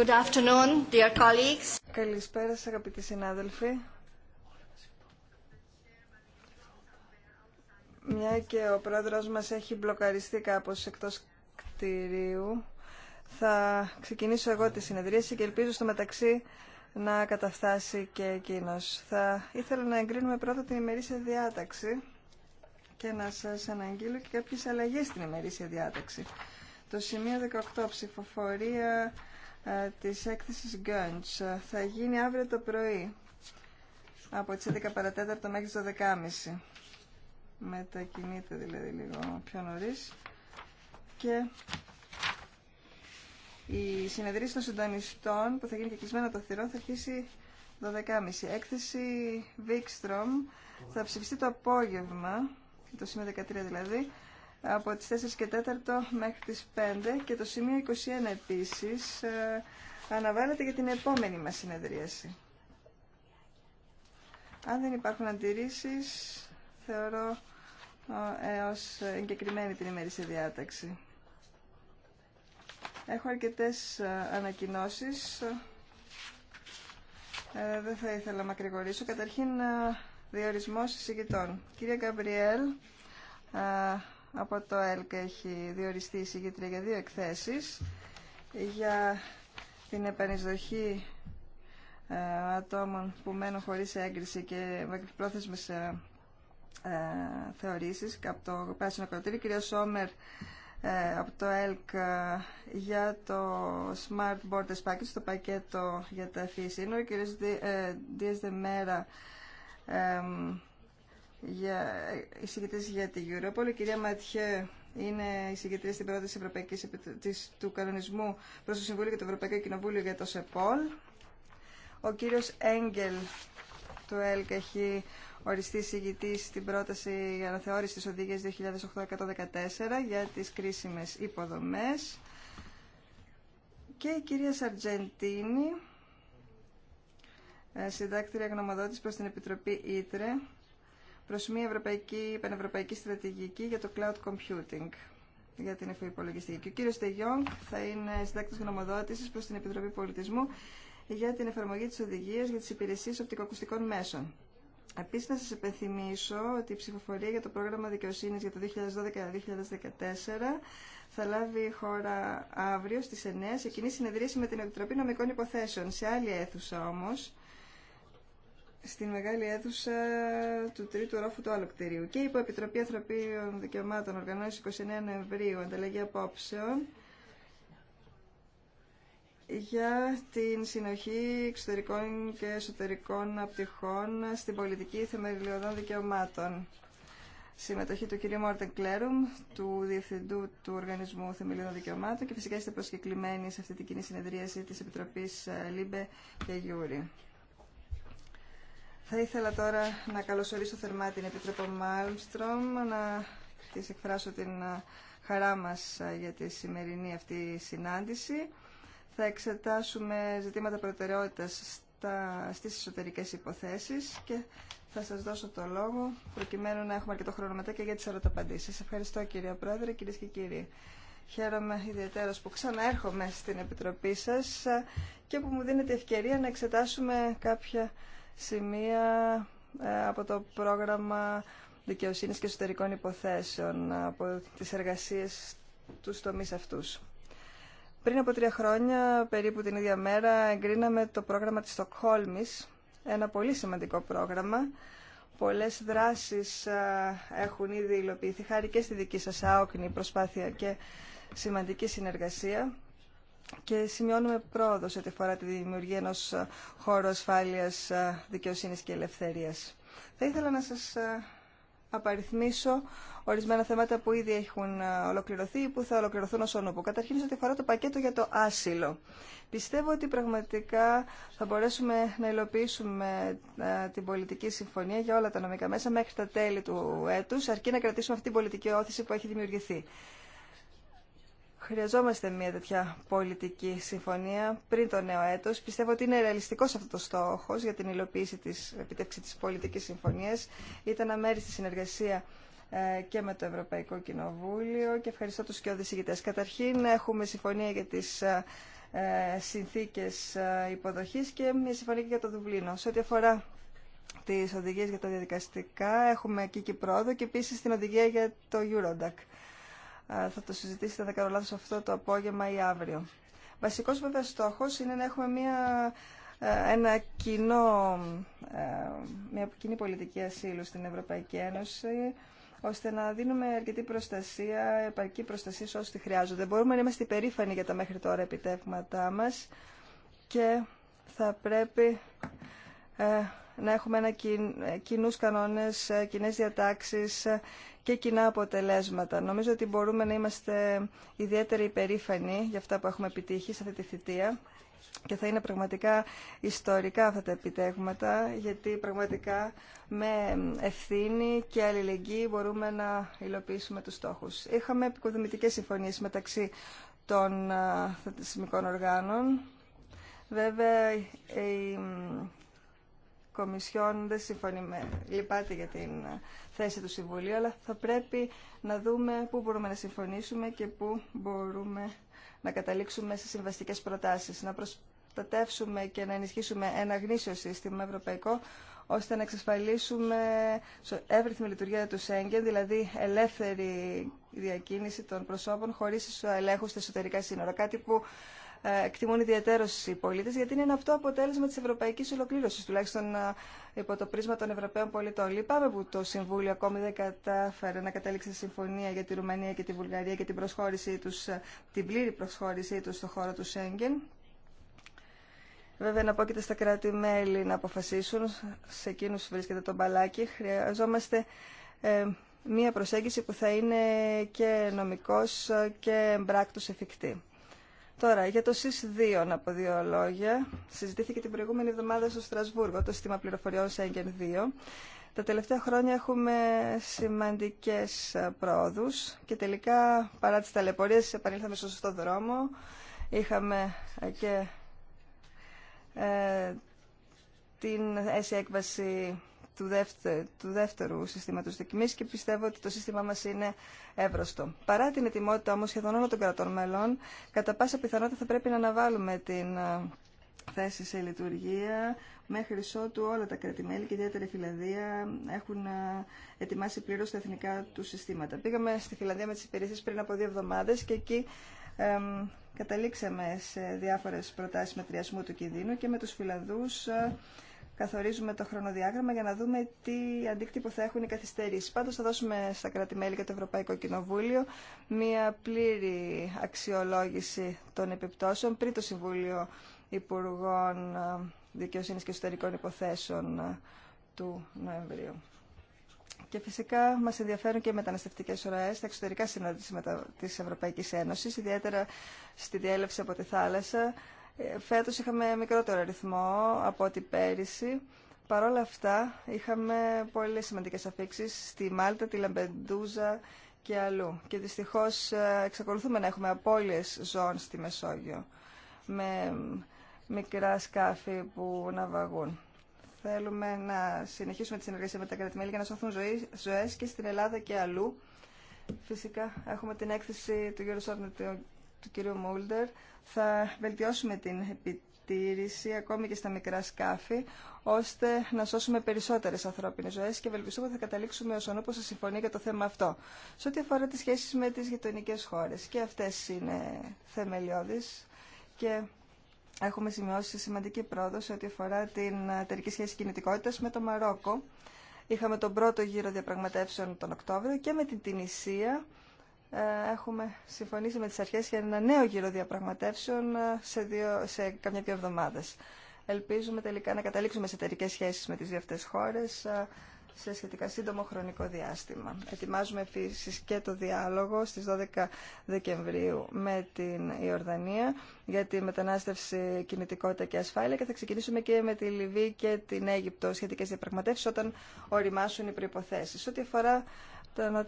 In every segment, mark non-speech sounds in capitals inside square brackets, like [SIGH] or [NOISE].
Good afternoon, dear colleagues. Καλησπέρα σας αγαπητοί συνάδελφοι. Μια και ο πρόεδρος μας έχει μπλοκαριστεί κάπως εκτός κτηρίου, θα ξεκινήσω εγώ τη συνεδρίαση και ελπίζω στο μεταξύ να καταφτάσει και εκείνος. Θα ήθελα να εγκρίνουμε πρώτα την ημερήσια διάταξη και να σας αναγγείλω και κάποιες αλλαγές στην ημερήσια διάταξη. Το σημείο 18, ψηφοφορία ε, της έκθεσης Γκέντς. Ε, θα γίνει αύριο το πρωί από τις 11 παρατέταρτο μέχρι τις 12.30. Μετακινείται δηλαδή λίγο πιο νωρίς. Και η συνεδρία των συντονιστών που θα γίνει και κλεισμένα το θηρό θα αρχίσει 12.30. Έκθεση Βίξτρομ θα ψηφιστεί το απόγευμα, το σήμερα 13 δηλαδή, από τις 4 και 4 μέχρι τις 5 και το σημείο 21 επίσης ε, αναβάλλεται για την επόμενη μας συνεδρίαση. Αν δεν υπάρχουν αντιρρήσεις, θεωρώ ε, ως εγκεκριμένη την ημερήσια διάταξη. Έχω αρκετές ε, ανακοινώσεις. Ε, δεν θα ήθελα να μακρηγορήσω. Καταρχήν, διορισμός εισηγητών. Κυρία Γκαμπριέλ, από το ΕΛΚ έχει διοριστεί η συγκήτρια για δύο εκθέσεις για την επανεισδοχή ε, ατόμων που μένουν χωρίς έγκριση και πρόθεσμες ε, ε, θεωρήσεις από το Πράσινο Κρατήριο, κυρία Σόμερ ε, από το ΕΛΚ για το Smart Borders Package, το πακέτο για τα ευφύ για, εισηγητής για τη Europol. Η κυρία Ματιέ είναι εισηγητή στην πρόταση Ευρωπαϊκής, της, του κανονισμού προς το Συμβούλιο και το Ευρωπαϊκό Κοινοβούλιο για το ΣΕΠΟΛ. Ο κύριος Έγγελ του ΕΛΚ έχει οριστεί εισηγητή στην πρόταση για αναθεώρηση της οδηγίας 2008-114 για τι κρίσιμε υποδομέ. Και η κυρία Σαρτζεντίνη, ε, συντάκτρια γνωμοδότης προς την Επιτροπή Ήτρε, προς μια ευρωπαϊκή, πανευρωπαϊκή στρατηγική για το cloud computing για την Και Ο κύριος Τεγιόγκ θα είναι συντάκτης γνωμοδότησης προς την Επιτροπή Πολιτισμού για την εφαρμογή της οδηγίας για τις υπηρεσίες οπτικοακουστικών μέσων. Επίση να σα επενθυμίσω ότι η ψηφοφορία για το πρόγραμμα δικαιοσύνη για το 2012-2014 θα λάβει η χώρα αύριο στι 9 σε κοινή συνεδρίαση με την Επιτροπή Νομικών Υποθέσεων. Σε άλλη αίθουσα όμω στην μεγάλη αίθουσα του τρίτου ρόφου του άλλου κτηρίου. Και υπό επιτροπή Ανθρωπίων Δικαιωμάτων οργανώσει 29 Νοεμβρίου ανταλλαγή απόψεων για την συνοχή εξωτερικών και εσωτερικών απτυχών στην πολιτική θεμελιωδών δικαιωμάτων. Συμμετοχή του κ. Μόρτεν Κλέρουμ, του Διευθυντού του Οργανισμού Θεμελιωδών Δικαιωμάτων και φυσικά είστε προσκεκλημένοι σε αυτή την κοινή συνεδρίαση της Επιτροπής ε, Λίμπε και Γιούρι. Θα ήθελα τώρα να καλωσορίσω θερμά την Επίτροπο Μάλμστρομ, να της εκφράσω την ε, χαρά μας ε, για τη σημερινή αυτή συνάντηση. Θα εξετάσουμε ζητήματα προτεραιότητας στα, στις εσωτερικές υποθέσεις και θα σας δώσω το λόγο προκειμένου να έχουμε αρκετό χρόνο μετά και για τις ερωταπαντήσεις. Ευχαριστώ κύριε Πρόεδρε, κυρίε και κύριοι. Χαίρομαι ιδιαίτερα που ξαναέρχομαι στην Επιτροπή σας ε, και που μου δίνετε ευκαιρία να εξετάσουμε κάποια σημεία ε, από το πρόγραμμα δικαιοσύνης και εσωτερικών υποθέσεων από τις εργασίες του τομείς αυτούς. Πριν από τρία χρόνια, περίπου την ίδια μέρα, εγκρίναμε το πρόγραμμα της Στοκχόλμης, ένα πολύ σημαντικό πρόγραμμα. Πολλές δράσεις ε, έχουν ήδη υλοποιηθεί, χάρη και στη δική σας άοκνη προσπάθεια και σημαντική συνεργασία και σημειώνουμε πρόοδο σε ό,τι αφορά τη δημιουργία ενό χώρου ασφάλεια, δικαιοσύνη και ελευθερία. Θα ήθελα να σα ε, απαριθμίσω ορισμένα θέματα που ήδη έχουν ε, ολοκληρωθεί ή που θα ολοκληρωθούν ως όνομα. Καταρχήν, σε ό,τι αφορά το πακέτο για το άσυλο. Πιστεύω ότι πραγματικά θα μπορέσουμε να υλοποιήσουμε ε, την πολιτική συμφωνία για όλα τα νομικά μέσα μέχρι τα τέλη του έτου, αρκεί να κρατήσουμε αυτή την πολιτική όθηση που έχει δημιουργηθεί χρειαζόμαστε μια τέτοια πολιτική συμφωνία πριν το νέο έτος. Πιστεύω ότι είναι ρεαλιστικός αυτό το στόχος για την υλοποίηση της επιτεύξη της πολιτικής συμφωνίας. Ήταν αμέριστη συνεργασία ε, και με το Ευρωπαϊκό Κοινοβούλιο και ευχαριστώ τους και οδησηγητές. Καταρχήν έχουμε συμφωνία για τις ε, ε, συνθήκες υποδοχής και μια συμφωνία και για το Δουβλίνο. Σε ό,τι αφορά τις οδηγίες για τα διαδικαστικά έχουμε εκεί και πρόοδο και επίσης την οδηγία για το Eurodac θα το συζητήσετε δεν κάνω λάθος, αυτό το απόγευμα ή αύριο. Βασικός βέβαια στόχος είναι να έχουμε μια, ε, ένα κοινό, ε, μια κοινή πολιτική ασύλου στην Ευρωπαϊκή Ένωση, ώστε να δίνουμε αρκετή προστασία, επαρκή προστασία σε όσοι τη χρειάζονται. Μπορούμε να είμαστε υπερήφανοι για τα μέχρι τώρα επιτεύγματά μας και θα πρέπει ε, να έχουμε ένα ε, κοινούς κανόνες, ε, κοινέ διατάξεις και κοινά αποτελέσματα. Νομίζω ότι μπορούμε να είμαστε ιδιαίτερη υπερήφανοι για αυτά που έχουμε επιτύχει σε αυτή τη θητεία και θα είναι πραγματικά ιστορικά αυτά τα επιτέγματα γιατί πραγματικά με ευθύνη και αλληλεγγύη μπορούμε να υλοποιήσουμε τους στόχους. Είχαμε επικοδομητικές συμφωνίες μεταξύ των θετισμικών οργάνων. Βέβαια, η Κομισιόν δεν συμφωνεί με, λυπάται για την θέση του Συμβουλίου, αλλά θα πρέπει να δούμε πού μπορούμε να συμφωνήσουμε και πού μπορούμε να καταλήξουμε σε συμβαστικέ προτάσεις, να προστατεύσουμε και να ενισχύσουμε ένα γνήσιο σύστημα ευρωπαϊκό, ώστε να εξασφαλίσουμε εύρυθμη λειτουργία του Σέγγεν, δηλαδή ελεύθερη διακίνηση των προσώπων χωρίς ελέγχου στα εσωτερικά σύνορα. Κάτι που ε, εκτιμούν ιδιαίτερω οι πολίτε, γιατί είναι αυτό αποτέλεσμα τη ευρωπαϊκή ολοκλήρωση, τουλάχιστον ε, υπό το πρίσμα των Ευρωπαίων πολιτών. Λυπάμαι που το Συμβούλιο ακόμη δεν κατάφερε να καταλήξει συμφωνία για τη Ρουμανία και τη Βουλγαρία και την, προσχώρησή τους, ε, την πλήρη προσχώρησή του στον χώρο του Σέγγεν. Βέβαια, να πω και στα κράτη-μέλη να αποφασίσουν. Σε εκείνου βρίσκεται το μπαλάκι. Χρειαζόμαστε μία προσέγγιση που θα είναι και νομικός και εμπράκτος εφικτή. Τώρα, για το ΣΥΣ 2 να πω δύο λόγια. Συζητήθηκε την προηγούμενη εβδομάδα στο Στρασβούργο το σύστημα πληροφοριών Σέγγεν 2. Τα τελευταία χρόνια έχουμε σημαντικές ε, πρόοδους και τελικά παρά τις ταλαιπωρίες επανήλθαμε στο σωστό δρόμο. Είχαμε ε, και ε, την αίσια έκβαση του, δεύτερου, του δεύτερου συστήματος δοκιμής και πιστεύω ότι το σύστημά μας είναι εύρωστο. Παρά την ετοιμότητα όμως σχεδόν όλων των κρατών μελών, κατά πάσα πιθανότητα θα πρέπει να αναβάλουμε την ε, θέση σε λειτουργία μέχρι ότου όλα τα κρατημέλη και ιδιαίτερα η Φιλανδία έχουν ε, ετοιμάσει πλήρω τα εθνικά του συστήματα. Πήγαμε στη Φιλανδία με τι υπηρεσίε πριν από δύο εβδομάδε και εκεί ε, καταλήξαμε σε διάφορε προτάσει μετριασμού του κινδύνου και με του Φιλανδού ε, καθορίζουμε το χρονοδιάγραμμα για να δούμε τι αντίκτυπο θα έχουν οι καθυστερήσει. Πάντω θα δώσουμε στα κράτη-μέλη και το Ευρωπαϊκό Κοινοβούλιο μία πλήρη αξιολόγηση των επιπτώσεων πριν το Συμβούλιο Υπουργών ε, Δικαιοσύνη και Εσωτερικών Υποθέσεων ε, του Νοεμβρίου. Και φυσικά μας ενδιαφέρουν και οι μεταναστευτικέ ροέ στα εξωτερικά σύνορα τη Ευρωπαϊκή Ένωση, ιδιαίτερα στη διέλευση από τη θάλασσα, Φέτος είχαμε μικρότερο αριθμό από ό,τι πέρυσι. Παρ' όλα αυτά είχαμε πολύ σημαντικές αφήξεις στη Μάλτα, τη Λαμπεντούζα και αλλού. Και δυστυχώς ε, εξακολουθούμε να έχουμε απώλειες ζώων στη Μεσόγειο με μικρά σκάφη που ναυαγούν. Θέλουμε να συνεχίσουμε τη συνεργασία με τα κρατημέλη για να σωθούν ζωές και στην Ελλάδα και αλλού. Φυσικά έχουμε την έκθεση του Γιώργου Σόρνου του κυρίου Μούλτερ θα βελτιώσουμε την επιτήρηση ακόμη και στα μικρά σκάφη ώστε να σώσουμε περισσότερε ανθρώπινε ζωέ και ευελπιστούμε ότι θα καταλήξουμε ω ονούπο σε συμφωνία για το θέμα αυτό. Σε ό,τι αφορά τι σχέσει με τι γειτονικέ χώρε, και αυτέ είναι θεμελιώδει και έχουμε σημειώσει σημαντική πρόοδο σε ό,τι αφορά την εταιρική σχέση κινητικότητα με το Μαρόκο. Είχαμε τον πρώτο γύρο διαπραγματεύσεων τον Οκτώβριο και με την Τινησία ε, έχουμε συμφωνήσει με τις αρχές για ένα νέο γύρο διαπραγματεύσεων ε, σε, δύο, σε καμιά δύο εβδομάδες. Ελπίζουμε τελικά να καταλήξουμε σε εταιρικέ σχέσεις με τις δύο αυτές χώρες ε, σε σχετικά σύντομο χρονικό διάστημα. Ετοιμάζουμε επίσης και το διάλογο στις 12 Δεκεμβρίου με την Ιορδανία για τη μετανάστευση, κινητικότητα και ασφάλεια και θα ξεκινήσουμε και με τη Λιβύη και την Αίγυπτο σχετικές διαπραγματεύσεις όταν οριμάσουν οι προϋποθέσεις. Ό,τι αφορά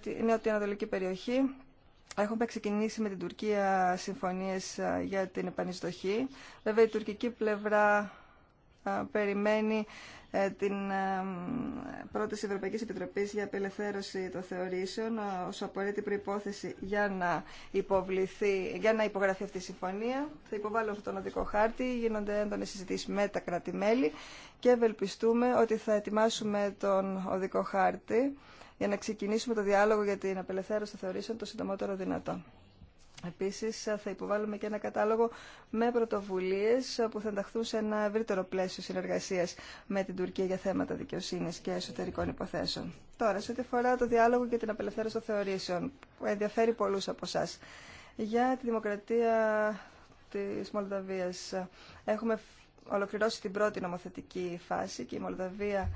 την ανατολική περιοχή, Έχουμε ξεκινήσει με την Τουρκία συμφωνίες ε, για την επανιστοχή. Βέβαια η τουρκική πλευρά ε, περιμένει ε, την πρόταση Ευρωπαϊκή Επιτροπής για απελευθέρωση των θεωρήσεων ως απαραίτητη προϋπόθεση για να, υποβληθεί, για να υπογραφεί αυτή η συμφωνία. Θα υποβάλω αυτόν τον οδικό χάρτη, γίνονται έντονες συζητήσεις με τα κράτη-μέλη και ευελπιστούμε ότι θα ετοιμάσουμε τον οδικό χάρτη για να ξεκινήσουμε το διάλογο για την απελευθέρωση των θεωρήσεων το συντομότερο δυνατό. Επίση, θα υποβάλουμε και ένα κατάλογο με πρωτοβουλίε που θα ενταχθούν σε ένα ευρύτερο πλαίσιο συνεργασία με την Τουρκία για θέματα δικαιοσύνη και εσωτερικών υποθέσεων. Τώρα, σε ό,τι αφορά το διάλογο για την απελευθέρωση των θεωρήσεων, που ενδιαφέρει πολλού από εσά. Για τη δημοκρατία τη Μολδαβία έχουμε ολοκληρώσει την πρώτη νομοθετική φάση και η Μολδαβία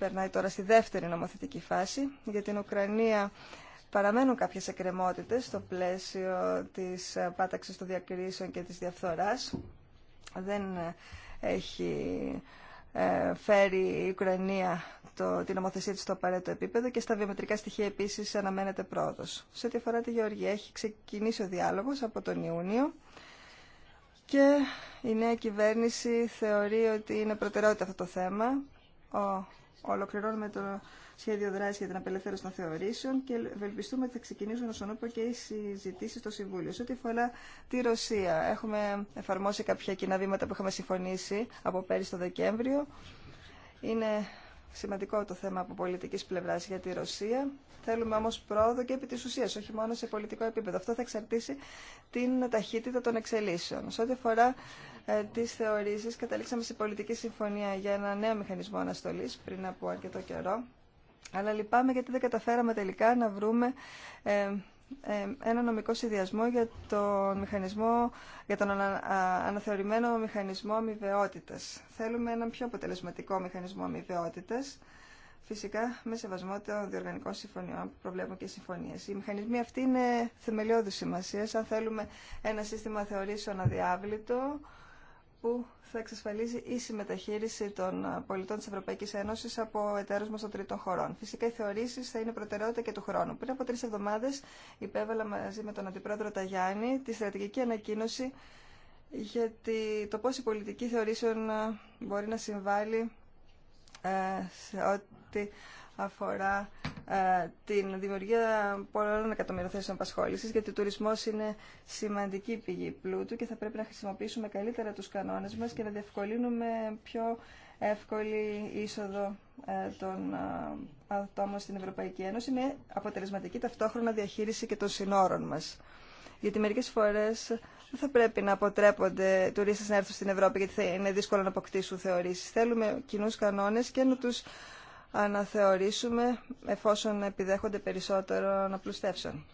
περνάει τώρα στη δεύτερη νομοθετική φάση. Για την Ουκρανία παραμένουν κάποιες εκκρεμότητες στο πλαίσιο της πάταξης των διακρίσεων και της διαφθοράς. Δεν ε, έχει ε, φέρει η Ουκρανία το, την νομοθεσία της στο απαραίτητο επίπεδο και στα βιομετρικά στοιχεία επίσης αναμένεται πρόοδος. Σε ό,τι αφορά τη Γεωργία έχει ξεκινήσει ο διάλογος από τον Ιούνιο και η νέα κυβέρνηση θεωρεί ότι είναι προτεραιότητα αυτό το θέμα. Ο Ολοκληρώνουμε το σχέδιο δράση για την απελευθέρωση των θεωρήσεων και ευελπιστούμε ότι θα ξεκινήσουν όσον όπου και οι συζητήσει στο Συμβούλιο. Σε ό,τι αφορά τη Ρωσία, έχουμε εφαρμόσει κάποια κοινά βήματα που είχαμε συμφωνήσει από πέρυσι το Δεκέμβριο. Είναι σημαντικό το θέμα από πολιτική πλευρά για τη Ρωσία. Θέλουμε όμω πρόοδο και επί τη ουσία, όχι μόνο σε πολιτικό επίπεδο. Αυτό θα εξαρτήσει την ταχύτητα των εξελίσεων. Σε ό,τι αφορά ε, τι θεωρήσει. καταλήξαμε σε πολιτική συμφωνία για ένα νέο μηχανισμό αναστολή πριν από αρκετό καιρό. Αλλά λυπάμαι γιατί δεν καταφέραμε τελικά να βρούμε ε, ε, ένα νομικό συνδυασμό για τον, μηχανισμό, για τον αναθεωρημένο μηχανισμό αμοιβαιότητα. Θέλουμε έναν πιο αποτελεσματικό μηχανισμό αμοιβαιότητα. φυσικά με σεβασμό των διοργανικών συμφωνιών που προβλέπουν και συμφωνίε. Οι μηχανισμοί αυτοί είναι θεμελιώδη σημασία αν θέλουμε ένα σύστημα θεωρήσεων αδιάβλητο, που θα εξασφαλίζει ίση μεταχείριση των ε, πολιτών τη ευρωπαϊκή Ένωση από εταίρου μα των τρίτων χωρών. Φυσικά οι θεωρήσει θα είναι προτεραιότητα και του χρόνου. Πριν από τρει εβδομάδες υπέβαλα μαζί με τον Αντιπρόεδρο Ταγιάννη τη στρατηγική ανακοίνωση για το πώ η πολιτική θεωρήσεων ε, μπορεί να συμβάλλει ε, σε ό,τι αφορά ε, την δημιουργία πολλών εκατομμύρων θέσεων απασχόληση, γιατί ο τουρισμό είναι σημαντική πηγή πλούτου και θα πρέπει να χρησιμοποιήσουμε καλύτερα του κανόνε μα και να διευκολύνουμε πιο εύκολη είσοδο ε, των ε, ατόμων στην Ευρωπαϊκή Ένωση με αποτελεσματική ταυτόχρονα διαχείριση και των συνόρων μα. Γιατί μερικέ φορέ δεν θα πρέπει να αποτρέπονται τουρίστε να έρθουν στην Ευρώπη γιατί θα είναι δύσκολο να αποκτήσουν θεωρήσει. Θέλουμε κοινού κανόνε και να του αναθεωρήσουμε εφόσον επιδέχονται περισσότερο αναπλουστεύσεων.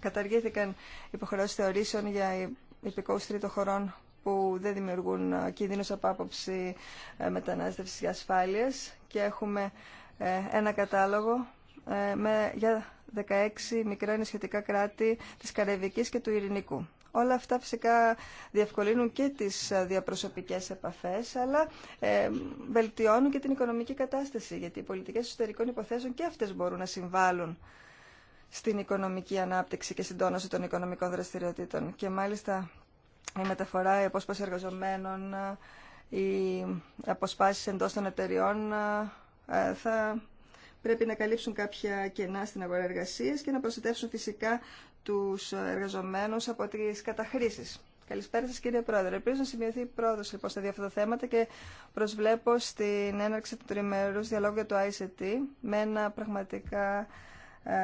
Καταργήθηκαν υποχρεώσεις θεωρήσεων για υπηκόους τρίτων χωρών που δεν δημιουργούν κίνδυνος από άποψη ε, μετανάστευσης και ασφάλειας και έχουμε ε, ένα κατάλογο ε, με, για 16 μικρά νησιωτικά κράτη της Καραϊβικής και του Ειρηνικού. Όλα αυτά φυσικά διευκολύνουν και τις ε, διαπροσωπικές επαφές, αλλά ε, βελτιώνουν και την οικονομική κατάσταση, γιατί οι πολιτικές εσωτερικών υποθέσεων και αυτές μπορούν να συμβάλλουν στην οικονομική ανάπτυξη και συντόνωση των οικονομικών δραστηριοτήτων. Και μάλιστα η μεταφορά, η απόσπαση εργαζομένων, οι ε, αποσπάσεις εντός των εταιριών θα πρέπει να καλύψουν κάποια κενά στην αγορά εργασίας και να προστατεύσουν φυσικά τους εργαζομένους από τις καταχρήσεις. Καλησπέρα σας κύριε Πρόεδρε. Ελπίζω να σημειωθεί πρόοδος λοιπόν στα δύο αυτά τα θέματα και προσβλέπω στην έναρξη του τριμερούς διαλόγου για το ICT με ένα πραγματικά ε,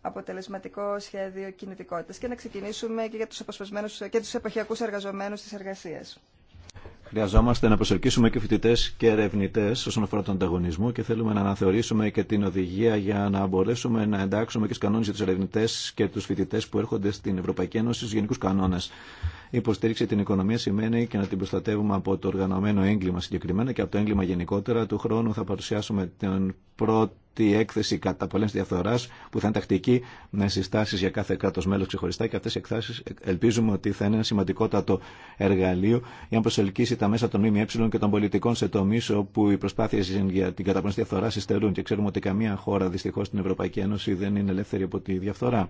αποτελεσματικό σχέδιο κινητικότητας και να ξεκινήσουμε και για τους αποσπασμένους και τους εποχιακούς εργαζομένους της εργασίας. Χρειαζόμαστε να προσελκύσουμε και φοιτητέ και ερευνητέ όσον αφορά τον ανταγωνισμό και θέλουμε να αναθεωρήσουμε και την οδηγία για να μπορέσουμε να εντάξουμε και του κανόνε για του ερευνητέ και του φοιτητέ που έρχονται στην Ευρωπαϊκή Ένωση στου γενικού κανόνε υποστήριξη την οικονομία σημαίνει και να την προστατεύουμε από το οργανωμένο έγκλημα συγκεκριμένα και από το έγκλημα γενικότερα. Του χρόνου θα παρουσιάσουμε την πρώτη έκθεση κατά πολλές διαφθοράς που θα είναι τακτική με συστάσεις για κάθε κράτος μέλος ξεχωριστά και αυτές οι εκθάσεις ελπίζουμε ότι θα είναι ένα σημαντικότατο εργαλείο για να προσελκύσει τα μέσα των ΜΜΕ και των πολιτικών σε τομεί όπου οι προσπάθειε για την καταπολέμηση διαφθορά συστερούν και ξέρουμε ότι καμία χώρα δυστυχώ στην Ευρωπαϊκή Ένωση δεν είναι ελεύθερη από τη διαφθορά.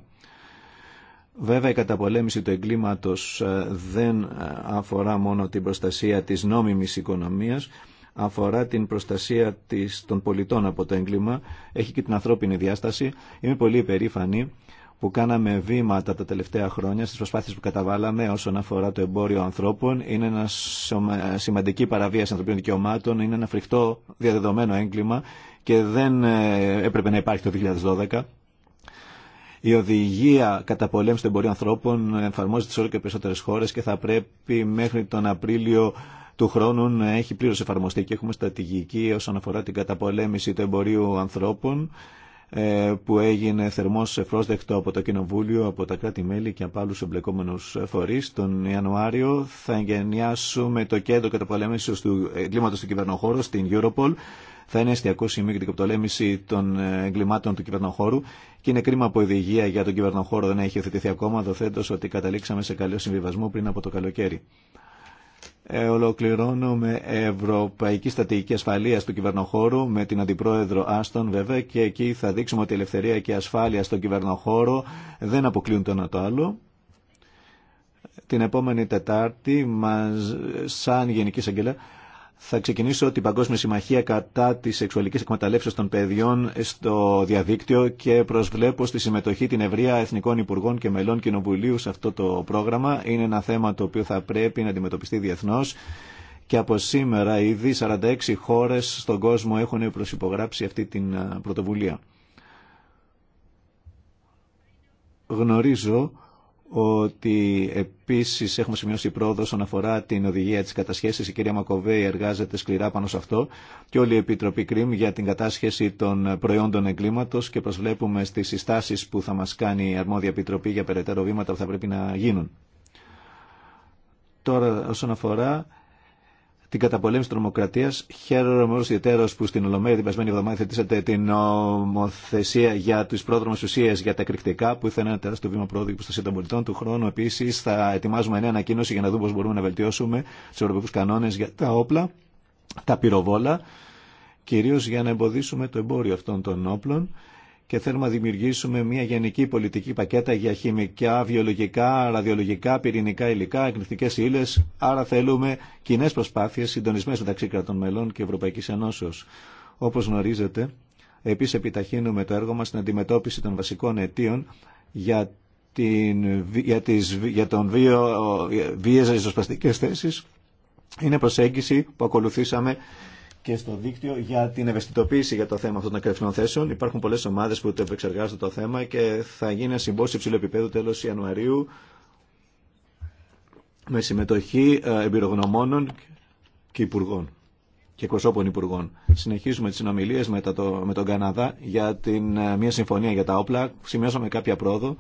Βέβαια η καταπολέμηση του εγκλήματος ε, δεν ε, αφορά μόνο την προστασία της νόμιμης οικονομίας, αφορά την προστασία της, των πολιτών από το έγκλημα, έχει και την ανθρώπινη διάσταση. Είμαι πολύ υπερήφανη που κάναμε βήματα τα τελευταία χρόνια στις προσπάθειες που καταβάλαμε όσον αφορά το εμπόριο ανθρώπων. Είναι ένα σημαντική παραβίαση ανθρωπίνων δικαιωμάτων, είναι ένα φρικτό διαδεδομένο έγκλημα και δεν ε, έπρεπε να υπάρχει το 2012. Η οδηγία κατά πολέμηση του εμπορίου ανθρώπων εφαρμόζεται σε όλο και περισσότερε χώρε και θα πρέπει μέχρι τον Απρίλιο του χρόνου να έχει πλήρω εφαρμοστεί. Και έχουμε στρατηγική όσον αφορά την καταπολέμηση του εμπορίου ανθρώπων ε, που έγινε θερμό ευπρόσδεκτο από το Κοινοβούλιο, από τα κράτη-μέλη και από άλλου εμπλεκόμενου φορεί. Τον Ιανουάριο θα εγγενιάσουμε το κέντρο καταπολέμησης του ε, εγκλήματο του κυβερνοχώρου στην Europol θα είναι εστιακό σημείο για την κοπτολέμηση των ε, εγκλημάτων του κυβερνοχώρου και είναι κρίμα που η οδηγία για τον κυβερνοχώρο δεν έχει οθετηθεί ακόμα, δοθέντω ότι καταλήξαμε σε καλό συμβιβασμό πριν από το καλοκαίρι. Ε, ολοκληρώνω με Ευρωπαϊκή Στατική Ασφαλεία του κυβερνοχώρου με την Αντιπρόεδρο Άστον βέβαια και εκεί θα δείξουμε ότι η ελευθερία και η ασφάλεια στον κυβερνοχώρο δεν αποκλείουν το ένα το άλλο την επόμενη Τετάρτη μας, σαν Γενική Εισαγγελέα θα ξεκινήσω την Παγκόσμια Συμμαχία κατά τη σεξουαλική εκμεταλλεύσεω των παιδιών στο διαδίκτυο και προσβλέπω στη συμμετοχή την ευρεία Εθνικών Υπουργών και Μελών Κοινοβουλίου σε αυτό το πρόγραμμα. Είναι ένα θέμα το οποίο θα πρέπει να αντιμετωπιστεί διεθνώ και από σήμερα ήδη 46 χώρε στον κόσμο έχουν προσυπογράψει αυτή την ε, πρωτοβουλία. Γνωρίζω ότι επίσης έχουμε σημειώσει πρόοδο όσον αφορά την οδηγία της κατασχέσης. Η κυρία Μακοβέη εργάζεται σκληρά πάνω σε αυτό και όλη η Επιτροπή ΚΡΙΜ για την κατάσχεση των προϊόντων εγκλήματο και προσβλέπουμε στι συστάσεις που θα μας κάνει η αρμόδια Επιτροπή για περαιτέρω βήματα που θα πρέπει να γίνουν. Τώρα όσον αφορά την καταπολέμηση της τρομοκρατίας. Χαίρομαι όλους ιδιαίτερος που στην Ολομέλεια την περασμένη εβδομάδα θετήσατε την νομοθεσία για τις πρόδρομες ουσίες για τα εκρηκτικά που ήθελα ένα τεράστιο βήμα πρόοδου και προστασία των πολιτών του χρόνου. Επίσης θα ετοιμάζουμε νέα ανακοίνωση για να δούμε πώς μπορούμε να βελτιώσουμε τους ευρωπαϊκούς κανόνες για τα όπλα, τα πυροβόλα κυρίως για να εμποδίσουμε το εμπόριο αυτών των όπλων και θέλουμε να δημιουργήσουμε μια γενική πολιτική πακέτα για χημικά, βιολογικά, ραδιολογικά, πυρηνικά υλικά, εκνευτικέ ύλε. Άρα θέλουμε κοινέ προσπάθειε συντονισμένε μεταξύ κρατών μελών και Ευρωπαϊκή Ενώσεω. Όπω γνωρίζετε, επίση επιταχύνουμε το έργο μα στην αντιμετώπιση των βασικών αιτίων για, την, για, τις, για τον βίο, ριζοσπαστικές θέσεις. Είναι προσέγγιση που ακολουθήσαμε και στο δίκτυο για την ευαισθητοποίηση για το θέμα αυτών των κρυφνών θέσεων. Υπάρχουν πολλέ ομάδε που το επεξεργάζονται το θέμα και θα γίνει ένα συμπόσιο υψηλού επίπεδου τέλο Ιανουαρίου με συμμετοχή ε, εμπειρογνωμόνων και υπουργών και εκπροσώπων υπουργών. Συνεχίζουμε τι συνομιλίε με, το, με τον Καναδά για την, ε, μια συμφωνία για τα όπλα. Σημειώσαμε κάποια πρόοδο.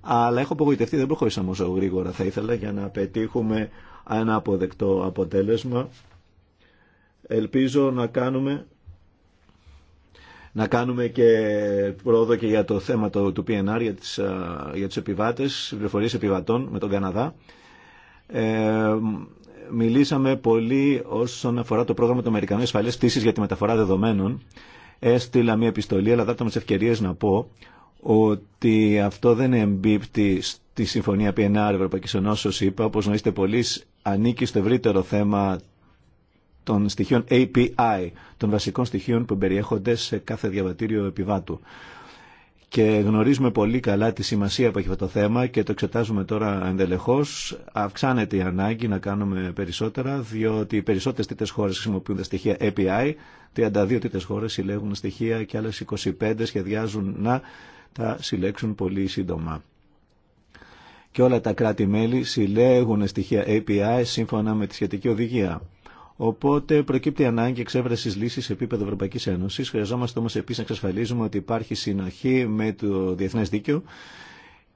Αλλά έχω απογοητευτεί, δεν προχωρήσαμε όσο γρήγορα θα ήθελα για να πετύχουμε ένα αποδεκτό αποτέλεσμα Ελπίζω να κάνουμε, να κάνουμε και πρόοδο και για το θέμα το, του PNR για, τις, για τους επιβάτες, επιβατών με τον Καναδά. Ε, μιλήσαμε πολύ όσον αφορά το πρόγραμμα των Αμερικανών Ασφαλές θύσεις για τη μεταφορά δεδομένων. Έστειλα μια επιστολή, αλλά δάπτω με τις ευκαιρίες να πω ότι αυτό δεν εμπίπτει στη Συμφωνία PNR Ευρωπαϊκής Ενώσεως, είπα, όπως γνωρίζετε πολύ, ανήκει στο ευρύτερο θέμα των στοιχείων API, των βασικών στοιχείων που περιέχονται σε κάθε διαβατήριο επιβάτου. Και γνωρίζουμε πολύ καλά τη σημασία που έχει αυτό το θέμα και το εξετάζουμε τώρα εντελεχώ. Αυξάνεται η ανάγκη να κάνουμε περισσότερα, διότι οι περισσότερες τρίτες χώρε χρησιμοποιούν τα στοιχεία API, 32 τρίτες χώρε συλλέγουν στοιχεία και άλλες 25 σχεδιάζουν να τα συλλέξουν πολύ σύντομα και όλα τα κράτη-μέλη συλλέγουν στοιχεία API σύμφωνα με τη σχετική οδηγία. Οπότε προκύπτει ανάγκη εξέβρεση λύση σε επίπεδο Ευρωπαϊκή Ένωση. Χρειαζόμαστε όμω επίση να εξασφαλίζουμε ότι υπάρχει συνοχή με το διεθνέ δίκαιο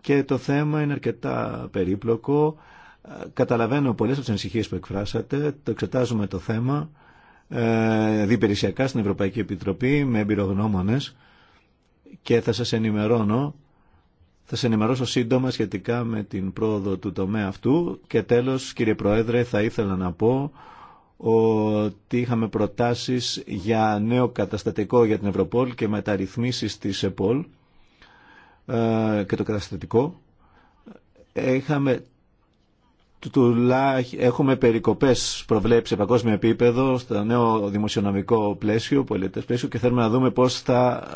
και το θέμα είναι αρκετά περίπλοκο. Καταλαβαίνω πολλέ από τι ανησυχίε που εκφράσατε. Το εξετάζουμε το θέμα ε, διπερισιακά στην Ευρωπαϊκή Επιτροπή με εμπειρογνώμονε και θα σα ενημερώνω θα σε ενημερώσω σύντομα σχετικά με την πρόοδο του τομέα αυτού και τέλος κύριε Πρόεδρε θα ήθελα να πω ότι είχαμε προτάσεις για νέο καταστατικό για την Ευρωπόλ και μεταρρυθμίσεις της ΕΠΟΛ ε, και το καταστατικό. έχουμε περικοπές προβλέψει σε παγκόσμιο επίπεδο στο νέο δημοσιονομικό πλαίσιο, πολιτικό πλαίσιο και θέλουμε να δούμε πώς θα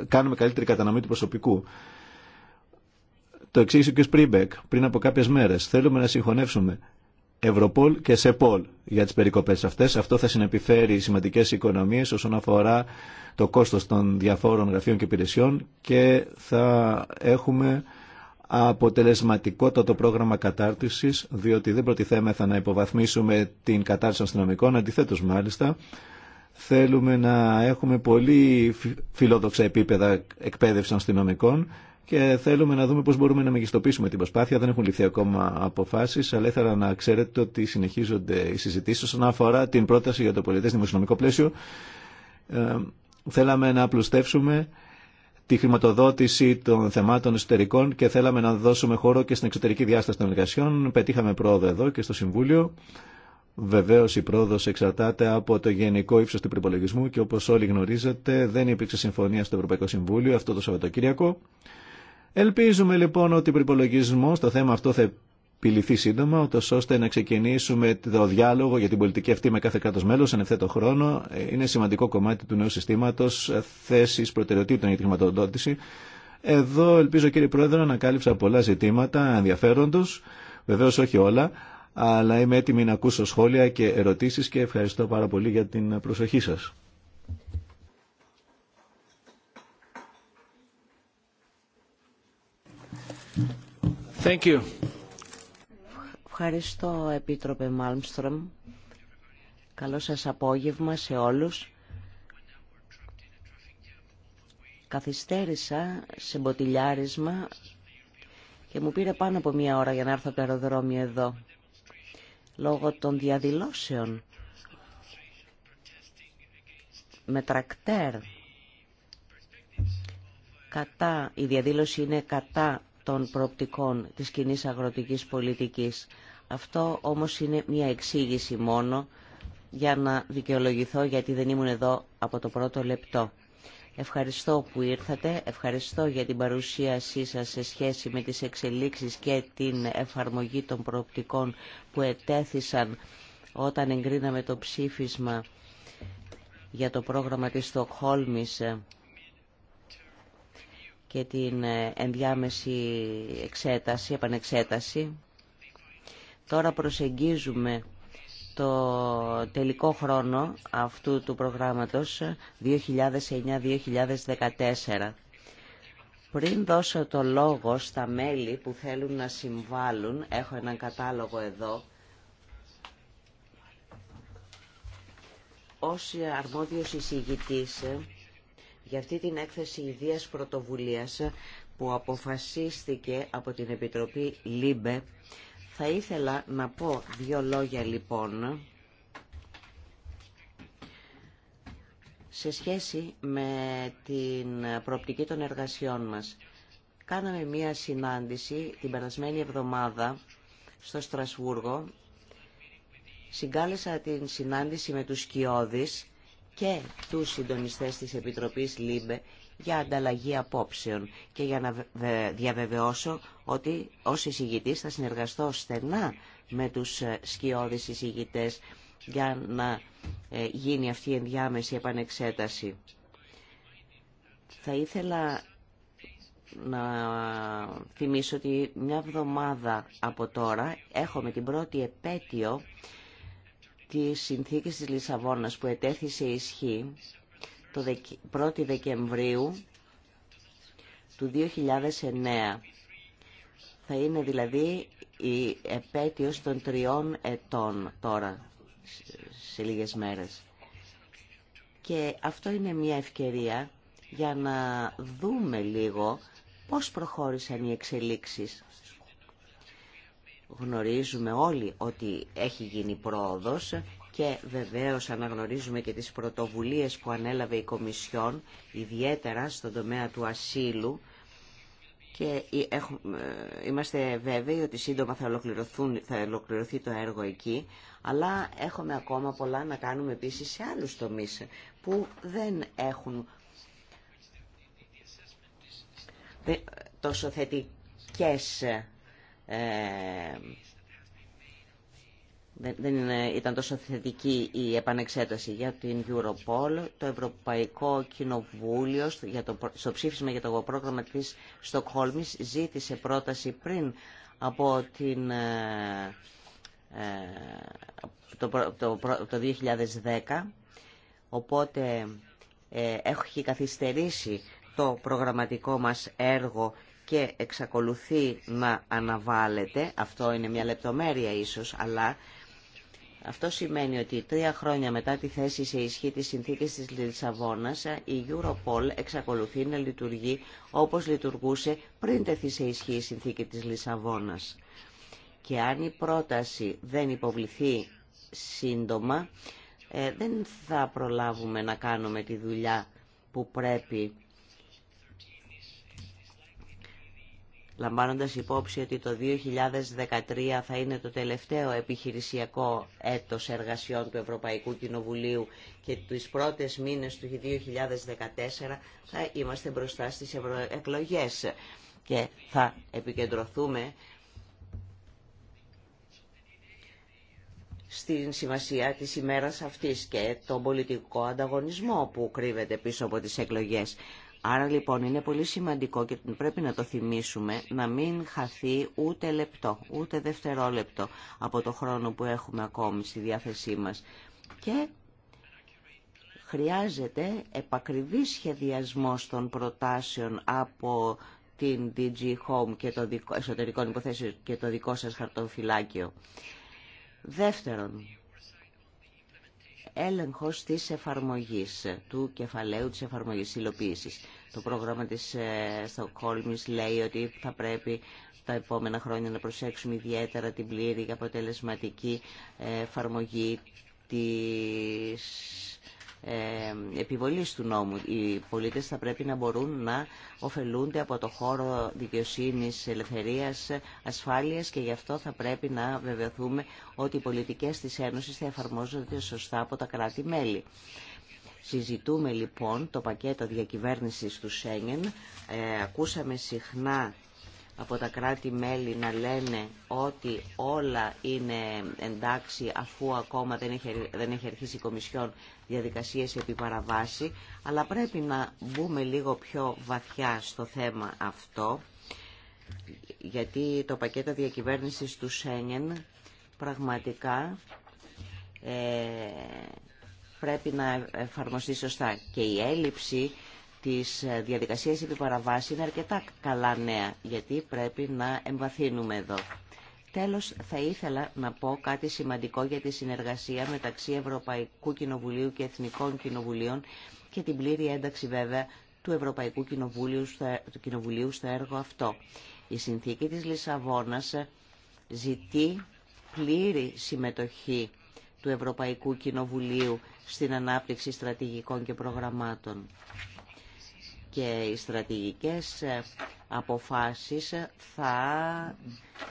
ε, κάνουμε καλύτερη κατανομή του προσωπικού. Το εξήγησε ο κ. πριν από κάποιες μέρες. Θέλουμε να συγχωνεύσουμε Ευρωπόλ και ΣΕΠΟΛ για τις περικοπές αυτές. Αυτό θα συνεπιφέρει σημαντικές οικονομίες όσον αφορά το κόστος των διαφόρων γραφείων και υπηρεσιών και θα έχουμε αποτελεσματικότατο πρόγραμμα κατάρτισης, διότι δεν προτιθέμεθα να υποβαθμίσουμε την κατάρτιση αστυνομικών, αντιθέτως μάλιστα, θέλουμε να έχουμε πολύ φιλόδοξα επίπεδα εκπαίδευση αστυνομικών και θέλουμε να δούμε πώς μπορούμε να μεγιστοποιήσουμε την προσπάθεια. Δεν έχουν ληφθεί ακόμα αποφάσεις, αλλά ήθελα να ξέρετε ότι συνεχίζονται οι συζητήσεις όσον αφορά την πρόταση για το πολιτές δημοσιονομικό πλαίσιο. Ε, θέλαμε να απλουστεύσουμε τη χρηματοδότηση των θεμάτων εσωτερικών και θέλαμε να δώσουμε χώρο και στην εξωτερική διάσταση των εργασιών. Πετύχαμε πρόοδο εδώ και στο Συμβούλιο. Βεβαίω η πρόοδο εξαρτάται από το γενικό ύψο του προπολογισμού και όπω όλοι γνωρίζετε δεν υπήρξε συμφωνία στο Ευρωπαϊκό Συμβούλιο αυτό το Σαββατοκύριακο. Ελπίζουμε λοιπόν ότι ο προπολογισμό στο θέμα αυτό θα επιληθεί σύντομα, ούτως ώστε να ξεκινήσουμε το διάλογο για την πολιτική αυτή με κάθε κράτο μέλο σε ευθέτω χρόνο. Είναι σημαντικό κομμάτι του νέου συστήματο θέσει προτεραιοτήτων για τη χρηματοδότηση. Εδώ ελπίζω κύριε Πρόεδρε να κάλυψα πολλά ζητήματα ενδιαφέροντο, βεβαίω όχι όλα, αλλά είμαι έτοιμη να ακούσω σχόλια και ερωτήσει, και ευχαριστώ πάρα πολύ για την προσοχή σα. Thank you. Ευχαριστώ, Επίτροπε Μάλμστρομ. Καλό σας απόγευμα σε όλους. Καθυστέρησα σε μποτιλιάρισμα και μου πήρε πάνω από μία ώρα για να έρθω από το αεροδρόμιο εδώ. Λόγω των διαδηλώσεων με τρακτέρ κατά, η διαδήλωση είναι κατά των προοπτικών της κοινή αγροτικής πολιτικής. Αυτό όμως είναι μια εξήγηση μόνο για να δικαιολογηθώ γιατί δεν ήμουν εδώ από το πρώτο λεπτό. Ευχαριστώ που ήρθατε, ευχαριστώ για την παρουσίασή σας σε σχέση με τις εξελίξεις και την εφαρμογή των προοπτικών που ετέθησαν όταν εγκρίναμε το ψήφισμα για το πρόγραμμα της Στοκχόλμης και την ε, ενδιάμεση εξέταση, επανεξέταση. Τώρα προσεγγίζουμε το τελικό χρόνο αυτού του προγράμματος 2009-2014. Πριν δώσω το λόγο στα μέλη που θέλουν να συμβάλλουν, έχω έναν κατάλογο εδώ, ως αρμόδιος εισηγητής ε, για αυτή την έκθεση ιδίας πρωτοβουλίας που αποφασίστηκε από την Επιτροπή ΛΥΜΠΕ. Θα ήθελα να πω δύο λόγια λοιπόν σε σχέση με την προοπτική των εργασιών μας. Κάναμε μία συνάντηση την περασμένη εβδομάδα στο Στρασβούργο. Συγκάλεσα την συνάντηση με τους Κιώδης και τους συντονιστές της Επιτροπής ΛΥΜΠΕ για ανταλλαγή απόψεων και για να διαβεβαιώσω ότι ως εισηγητής θα συνεργαστώ στενά με τους ε, σκιώδεις εισηγητές για να ε, γίνει αυτή η ενδιάμεση επανεξέταση. Θα ήθελα να θυμίσω ότι μια εβδομάδα από τώρα έχουμε την πρώτη επέτειο Τη συνθήκη της Λισαβόνας που ετέθησε ισχύ το 1η Δεκεμβρίου του 2009. Θα είναι δηλαδή η επέτειος των τριών ετών τώρα, σε λίγες μέρες. Και αυτό είναι μια ευκαιρία για να δούμε λίγο πώς προχώρησαν οι εξελίξεις Γνωρίζουμε όλοι ότι έχει γίνει πρόοδος και βεβαίως αναγνωρίζουμε και τις πρωτοβουλίες που ανέλαβε η Κομισιόν, ιδιαίτερα στον τομέα του ασύλου, και είμαστε βέβαιοι ότι σύντομα θα, θα ολοκληρωθεί το έργο εκεί, αλλά έχουμε ακόμα πολλά να κάνουμε επίσης σε άλλους τομείς που δεν έχουν τόσο θετικές ε, δεν ήταν τόσο θετική η επανεξέταση για την Europol, το Ευρωπαϊκό Κοινοβούλιο στο ψήφισμα για το πρόγραμμα της Στοκχόλμης ζήτησε πρόταση πριν από την, ε, ε, το, 2010, οπότε έχει καθυστερήσει το προγραμματικό μας έργο και εξακολουθεί να αναβάλλεται, αυτό είναι μια λεπτομέρεια ίσως, αλλά αυτό σημαίνει ότι τρία χρόνια μετά τη θέση σε ισχύ της συνθήκης της Λισαβόνας, η Europol εξακολουθεί να λειτουργεί όπως λειτουργούσε πριν τεθεί σε ισχύ η συνθήκη της Λισαβόνας. Και αν η πρόταση δεν υποβληθεί σύντομα, ε, δεν θα προλάβουμε να κάνουμε τη δουλειά που πρέπει λαμβάνοντας υπόψη ότι το 2013 θα είναι το τελευταίο επιχειρησιακό έτος εργασιών του Ευρωπαϊκού Κοινοβουλίου και τις πρώτες μήνες του 2014 θα είμαστε μπροστά στις ευρωεκλογές και θα επικεντρωθούμε στην σημασία της ημέρας αυτής και τον πολιτικό ανταγωνισμό που κρύβεται πίσω από τις εκλογές. Άρα λοιπόν είναι πολύ σημαντικό και πρέπει να το θυμίσουμε να μην χαθεί ούτε λεπτό, ούτε δευτερόλεπτο από το χρόνο που έχουμε ακόμη στη διάθεσή μας. Και χρειάζεται επακριβή σχεδιασμό των προτάσεων από την DG Home και το δικό, εσωτερικών και το δικό σας χαρτοφυλάκιο. Δεύτερον, έλεγχος της εφαρμογής, του κεφαλαίου της εφαρμογής υλοποίησης. Το πρόγραμμα της ε, Στοκόλμης λέει ότι θα πρέπει τα επόμενα χρόνια να προσέξουμε ιδιαίτερα την πλήρη και αποτελεσματική ε, εφαρμογή της ε, επιβολής του νόμου. Οι πολίτες θα πρέπει να μπορούν να ωφελούνται από το χώρο δικαιοσύνης, ελευθερίας, ασφάλειας και γι' αυτό θα πρέπει να βεβαιωθούμε ότι οι πολιτικές της Ένωσης θα εφαρμόζονται σωστά από τα κράτη-μέλη. Συζητούμε λοιπόν το πακέτο διακυβέρνησης του Σέγγεν. Ε, ακούσαμε συχνά από τα κράτη-μέλη να λένε ότι όλα είναι εντάξει αφού ακόμα δεν έχει, δεν έχει αρχίσει η Κομισιόν διαδικασίες επί παραβάση, αλλά πρέπει να μπούμε λίγο πιο βαθιά στο θέμα αυτό, γιατί το πακέτο διακυβέρνησης του Σένιεν πραγματικά ε, πρέπει να εφαρμοστεί σωστά. Και η έλλειψη της ε, διαδικασίας επί παραβάση είναι αρκετά καλά νέα, γιατί πρέπει να εμβαθύνουμε εδώ. Τέλος, θα ήθελα να πω κάτι σημαντικό για τη συνεργασία μεταξύ Ευρωπαϊκού Κοινοβουλίου και Εθνικών Κοινοβουλίων και την πλήρη ένταξη βέβαια του Ευρωπαϊκού Κοινοβουλίου του Κοινοβουλίου στο έργο αυτό. Η συνθήκη της Λισαβόνας ζητεί πλήρη συμμετοχή του Ευρωπαϊκού Κοινοβουλίου στην ανάπτυξη στρατηγικών και προγραμμάτων και οι στρατηγικές ε, αποφάσεις θα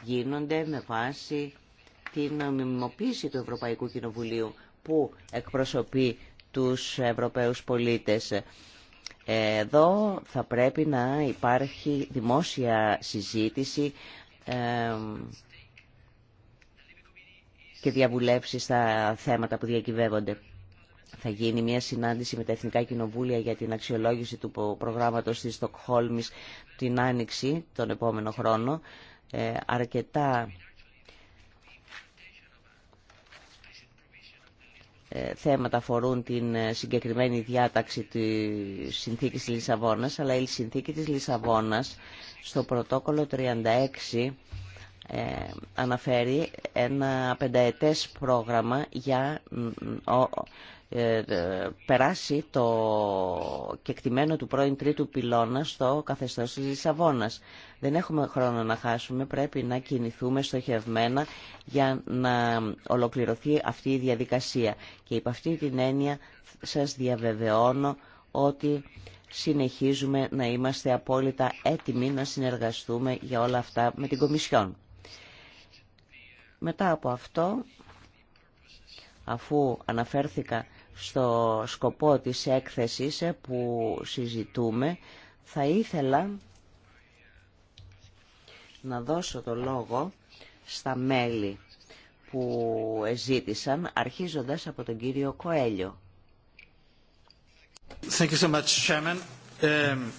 γίνονται με βάση την νομιμοποίηση του Ευρωπαϊκού Κοινοβουλίου που εκπροσωπεί τους Ευρωπαίους πολίτες. Εδώ θα πρέπει να υπάρχει δημόσια συζήτηση ε, και διαβουλεύσεις στα θέματα που διακυβεύονται θα γίνει μια συνάντηση με τα Εθνικά Κοινοβούλια για την αξιολόγηση του προγράμματος της Στοκχόλμης την Άνοιξη τον επόμενο χρόνο. Ε, αρκετά ε, θέματα αφορούν την ε, συγκεκριμένη διάταξη της συνθήκης της Λισαβόνας, αλλά η συνθήκη της Λισαβόνας στο πρωτόκολλο 36 ε, αναφέρει ένα πενταετές πρόγραμμα για ε, ε, περάσει το κεκτημένο του πρώην τρίτου πυλώνα στο καθεστώς της Λισαβόνας. Δεν έχουμε χρόνο να χάσουμε, πρέπει να κινηθούμε στοχευμένα για να ολοκληρωθεί αυτή η διαδικασία. Και υπ' αυτή την έννοια σας διαβεβαιώνω ότι συνεχίζουμε να είμαστε απόλυτα έτοιμοι να συνεργαστούμε για όλα αυτά με την Κομισιόν. Μετά από αυτό, αφού αναφέρθηκα στο σκοπό της έκθεσης που συζητούμε, θα ήθελα να δώσω το λόγο στα μέλη που ζήτησαν, αρχίζοντας από τον κύριο Κοέλιο. Thank you so much, Chairman. Um,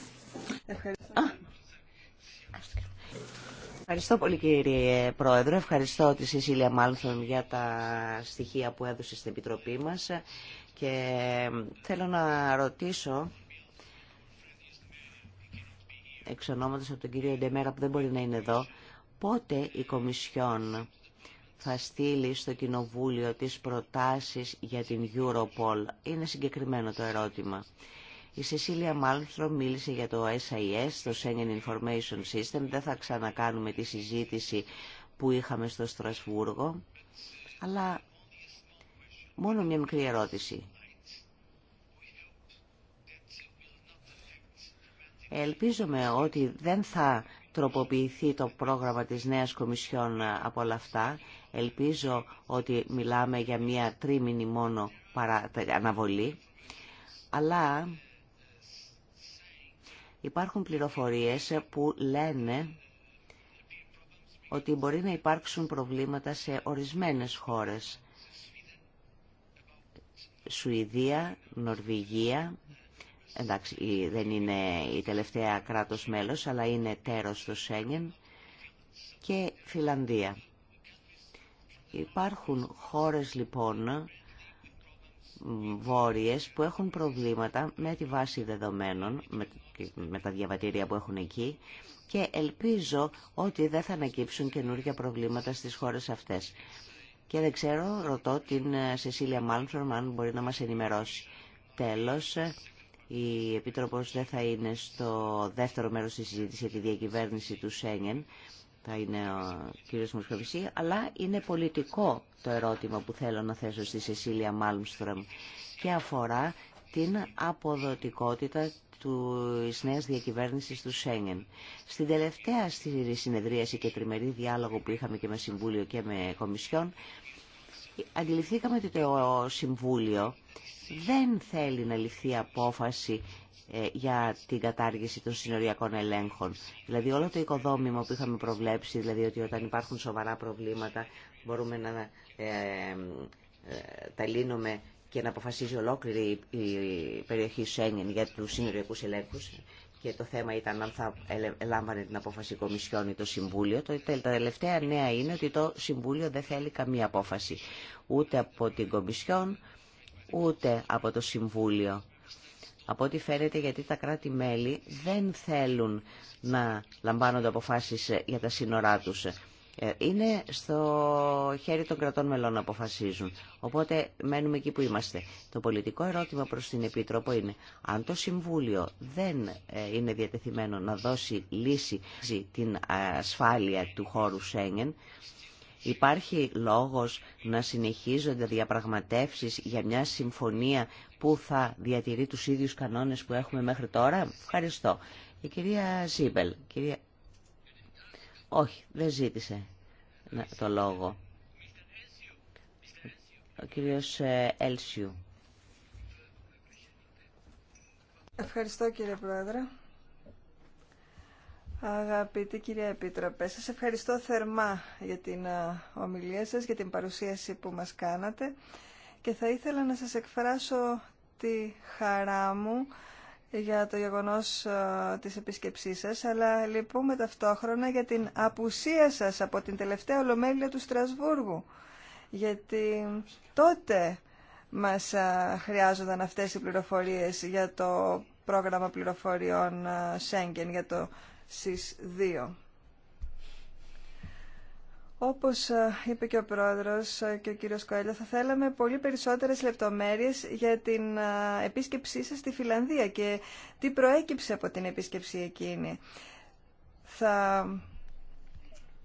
Ευχαριστώ. Ευχαριστώ πολύ κύριε Πρόεδρο. Ευχαριστώ τη Σισίλια Μάλθον για τα στοιχεία που έδωσε στην Επιτροπή μας. Και θέλω να ρωτήσω εξ από τον κύριο Ντεμέρα που δεν μπορεί να είναι εδώ, πότε η Κομισιόν θα στείλει στο Κοινοβούλιο τις προτάσεις για την Europol. Είναι συγκεκριμένο το ερώτημα. Η Σεσίλια Μάλμστρο μίλησε για το SIS, το Schengen Information System. Δεν θα ξανακάνουμε τη συζήτηση που είχαμε στο Στρασβούργο. Αλλά Μόνο μια μικρή ερώτηση. Ελπίζομαι ότι δεν θα τροποποιηθεί το πρόγραμμα της νέας Κομισιόν από όλα αυτά. Ελπίζω ότι μιλάμε για μια τρίμηνη μόνο παρα... αναβολή. Αλλά υπάρχουν πληροφορίες που λένε ότι μπορεί να υπάρξουν προβλήματα σε ορισμένες χώρες Σουηδία, Νορβηγία, εντάξει δεν είναι η τελευταία κράτος μέλος, αλλά είναι τέρος στο Σέγγεν και Φιλανδία. Υπάρχουν χώρες λοιπόν βόρειες που έχουν προβλήματα με τη βάση δεδομένων, με, με τα διαβατήρια που έχουν εκεί και ελπίζω ότι δεν θα ανακύψουν καινούργια προβλήματα στις χώρες αυτές. Και δεν ξέρω, ρωτώ την ε, Σεσίλια Μάλμστρομ αν μπορεί να μας ενημερώσει. Τέλος, ε, η Επίτροπος δεν θα είναι στο δεύτερο μέρος της συζήτησης για τη διακυβέρνηση του Σέγγεν, θα είναι ο κύριος Μοσχοβησή, αλλά είναι πολιτικό το ερώτημα που θέλω να θέσω στη Σεσίλια Μάλμστρομ και αφορά την αποδοτικότητα της νέας διακυβέρνησης του Σέγγεν. Στην τελευταία συνεδρίαση και τριμερή διάλογο που είχαμε και με Συμβούλιο και με Κομισιόν, αντιληφθήκαμε ότι το Συμβούλιο δεν θέλει να ληφθεί απόφαση ε, για την κατάργηση των συνοριακών ελέγχων. Δηλαδή όλο το οικοδόμημα που είχαμε προβλέψει, δηλαδή ότι όταν υπάρχουν σοβαρά προβλήματα μπορούμε να ε, ε, ε τα λύνουμε και να αποφασίζει ολόκληρη η περιοχή Σένιν για του συνοριακούς ελέγχου. και το θέμα ήταν αν θα λάμβανε την απόφαση Κομισιόν ή το Συμβούλιο. Τα τελευταία νέα είναι ότι το Συμβούλιο δεν θέλει καμία απόφαση. Ούτε από την Κομισιόν, ούτε από το Συμβούλιο. Από ό,τι φαίνεται γιατί τα κράτη-μέλη δεν θέλουν να λαμβάνονται αποφάσεις για τα σύνορά τους. Ε, είναι στο χέρι των κρατών μελών να αποφασίζουν. Οπότε μένουμε εκεί που είμαστε. Το πολιτικό ερώτημα προς την Επίτροπο είναι αν το Συμβούλιο δεν ε, είναι διατεθειμένο να δώσει λύση την ασφάλεια του χώρου Σέγγεν, Υπάρχει λόγος να συνεχίζονται διαπραγματεύσεις για μια συμφωνία που θα διατηρεί τους ίδιους κανόνες που έχουμε μέχρι τώρα. Ευχαριστώ. Η κυρία Ζίμπελ. Κυρία... Όχι, δεν ζήτησε το λόγο. Ο κύριος ε, Έλσιου. Ευχαριστώ κύριε Πρόεδρε. Αγαπητή κυρία Επίτροπε, σας ευχαριστώ θερμά για την ε, ομιλία σας, για την παρουσίαση που μας κάνατε και θα ήθελα να σας εκφράσω τη χαρά μου για το γεγονός ε, της επίσκεψής σας, αλλά λυπούμε ταυτόχρονα για την απουσία σας από την τελευταία ολομέλεια του Στρασβούργου. Γιατί τότε μας ε, χρειάζονταν αυτές οι πληροφορίες για το πρόγραμμα πληροφοριών ε, Σέγγεν για το ΣΥΣ 2. Όπως ε, είπε και ο Πρόεδρος ε, και ο κύριος Κοέλιο, θα θέλαμε πολύ περισσότερες λεπτομέρειες για την ε, επίσκεψή σας στη Φιλανδία και τι προέκυψε από την επίσκεψη εκείνη. Θα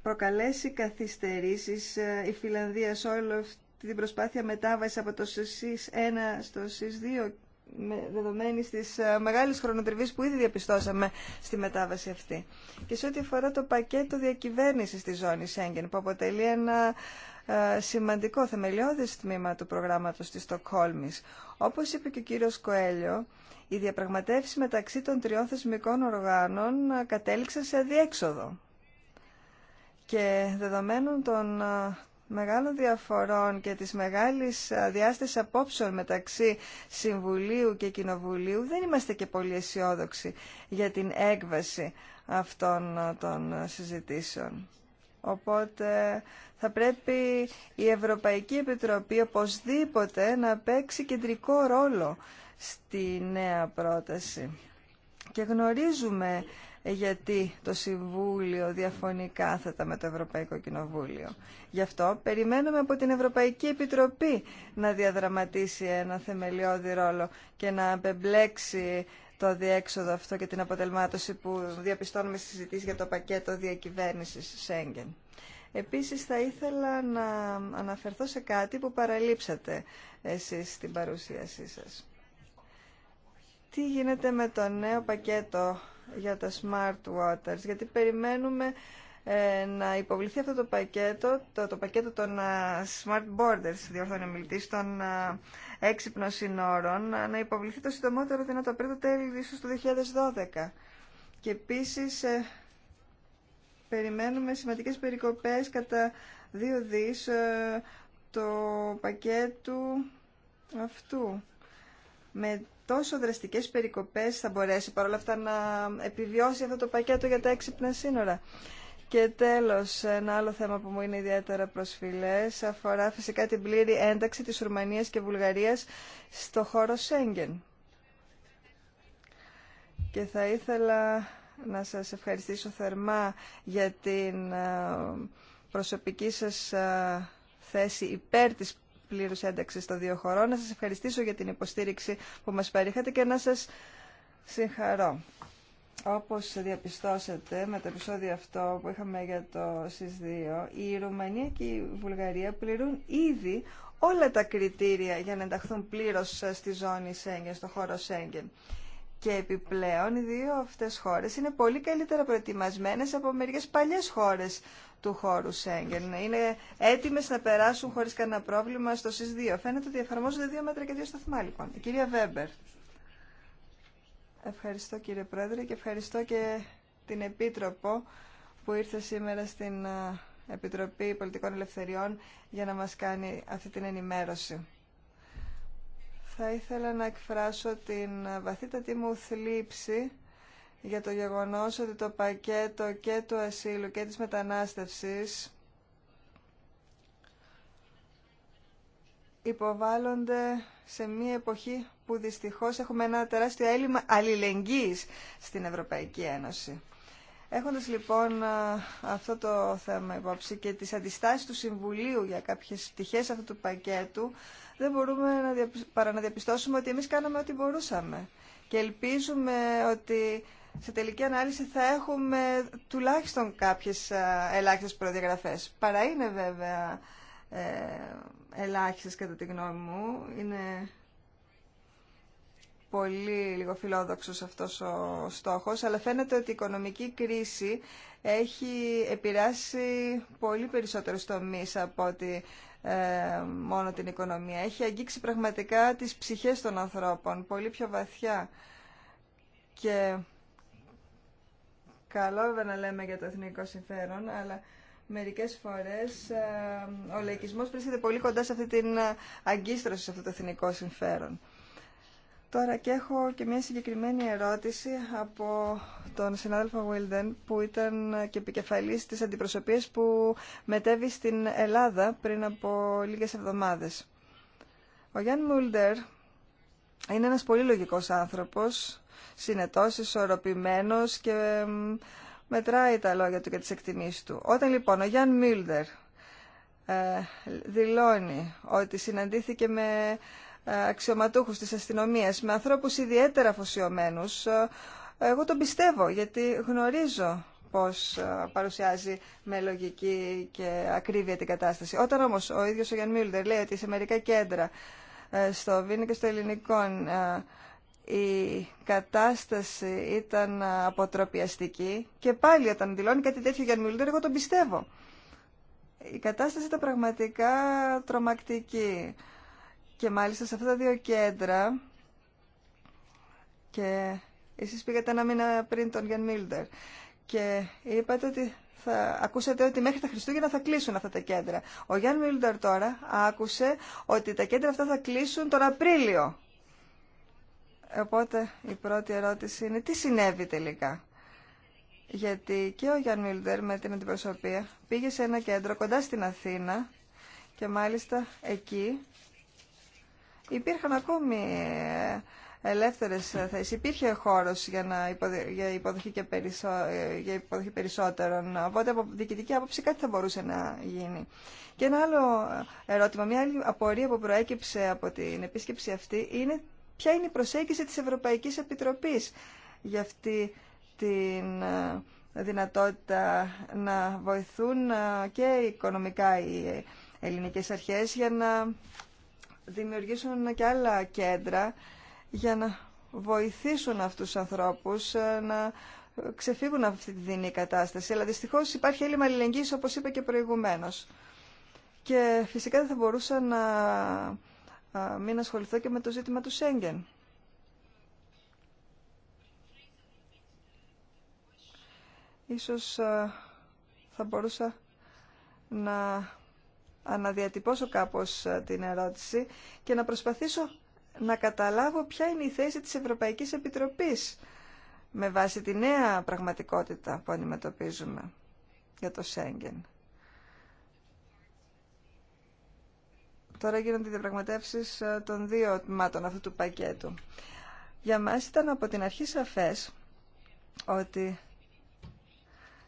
προκαλέσει καθυστερήσεις η Φιλανδία σε όλη αυτή την προσπάθεια μετάβαση από το ΣΥΣ 1 στο ΣΥΣ 2 δεδομένη της ε, μεγάλη χρονοτριβή που ήδη διαπιστώσαμε στη μετάβαση αυτή. Και σε ό,τι αφορά το πακέτο διακυβέρνηση τη ζώνη Σέγγεν, που αποτελεί ένα ε, σημαντικό θεμελιώδες τμήμα του προγράμματος της Στοκχόλμης. Όπως είπε και ο κύριος Κοέλιο, οι διαπραγματεύσεις μεταξύ των τριών θεσμικών οργάνων ε, κατέληξαν σε αδιέξοδο. Και δεδομένων των μεγάλων διαφορών και της μεγάλης διάστασης απόψεων μεταξύ Συμβουλίου και Κοινοβουλίου δεν είμαστε και πολύ αισιόδοξοι για την έκβαση αυτών των συζητήσεων. Οπότε θα πρέπει η Ευρωπαϊκή Επιτροπή οπωσδήποτε να παίξει κεντρικό ρόλο στη νέα πρόταση. Και γνωρίζουμε ε, γιατί το Συμβούλιο διαφωνεί κάθετα με το Ευρωπαϊκό Κοινοβούλιο. Γι' αυτό περιμένουμε από την Ευρωπαϊκή Επιτροπή να διαδραματίσει ένα θεμελιώδη ρόλο και να απεμπλέξει το διέξοδο αυτό και την αποτελμάτωση που διαπιστώνουμε στις συζητήσεις για το πακέτο διακυβέρνησης Σέγγεν. Επίσης θα ήθελα να αναφερθώ σε κάτι που παραλείψατε εσείς στην παρουσίασή σας. Τι γίνεται με το νέο πακέτο για τα smart waters, γιατί περιμένουμε ε, να υποβληθεί αυτό το πακέτο, το, το πακέτο των ε, smart borders, διορθώνει μιλητή, των ε, έξυπνων συνόρων, να υποβληθεί το συντομότερο δυνατό πριν το τέλη ίσως του 2012. Και επίσης περιμένουμε σημαντικές περικοπές κατά δύο δις το πακέτο αυτού με τόσο δραστικές περικοπές θα μπορέσει παρόλα αυτά να επιβιώσει αυτό το πακέτο για τα έξυπνα σύνορα. Και τέλος, ένα άλλο θέμα που μου είναι ιδιαίτερα προσφυλέ αφορά φυσικά την πλήρη ένταξη της Ρουμανία και Βουλγαρίας στο χώρο Σέγγεν. Και θα ήθελα να σας ευχαριστήσω θερμά για την ε, προσωπική σας ε, θέση υπέρ της πλήρους ένταξη των δύο χωρών. Να σας ευχαριστήσω για την υποστήριξη που μας παρήχατε και να σας συγχαρώ. Όπως διαπιστώσατε με το επεισόδιο αυτό που είχαμε για το ΣΥΣ2, η Ρουμανία και η Βουλγαρία πληρούν ήδη όλα τα κριτήρια για να ενταχθούν πλήρως στη ζώνη Σέγγεν, στο χώρο Σέγγεν. Και επιπλέον οι δύο αυτές χώρες είναι πολύ καλύτερα προετοιμασμένες από μερικές παλιές χώρες του χώρου Σέγγεν. Είναι έτοιμες να περάσουν χωρίς κανένα πρόβλημα στο ΣΥΣ2. Φαίνεται ότι εφαρμόζονται δύο μέτρα και δύο σταθμά λοιπόν. Η κυρία Βέμπερ. Ευχαριστώ κύριε Πρόεδρε και ευχαριστώ και την Επίτροπο που ήρθε σήμερα στην ε, Επιτροπή Πολιτικών Ελευθεριών για να μας κάνει αυτή την ενημέρωση θα ήθελα να εκφράσω την βαθύτατη μου θλίψη για το γεγονός ότι το πακέτο και του ασύλου και της μετανάστευσης υποβάλλονται σε μια εποχή που δυστυχώς έχουμε ένα τεράστιο έλλειμμα αλληλεγγύης στην Ευρωπαϊκή Ένωση. Έχοντας λοιπόν αυτό το θέμα υπόψη και τις αντιστάσεις του Συμβουλίου για κάποιες πτυχές αυτού του πακέτου, δεν μπορούμε να παρά να διαπιστώσουμε ότι εμείς κάναμε ό,τι μπορούσαμε. Και ελπίζουμε ότι σε τελική ανάλυση θα έχουμε τουλάχιστον κάποιες ε, ελάχιστες προδιαγραφές. Παρά είναι βέβαια ε, ελάχιστες κατά τη γνώμη μου. Είναι πολύ λίγο φιλόδοξος αυτός ο στόχος, αλλά φαίνεται ότι η οικονομική κρίση έχει επηρεάσει πολύ περισσότερους τομείς από ότι ε, μόνο την οικονομία. Έχει αγγίξει πραγματικά τις ψυχές των ανθρώπων πολύ πιο βαθιά. Και καλό βέβαια να λέμε για το εθνικό συμφέρον, αλλά μερικές φορές ε, ο λαϊκισμός βρίσκεται πολύ κοντά σε αυτή την ε, αγκίστρωση, σε αυτό το εθνικό συμφέρον. Τώρα και έχω και μια συγκεκριμένη ερώτηση από τον συνάδελφο Βίλντεν που ήταν και επικεφαλής της αντιπροσωπείας που μετέβη στην Ελλάδα πριν από λίγες εβδομάδες. Ο Γιάνν Μούλντερ είναι ένας πολύ λογικός άνθρωπος, συνετός, ισορροπημένος και μετράει τα λόγια του και τις εκτιμήσεις του. Όταν λοιπόν ο Γιάνν Μούλντερ ε, δηλώνει ότι συναντήθηκε με αξιωματούχους της αστυνομίας, με ανθρώπους ιδιαίτερα αφοσιωμένους, ε, εγώ τον πιστεύω γιατί γνωρίζω πώς ε, παρουσιάζει με λογική και ακρίβεια την κατάσταση. Όταν όμως ο ίδιος ο Γιάνν Μίλντερ λέει ότι σε μερικά κέντρα, ε, στο Βίνι και στο Ελληνικό, η κατάσταση ήταν αποτροπιαστική και πάλι όταν δηλώνει κάτι τέτοιο Γιάνν Μιούλτερ εγώ τον πιστεύω. Η κατάσταση ήταν πραγματικά τρομακτική. Και μάλιστα σε αυτά τα δύο κέντρα και εσείς πήγατε ένα μήνα πριν τον Γιάν Μίλντερ και είπατε ότι θα ακούσατε ότι μέχρι τα Χριστούγεννα θα κλείσουν αυτά τα κέντρα. Ο Γιάν Μίλντερ τώρα άκουσε ότι τα κέντρα αυτά θα κλείσουν τον Απρίλιο. Οπότε η πρώτη ερώτηση είναι τι συνέβη τελικά. Γιατί και ο Γιάν Μίλντερ με την αντιπροσωπεία πήγε σε ένα κέντρο κοντά στην Αθήνα και μάλιστα εκεί υπήρχαν ακόμη ε, ελεύθερες θέσεις. Υπήρχε χώρος για, να υποδοχή, για, και περισσό, για υποδοχή περισσότερων, οπότε από διοικητική άποψη κάτι θα μπορούσε να γίνει. Και ένα άλλο ερώτημα, μια άλλη απορία που προέκυψε από την επίσκεψη αυτή είναι ποια είναι η προσέγγιση της Ευρωπαϊκής Επιτροπής για αυτή την ε, δυνατότητα να βοηθούν ε, και οικονομικά οι ελληνικές αρχές για να δημιουργήσουν και άλλα κέντρα για να βοηθήσουν αυτούς τους ανθρώπους ε, να ξεφύγουν από αυτή τη δινή κατάσταση. Αλλά δυστυχώς υπάρχει έλλειμμα αλληλεγγύης όπως είπα και προηγουμένως. Και φυσικά δεν θα μπορούσα να μην ασχοληθώ και με το ζήτημα του Σέγγεν. Ίσως θα μπορούσα να αναδιατυπώσω κάπως ε, την ερώτηση και να προσπαθήσω να καταλάβω ποια είναι η θέση της Ευρωπαϊκής Επιτροπής με βάση τη νέα πραγματικότητα που αντιμετωπίζουμε για το Σέγγεν. Τώρα γίνονται οι διαπραγματεύσεις ε, των δύο τμήματων αυτού του πακέτου. Για μας ήταν από την αρχή σαφές ότι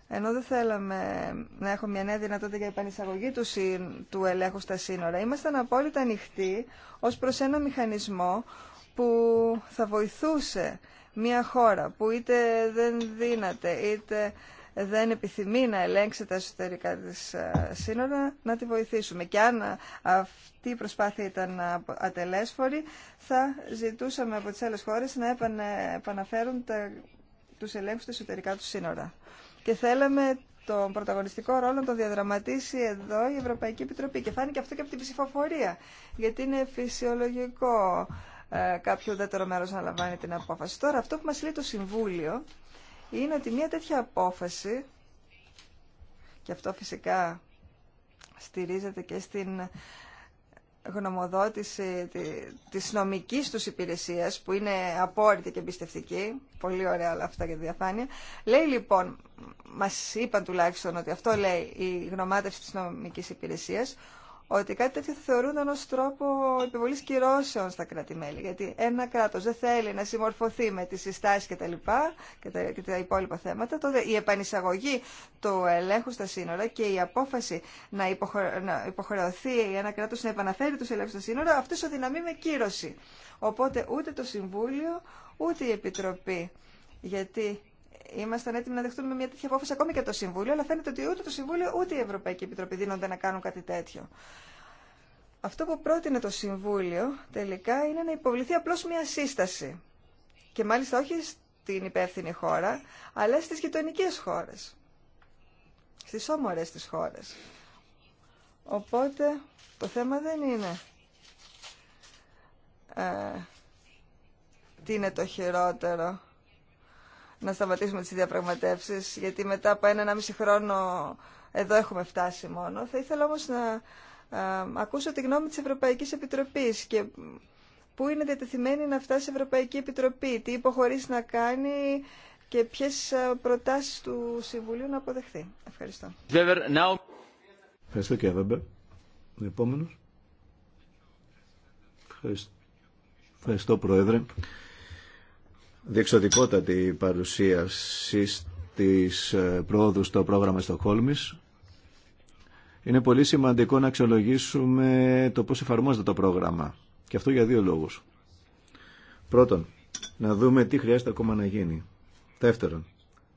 ενώ δεν θέλαμε να έχουμε μια νέα δυνατότητα για επανεισαγωγή του, του ελέγχου στα σύνορα, ήμασταν απόλυτα ανοιχτοί ως προς ένα μηχανισμό που θα βοηθούσε μια χώρα που είτε δεν δύναται, είτε δεν επιθυμεί να ελέγξει τα εσωτερικά της ε, σύνορα, να τη βοηθήσουμε. Και αν ε, αυτή η προσπάθεια ήταν ατελέσφορη, θα ζητούσαμε από τις άλλες χώρες να επαναφέρουν τα, τους ελέγχους στα εσωτερικά του σύνορα και θέλαμε τον πρωταγωνιστικό ρόλο να τον διαδραματίσει εδώ η Ευρωπαϊκή Επιτροπή. Και φάνηκε αυτό και από την ψηφοφορία, γιατί είναι φυσιολογικό ε, κάποιο ουδέτερο μέρο να λαμβάνει την απόφαση. Τώρα αυτό που μας λέει το Συμβούλιο είναι ότι μια τέτοια απόφαση, και αυτό φυσικά στηρίζεται και στην γνωμοδότηση της νομικής τους υπηρεσίας, που είναι απόρριτη και εμπιστευτική, πολύ ωραία όλα αυτά για τη διαφάνεια, λέει λοιπόν, μας είπαν τουλάχιστον ότι αυτό λέει η γνωμάτευση της νομικής υπηρεσίας, ότι κάτι τέτοιο θα θεωρούνταν ως τρόπο επιβολής κυρώσεων στα κράτη-μέλη. Γιατί ένα κράτος δεν θέλει να συμμορφωθεί με τις συστάσεις και τα λοιπά και τα, υπόλοιπα θέματα, τότε η επανεισαγωγή του ελέγχου στα σύνορα και η απόφαση να, υποχρεωθεί ένα κράτος να επαναφέρει τους ελέγχους στα σύνορα, αυτό δυναμή με κύρωση. Οπότε ούτε το Συμβούλιο, ούτε η Επιτροπή. Γιατί ήμασταν έτοιμοι να δεχτούμε μια τέτοια απόφαση ακόμη και το Συμβούλιο, αλλά φαίνεται ότι ούτε το Συμβούλιο ούτε η Ευρωπαϊκή Επιτροπή δίνονται να κάνουν κάτι τέτοιο. Αυτό που πρότεινε το Συμβούλιο τελικά είναι να υποβληθεί απλώ μια σύσταση. Και μάλιστα όχι στην υπεύθυνη χώρα, αλλά στι γειτονικέ χώρε, στι όμορε τη χώρα. Οπότε το θέμα δεν είναι ε, τι είναι το χειρότερο να σταματήσουμε τις διαπραγματεύσεις, γιατί μετά από ένα μισή χρόνο εδώ έχουμε φτάσει μόνο. Θα ήθελα όμως να ακούσω τη γνώμη της Ευρωπαϊκής Επιτροπής και πού είναι διατεθειμένη να φτάσει η Ευρωπαϊκή Επιτροπή, τι υποχωρήσει να κάνει και ποιες προτάσεις του Συμβουλίου να αποδεχθεί. Ευχαριστώ. Ευχαριστώ και Βέμπερ. Επόμενος. Ευχαριστώ, Πρόεδρε διεξοδικότατη παρουσίαση της ε, πρόοδου στο πρόγραμμα Στοκχόλμης. Είναι πολύ σημαντικό να αξιολογήσουμε το πώς εφαρμόζεται το πρόγραμμα. Και αυτό για δύο λόγους. Πρώτον, να δούμε τι χρειάζεται ακόμα να γίνει. Δεύτερον,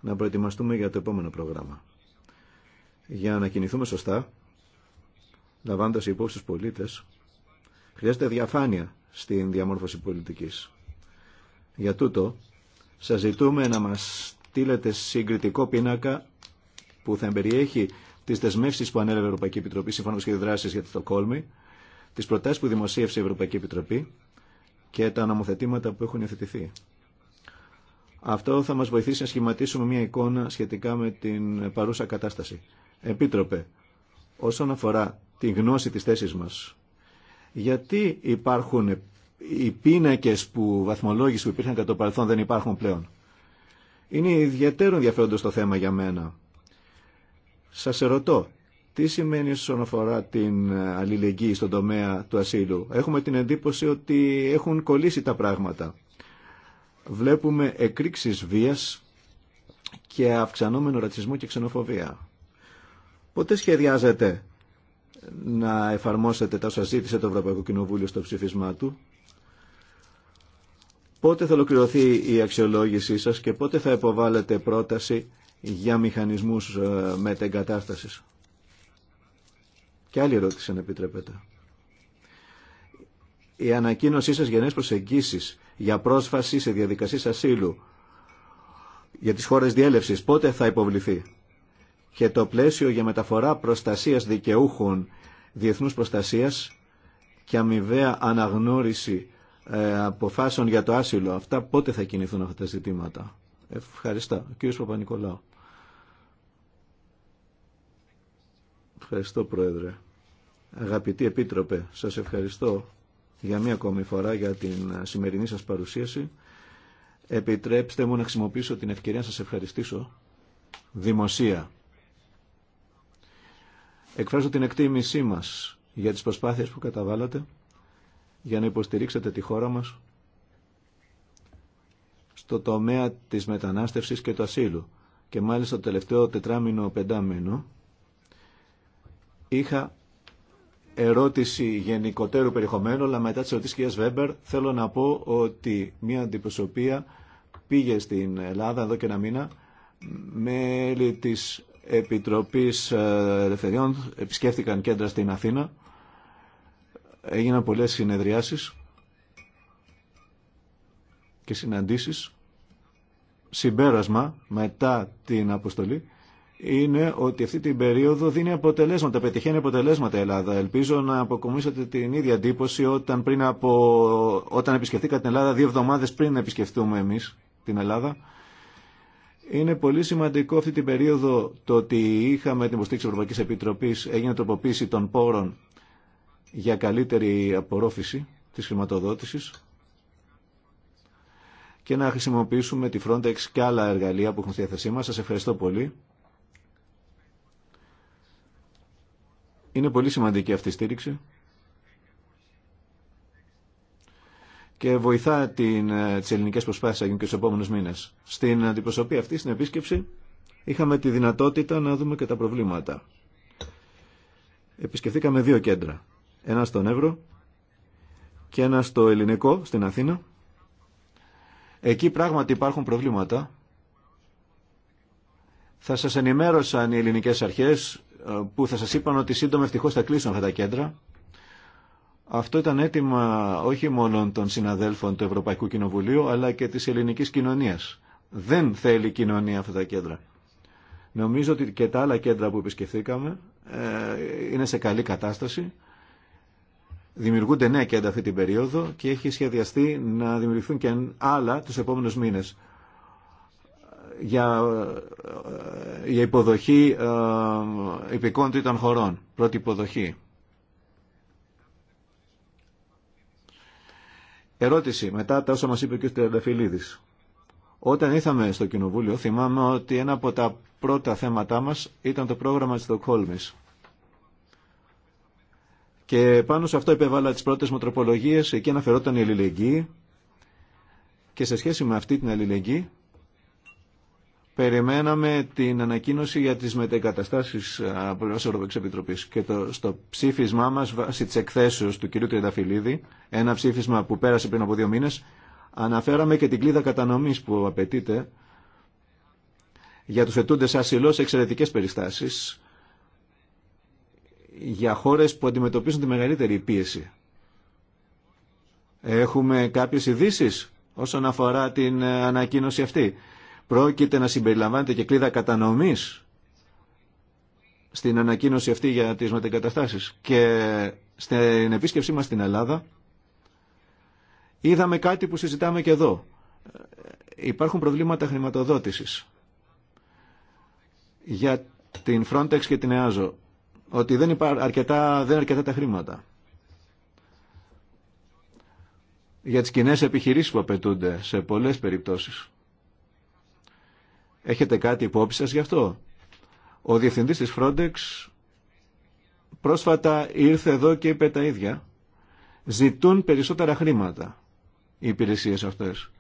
να προετοιμαστούμε για το επόμενο πρόγραμμα. Για να κινηθούμε σωστά, λαμβάνοντας υπόψη στους πολίτες, χρειάζεται διαφάνεια στην διαμόρφωση πολιτικής. Για τούτο, σας ζητούμε να μας στείλετε συγκριτικό πίνακα που θα εμπεριέχει τις δεσμεύσεις που ανέλαβε η Ευρωπαϊκή Επιτροπή σύμφωνα με σχέδιο δράσης για τη Στοκόλμη, τις προτάσεις που δημοσίευσε η Ευρωπαϊκή Επιτροπή και τα αναμοθετήματα που έχουν υιοθετηθεί. Αυτό θα μας βοηθήσει να σχηματίσουμε μια εικόνα σχετικά με την παρούσα κατάσταση. Επίτροπε, όσον αφορά τη γνώση της θέσης μας, γιατί υπάρχουν οι πίνακες που βαθμολόγηση που υπήρχαν κατά το παρελθόν δεν υπάρχουν πλέον. Είναι ιδιαίτερο ενδιαφέροντο το θέμα για μένα. Σας ερωτώ, τι σημαίνει όσον αφορά την αλληλεγγύη στον τομέα του ασύλου. Έχουμε την εντύπωση ότι έχουν κολλήσει τα πράγματα. Βλέπουμε εκρήξεις βίας και αυξανόμενο ρατσισμό και ξενοφοβία. Πότε σχεδιάζετε να εφαρμόσετε τα όσα ζήτησε το Ευρωπαϊκό Κοινοβούλιο στο ψήφισμά του Πότε θα ολοκληρωθεί η αξιολόγησή σας και πότε θα υποβάλλετε πρόταση για μηχανισμούς ε, μετεγκατάστασης. Και άλλη ερώτηση αν επιτρέπετε. Η ανακοίνωσή σας για νέες προσεγγίσεις για πρόσφαση σε διαδικασίες ασύλου για τις χώρες διέλευσης πότε θα υποβληθεί και το πλαίσιο για μεταφορά προστασίας δικαιούχων διεθνούς προστασίας και αμοιβαία αναγνώριση ε, αποφάσεων για το άσυλο. Αυτά πότε θα κινηθούν αυτά τα ζητήματα. Ευχαριστώ. Ο κύριος Παπα-Νικολάου. Ευχαριστώ Πρόεδρε. Αγαπητοί Επίτροπε, σας ευχαριστώ για μία ακόμη φορά για την σημερινή σας παρουσίαση. Επιτρέψτε μου να χρησιμοποιήσω την ευκαιρία να σας ευχαριστήσω. Δημοσία. Εκφράζω την εκτίμησή μας για τις προσπάθειες που καταβάλατε για να υποστηρίξετε τη χώρα μας στο τομέα της μετανάστευσης και του ασύλου. Και μάλιστα το τελευταίο τετράμινο-πεντάμινο είχα ερώτηση γενικότερου περιεχομένου, αλλά μετά τις ερωτήσεις κυρίας Βέμπερ θέλω να πω ότι μια αντιπροσωπεία πήγε στην Ελλάδα εδώ και ένα μήνα μέλη της Επιτροπής ε, Ελευθεριών επισκέφτηκαν κέντρα στην Αθήνα έγιναν πολλές συνεδριάσεις και συναντήσεις. Συμπέρασμα μετά την αποστολή είναι ότι αυτή την περίοδο δίνει αποτελέσματα, πετυχαίνει αποτελέσματα η Ελλάδα. Ελπίζω να αποκομίσετε την ίδια εντύπωση όταν, πριν από, όταν την Ελλάδα, δύο εβδομάδες πριν επισκεφτούμε εμείς την Ελλάδα. Είναι πολύ σημαντικό αυτή την περίοδο το ότι είχαμε την υποστήριξη Ευρωπαϊκή Επιτροπής έγινε τροποποίηση των πόρων για καλύτερη απορρόφηση της χρηματοδότησης και να χρησιμοποιήσουμε τη Frontex και άλλα εργαλεία που έχουν στη διάθεσή μας. Σας ευχαριστώ πολύ. Είναι πολύ σημαντική αυτή η στήριξη και βοηθά την, ε, τις ελληνικές προσπάθειες και στους επόμενους μήνες. Στην αντιπροσωπή αυτή, στην επίσκεψη, είχαμε τη δυνατότητα να δούμε και τα προβλήματα. Επισκεφθήκαμε δύο κέντρα ένα στον Εύρο και ένα στο Ελληνικό, στην Αθήνα. Εκεί πράγματι υπάρχουν προβλήματα. Θα σας ενημέρωσαν οι ελληνικές αρχές ε, που θα σας είπαν ότι σύντομα ευτυχώ θα κλείσουν αυτά τα κέντρα. Αυτό ήταν αίτημα όχι μόνο των συναδέλφων του Ευρωπαϊκού Κοινοβουλίου αλλά και της ελληνικής κοινωνίας. Δεν θέλει κοινωνία αυτά τα κέντρα. Νομίζω ότι και τα άλλα κέντρα που επισκεφθήκαμε ε, είναι σε καλή κατάσταση δημιουργούνται νέα κέντρα αυτή την περίοδο και έχει σχεδιαστεί να δημιουργηθούν και άλλα τους επόμενους μήνες για, ε, για υποδοχή ε, υπηκών χωρών, πρώτη υποδοχή. Ερώτηση μετά τα όσα μας είπε και ο Τερνταφυλίδης. Όταν ήρθαμε στο Κοινοβούλιο θυμάμαι ότι ένα από τα πρώτα θέματά μας ήταν το πρόγραμμα της Στοκχόλμης και πάνω σε αυτό επέβαλα τις πρώτες μοτροπολογίες, εκεί αναφερόταν η αλληλεγγύη και σε σχέση με αυτή την αλληλεγγύη περιμέναμε την ανακοίνωση για τις μετεγκαταστάσεις από την Ευρωπαϊκή Επιτροπή και το, στο ψήφισμά μας βάσει τη εκθέσεω του κ. Τριανταφυλλίδη, ένα ψήφισμα που πέρασε πριν από δύο μήνες, αναφέραμε και την κλίδα κατανομής που απαιτείται για τους ετούντες ασυλώς σε εξαιρετικές περιστάσεις για χώρες που αντιμετωπίζουν τη μεγαλύτερη πίεση. Έχουμε κάποιες ειδήσει όσον αφορά την ε, ανακοίνωση αυτή. Πρόκειται να συμπεριλαμβάνεται και κλίδα κατανομής στην ανακοίνωση αυτή για τις μετεγκαταστάσεις. Και στην επίσκεψή μας στην Ελλάδα είδαμε κάτι που συζητάμε και εδώ. Υπάρχουν προβλήματα χρηματοδότησης για την Frontex και την EASO ότι δεν, υπά, αρκετά, δεν είναι αρκετά τα χρήματα για τις κοινέ επιχειρήσεις που απαιτούνται σε πολλές περιπτώσεις. Έχετε κάτι υπόψη σας γι' αυτό. Ο διευθυντής της Frontex πρόσφατα ήρθε εδώ και είπε τα ίδια. Ζητούν περισσότερα χρήματα οι υπηρεσίες αυτές.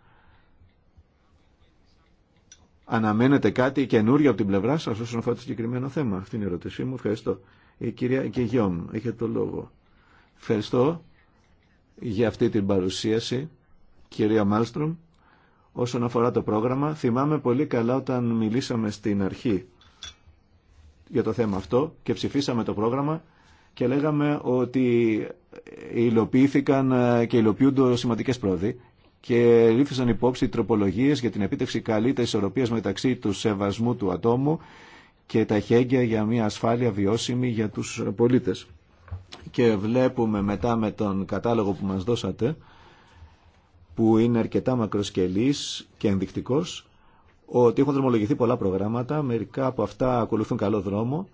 Αναμένετε κάτι καινούριο από την πλευρά σα όσον αφορά το συγκεκριμένο θέμα. Αυτή είναι η ερώτησή μου. Ευχαριστώ. Η κυρία Γκεγιόμ, έχετε το λόγο. Ευχαριστώ για αυτή την παρουσίαση, κυρία Μάλστρομ. Όσον αφορά το πρόγραμμα, θυμάμαι πολύ καλά όταν μιλήσαμε στην αρχή για το θέμα αυτό και ψηφίσαμε το πρόγραμμα και λέγαμε ότι υλοποιήθηκαν και υλοποιούνται σημαντικές πρόοδοι και λήφθησαν υπόψη οι τροπολογίες για την επίτευξη καλύτερη ισορροπία μεταξύ του σεβασμού του ατόμου και τα χέγγια για μια ασφάλεια βιώσιμη για τους πολίτες. Και βλέπουμε μετά με τον κατάλογο που μας δώσατε, που είναι αρκετά μακροσκελής και ενδεικτικό ότι έχουν δρομολογηθεί πολλά προγράμματα, μερικά από αυτά ακολουθούν καλό δρόμο,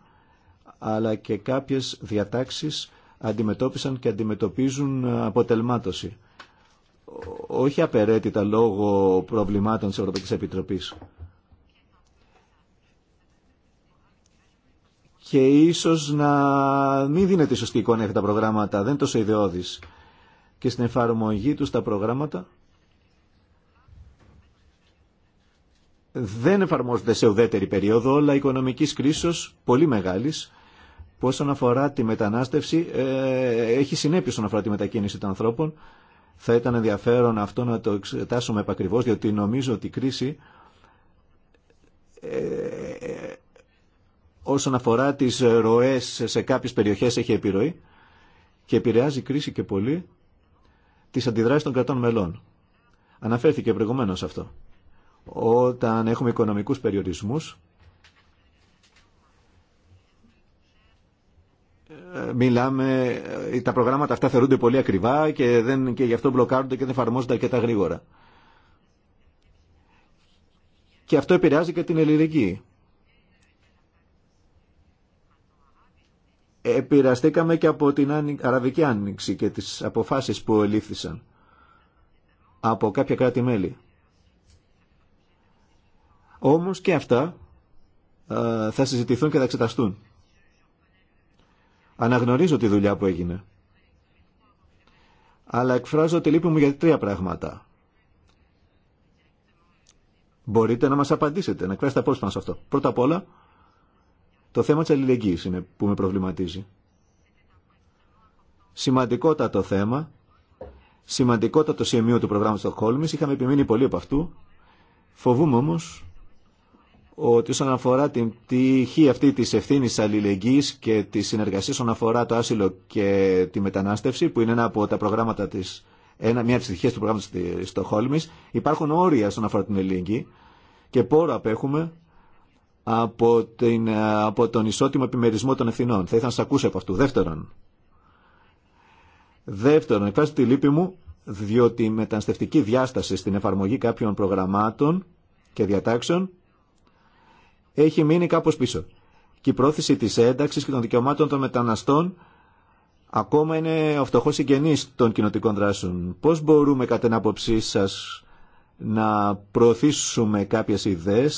αλλά και κάποιες διατάξεις αντιμετώπισαν και αντιμετωπίζουν αποτελμάτωση όχι απεραίτητα λόγω προβλημάτων της Ευρωπαϊκής Επιτροπής. Και ίσως να μην δίνεται η σωστή εικόνα για τα προγράμματα, δεν τόσο ιδεώδης. Και στην εφαρμογή τους τα προγράμματα δεν εφαρμόζονται σε ουδέτερη περίοδο, όλα οικονομικής κρίσης πολύ μεγάλης, που όσον αφορά τη μετανάστευση ε, έχει συνέπειες όσον αφορά τη μετακίνηση των ανθρώπων θα ήταν ενδιαφέρον αυτό να το εξετάσουμε επακριβώς, διότι νομίζω ότι η κρίση ε, όσον αφορά τις ροές σε κάποιες περιοχές έχει επιρροή και επηρεάζει η κρίση και πολύ τις αντιδράσεις των κρατών μελών. Αναφέρθηκε προηγουμένως αυτό. Όταν έχουμε οικονομικούς περιορισμούς, μιλάμε, ε, τα προγράμματα αυτά θεωρούνται πολύ ακριβά και, δεν, και γι' αυτό μπλοκάρονται και δεν εφαρμόζονται αρκετά γρήγορα. Και αυτό επηρεάζει και την ελληνική. Επηρεαστήκαμε και από την Αραβική Άνοιξη και τις αποφάσεις που ελήφθησαν από κάποια κράτη-μέλη. Όμως και αυτά ε, θα συζητηθούν και θα εξεταστούν. Αναγνωρίζω τη δουλειά που έγινε. Αλλά εκφράζω τη λύπη μου για τρία πράγματα. Μπορείτε να μας απαντήσετε, να εκφράσετε απόψη πάνω σε αυτό. Πρώτα απ' όλα, το θέμα της αλληλεγγύης είναι που με προβληματίζει. Σημαντικότατο θέμα, σημαντικότατο σημείο του προγράμματος Στοκχόλμης, είχαμε επιμείνει πολύ από αυτού. Φοβούμαι όμως ότι όσον αφορά την τυχή αυτή της ευθύνη αλληλεγγύης και τη συνεργασία όσον αφορά το άσυλο και τη μετανάστευση που είναι ένα από τα προγράμματα της ένα, μια από τις του προγράμματος της Στοχόλμης υπάρχουν όρια όσον αφορά την ελληνική και πόρο απέχουμε από, την, από τον ισότιμο επιμερισμό των ευθυνών. Θα ήθελα να σας ακούσω από αυτού. Δεύτερον, δεύτερον εκφράζω τη λύπη μου διότι η μεταναστευτική διάσταση στην εφαρμογή κάποιων προγραμμάτων και διατάξεων έχει μείνει κάπω πίσω. Και η πρόθεση τη ένταξη και των δικαιωμάτων των μεταναστών ακόμα είναι ο φτωχό συγγενή των κοινοτικών δράσεων. Πώ μπορούμε κατά την άποψή σα να προωθήσουμε κάποιε ιδέε,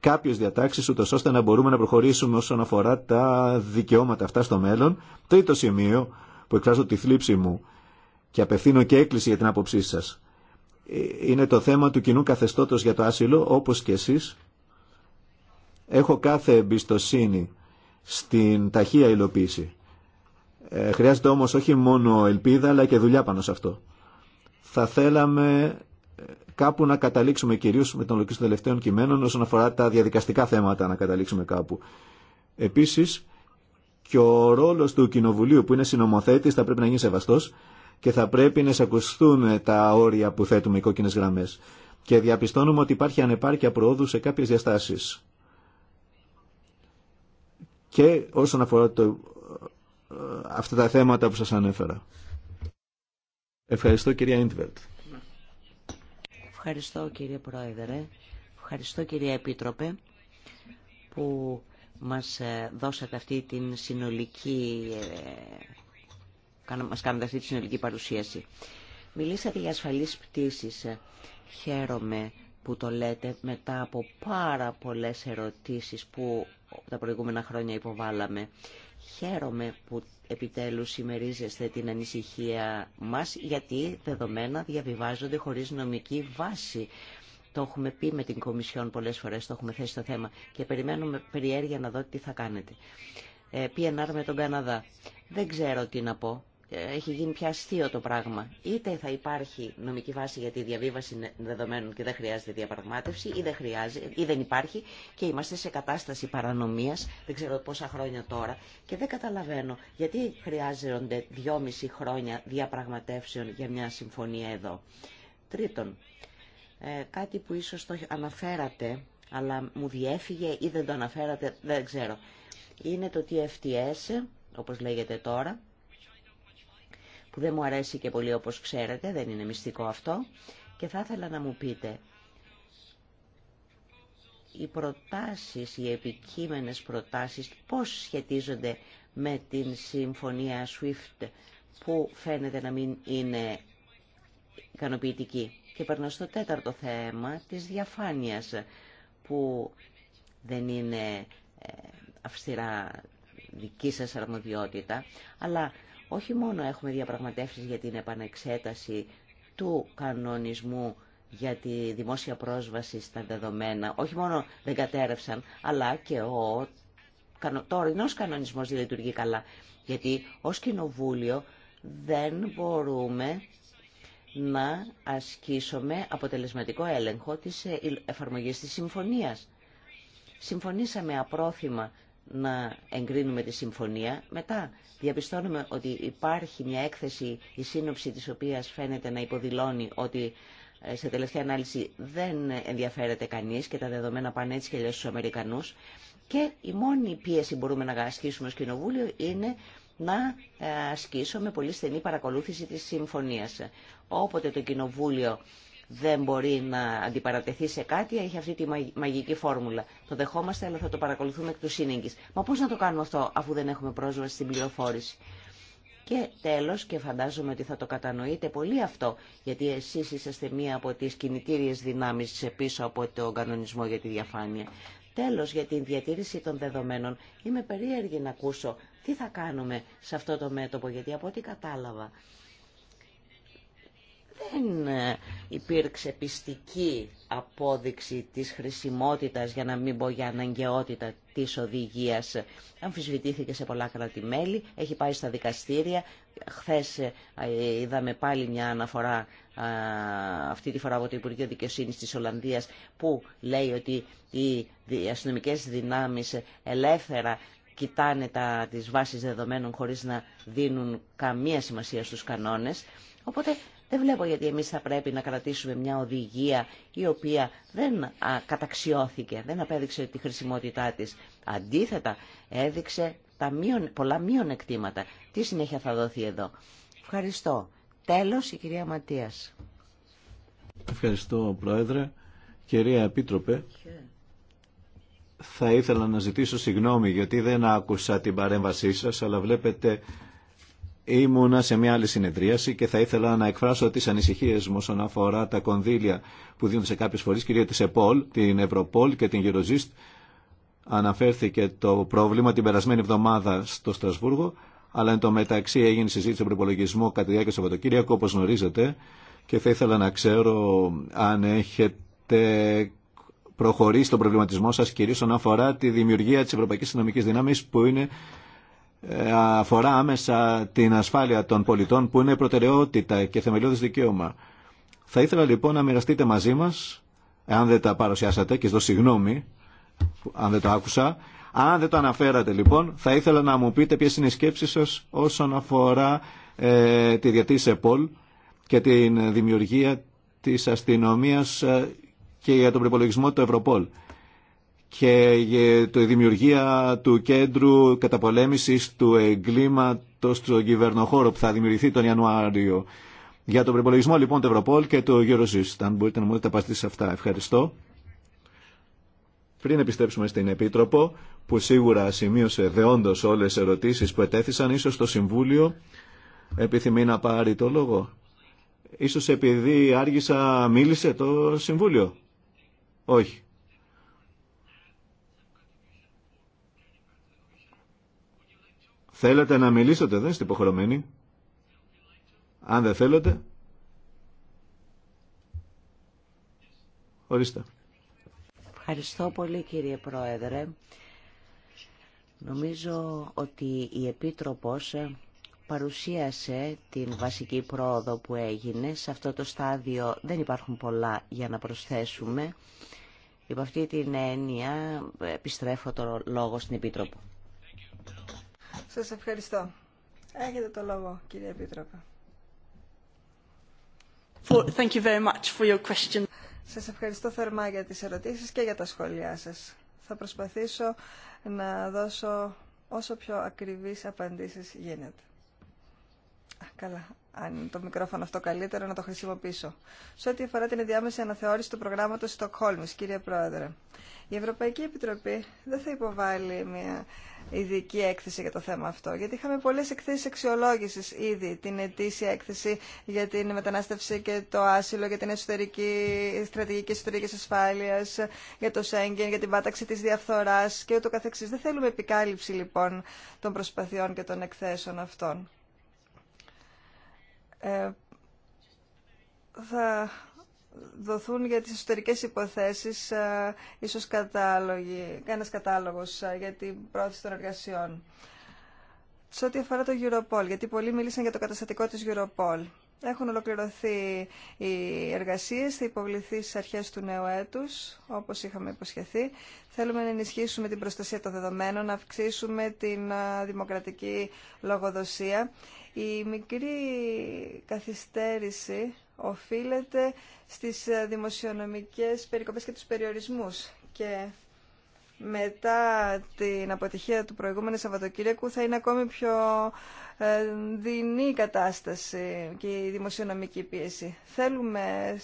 κάποιε διατάξει ούτω ώστε να μπορούμε να προχωρήσουμε όσον αφορά τα δικαιώματα αυτά στο μέλλον. Τρίτο σημείο που εκφράζω τη θλίψη μου και απευθύνω και έκκληση για την άποψή σα. Ε, είναι το θέμα του κοινού καθεστώτος για το άσυλο, όπως και εσείς Έχω κάθε εμπιστοσύνη στην ταχεία υλοποίηση. Ε, χρειάζεται όμως όχι μόνο ελπίδα αλλά και δουλειά πάνω σε αυτό. Θα θέλαμε ε, κάπου να καταλήξουμε κυρίως με τον λογική των τελευταίων κειμένων όσον αφορά τα διαδικαστικά θέματα να καταλήξουμε κάπου. Επίσης και ο ρόλος του Κοινοβουλίου που είναι συνομοθέτης θα πρέπει να γίνει σεβαστός και θα πρέπει να εισακουστούν τα όρια που θέτουμε οι κόκκινες γραμμές. Και διαπιστώνουμε ότι υπάρχει ανεπάρκεια προόδου σε κάποιες διαστάσεις και όσον αφορά το, ε, αυτά τα θέματα που σας ανέφερα. Ευχαριστώ κυρία Ιντβερτ. Ευχαριστώ κύριε Πρόεδρε, ευχαριστώ κυρία Επίτροπε που μας ε, δώσατε αυτή την συνολική, ε, μας κάνετε αυτή τη συνολική παρουσίαση. Μιλήσατε για ασφαλείς πτήσεις. Χαίρομαι που το λέτε μετά από πάρα πολλές ερωτήσεις που τα προηγούμενα χρόνια υποβάλαμε. Χαίρομαι που επιτέλους ημερίζεστε την ανησυχία μας γιατί δεδομένα διαβιβάζονται χωρίς νομική βάση. Το έχουμε πει με την Κομισιόν πολλές φορές, το έχουμε θέσει το θέμα και περιμένουμε περιέργεια να δω τι θα κάνετε. Ε, PNR με τον Καναδά. Δεν ξέρω τι να πω. Ε, έχει γίνει πια αστείο το πράγμα. Είτε θα υπάρχει νομική βάση για τη διαβίβαση δεδομένων και δεν χρειάζεται διαπραγμάτευση, ή δεν, ή δεν υπάρχει και είμαστε σε κατάσταση παρανομίας, δεν ξέρω πόσα χρόνια τώρα, και δεν καταλαβαίνω γιατί χρειάζονται δυόμιση χρόνια διαπραγματεύσεων για μια συμφωνία εδώ. Τρίτον, ε, κάτι που ίσω το αναφέρατε, αλλά μου διέφυγε ή δεν το αναφέρατε, δεν ξέρω. Είναι το TFTS, όπως λέγεται τώρα, που δεν μου αρέσει και πολύ όπως ξέρετε, δεν είναι μυστικό αυτό, και θα ήθελα να μου πείτε, οι προτάσεις, οι επικείμενες προτάσεις, πώς σχετίζονται με την συμφωνία SWIFT που φαίνεται να μην είναι ικανοποιητική. Και περνώ στο τέταρτο θέμα της διαφάνειας που δεν είναι ε, αυστηρά δική σας αρμοδιότητα, αλλά όχι μόνο έχουμε διαπραγματεύσεις για την επανεξέταση του κανονισμού για τη δημόσια πρόσβαση στα δεδομένα, όχι μόνο δεν κατέρευσαν, αλλά και ο τωρινός κανονισμός δεν λειτουργεί καλά. Γιατί ως κοινοβούλιο δεν μπορούμε να ασκήσουμε αποτελεσματικό έλεγχο της ε, εφαρμογής της συμφωνίας. Συμφωνήσαμε απρόθυμα να εγκρίνουμε τη συμφωνία. Μετά διαπιστώνουμε ότι υπάρχει μια έκθεση, η σύνοψη της οποίας φαίνεται να υποδηλώνει ότι ε, σε τελευταία ανάλυση δεν ενδιαφέρεται κανείς και τα δεδομένα πάνε έτσι και λέει στους Αμερικανούς. Και η μόνη πίεση που μπορούμε να ασκήσουμε ως Κοινοβούλιο είναι να ε, ασκήσουμε πολύ στενή παρακολούθηση της συμφωνίας. Όποτε το Κοινοβούλιο δεν μπορεί να αντιπαρατεθεί σε κάτι, έχει αυτή τη μαγική φόρμουλα. Το δεχόμαστε, αλλά θα το παρακολουθούμε εκ του σύνεγγυ. Μα πώ να το κάνουμε αυτό, αφού δεν έχουμε πρόσβαση στην πληροφόρηση. Και τέλο, και φαντάζομαι ότι θα το κατανοείτε πολύ αυτό, γιατί εσεί είσαστε μία από τις κινητήριες δυνάμεις πίσω από τον κανονισμό για τη διαφάνεια. Τέλος, για την διατήρηση των δεδομένων, είμαι περίεργη να ακούσω τι θα κάνουμε σε αυτό το μέτωπο, γιατί από ό,τι κατάλαβα, δεν ε, υπήρξε πιστική απόδειξη της χρησιμότητας, για να μην πω για αναγκαιότητα της οδηγίας. Αμφισβητήθηκε σε πολλά κράτη-μέλη, έχει πάει στα δικαστήρια. Χθες ε, είδαμε πάλι μια αναφορά, αυτή τη φορά από το Υπουργείο Δικαιοσύνης της Ολλανδίας, που λέει ότι οι αστυνομικές δυνάμεις ελεύθερα κοιτάνε τα, τις βάσεις δεδομένων χωρίς να δίνουν καμία σημασία στους κανόνες. Οπότε δεν βλέπω γιατί εμείς θα πρέπει να κρατήσουμε μια οδηγία η οποία δεν καταξιώθηκε, δεν απέδειξε τη χρησιμότητά της. Αντίθετα, έδειξε τα μειον, πολλά Τι συνέχεια θα δοθεί εδώ. Ευχαριστώ. Τέλος, η κυρία Ματίας. Ευχαριστώ, Πρόεδρε. Κυρία Επίτροπε, θα ήθελα να ζητήσω συγγνώμη γιατί δεν άκουσα την παρέμβασή σας, αλλά βλέπετε Ήμουνα σε μια άλλη συνεδρίαση και θα ήθελα να εκφράσω τις ανησυχίες μου όσον αφορά τα κονδύλια που δίνουν σε κάποιες φορέ κυρίως της ΕΠΟΛ, την Ευρωπόλ και την Γεροζίστ Αναφέρθηκε το πρόβλημα την περασμένη εβδομάδα στο Στρασβούργο, αλλά εν τω μεταξύ έγινε συζήτηση στον προπολογισμό κατά τη διάρκεια του Σαββατοκύριακου, όπως γνωρίζετε, και θα ήθελα να ξέρω αν έχετε προχωρήσει τον προβληματισμό σας κυρίως όσον αφορά τη δημιουργία της Ευρωπαϊκής Συνομικής Δυνάμης που είναι ε, αφορά άμεσα την ασφάλεια των πολιτών που είναι προτεραιότητα και θεμελιώδης δικαίωμα. Θα ήθελα λοιπόν να μοιραστείτε μαζί μας, αν δεν τα παρουσιάσατε και στο συγγνώμη, αν δεν το άκουσα, αν δεν το αναφέρατε λοιπόν, θα ήθελα να μου πείτε ποιες είναι οι σκέψεις σας όσον αφορά ε, τη διατήρηση ΕΠΟΛ και τη δημιουργία της αστυνομίας ε, και για τον προπολογισμό του Ευρωπόλ και ε, η δημιουργία του κέντρου καταπολέμησης του εγκλήματος του κυβερνοχώρο που θα δημιουργηθεί τον Ιανουάριο. Για τον προπολογισμό λοιπόν του Ευρωπόλ και του Eurosys. Αν μπορείτε να μου δείτε τα σε αυτά. Ευχαριστώ. Πριν επιστρέψουμε στην Επίτροπο, που σίγουρα σημείωσε δεόντως όλες τις ερωτήσεις που ετέθησαν, ίσως το Συμβούλιο επιθυμεί να πάρει το λόγο. Ίσως επειδή άργησα μίλησε το Συμβούλιο. Όχι. Θέλετε να μιλήσετε, δεν είστε υποχρεωμένοι. Αν δεν θέλετε. Ορίστε. Ευχαριστώ πολύ κύριε Πρόεδρε. Νομίζω ότι η Επίτροπος παρουσίασε την βασική πρόοδο που έγινε. Σε αυτό το στάδιο δεν υπάρχουν πολλά για να προσθέσουμε. Υπό αυτή την έννοια επιστρέφω το λόγο στην Επίτροπο. Σας ευχαριστώ. Έχετε το λόγο, κύριε Επίτροπε. Thank you very much for your question. Σας ευχαριστώ θερμά για τις ερωτήσεις και για τα σχόλιά σας. Θα προσπαθήσω να δώσω όσο πιο ακριβείς απαντήσεις γίνεται. Καλά. Αν το μικρόφωνο αυτό καλύτερο, να το χρησιμοποιήσω. Σε ό,τι αφορά την ενδιάμεση αναθεώρηση του προγράμματο Στοκχόλμη, κύριε Πρόεδρε, η Ευρωπαϊκή Επιτροπή δεν θα υποβάλει μια ειδική έκθεση για το θέμα αυτό. Γιατί είχαμε πολλέ εκθέσει αξιολόγηση ήδη. Την ετήσια έκθεση για την μετανάστευση και το άσυλο, για την εσωτερική, στρατηγική εσωτερική ασφάλεια, για το Σέγγεν, για την πάταξη τη διαφθορά και ούτω καθεξής. Δεν θέλουμε επικάλυψη λοιπόν των προσπαθειών και των εκθέσεων αυτών. Ε, θα δοθούν για τις εσωτερικές υποθέσεις ε, ίσως κατάλογοι, ένας κατάλογος ε, για την πρόθεση των εργασιών. Σε ό,τι αφορά το Europol, γιατί πολλοί μίλησαν για το καταστατικό της Europol. Έχουν ολοκληρωθεί οι εργασίες, θα υποβληθεί στις αρχές του νέου έτους, όπως είχαμε υποσχεθεί. Θέλουμε να ενισχύσουμε την προστασία των δεδομένων, να αυξήσουμε την δημοκρατική λογοδοσία η μικρή καθυστέρηση οφείλεται στις ε, δημοσιονομικές περικοπές και τους περιορισμούς και μετά την αποτυχία του προηγούμενου Σαββατοκύριακου θα είναι ακόμη πιο ε, δεινή η κατάσταση και η δημοσιονομική πίεση. Θέλουμε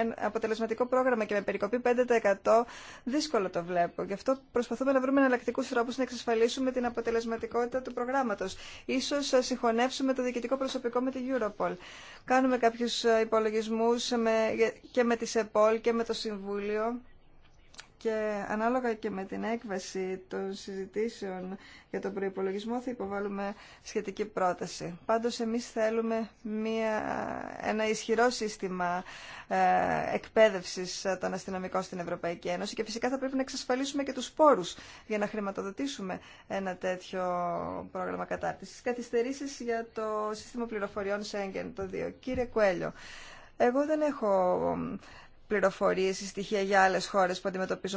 ένα αποτελεσματικό πρόγραμμα και με περικοπή 5% δύσκολο το βλέπω. Γι' αυτό προσπαθούμε να βρούμε εναλλακτικού τρόπου να εξασφαλίσουμε την αποτελεσματικότητα του προγράμματο. σω συγχωνεύσουμε το διοικητικό προσωπικό με τη Europol. Κάνουμε κάποιου ε, υπολογισμού και με τη ΣΕΠΟΛ και με το Συμβούλιο και ανάλογα και με την έκβαση των συζητήσεων για τον προϋπολογισμό θα υποβάλουμε σχετική πρόταση. Πάντως εμείς θέλουμε μια, ένα ισχυρό σύστημα ε, εκπαίδευσης ε, των αστυνομικών στην Ευρωπαϊκή Ένωση και φυσικά θα πρέπει να εξασφαλίσουμε και τους πόρους για να χρηματοδοτήσουμε ένα τέτοιο πρόγραμμα κατάρτισης. Καθυστερήσεις για το σύστημα πληροφοριών Σέγγεν το 2. Κύριε Κουέλιο, εγώ δεν έχω Πληροφορίε η στοιχεια για άλλε χώρε Εμείς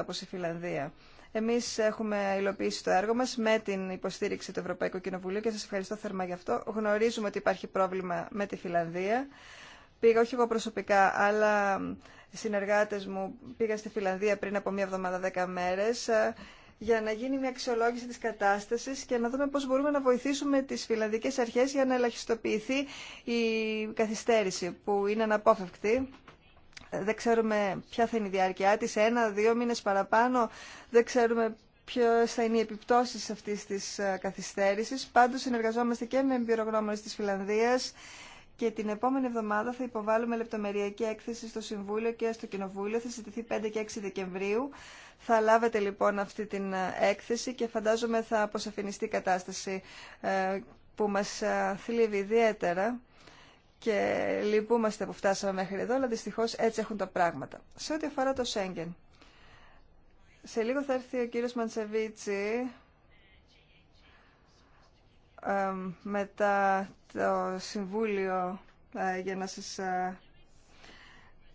οπω η φιλανδια Εμεί εχουμε υλοποιησει το έργο μα με την υποστήριξη του Ευρωπαϊκού Κοινοβουλίου και σα ευχαριστώ θερμά γι' αυτό. Γνωρίζουμε ότι υπάρχει πρόβλημα με τη Φιλανδία. Πήγα όχι εγώ προσωπικά, αλλά συνεργάτε μου πήγα στη Φιλανδία πριν από μία εβδομάδα δέκα μέρε, ε, για να γίνει μια αξιολόγηση τη κατάσταση και να δούμε πώ μπορούμε να βοηθήσουμε τι φιλανδικέ αρχέ για να ελαχιστοποιηθεί η καθυστέρηση που είναι αναπόφευκτη δεν ξέρουμε ποια θα είναι η διάρκεια της, ένα, δύο μήνες παραπάνω, δεν ξέρουμε ποιε θα είναι οι επιπτώσεις αυτής της ε, καθυστέρησης. Πάντως συνεργαζόμαστε και με εμπειρογνώμονες της Φιλανδίας και την επόμενη εβδομάδα θα υποβάλουμε λεπτομεριακή έκθεση στο Συμβούλιο και στο Κοινοβούλιο. Θα συζητηθεί 5 και 6 Δεκεμβρίου. Θα λάβετε λοιπόν αυτή την ε, έκθεση και φαντάζομαι θα αποσαφινιστεί η κατάσταση ε, που μας θλίβει ιδιαίτερα και λυπούμαστε που φτάσαμε μέχρι εδώ, αλλά δυστυχώς έτσι έχουν τα πράγματα. Σε ό,τι αφορά το Σέγγεν, σε λίγο θα έρθει ο κύριος Μαντσεβίτσι μετά το Συμβούλιο ε, για να σας ε,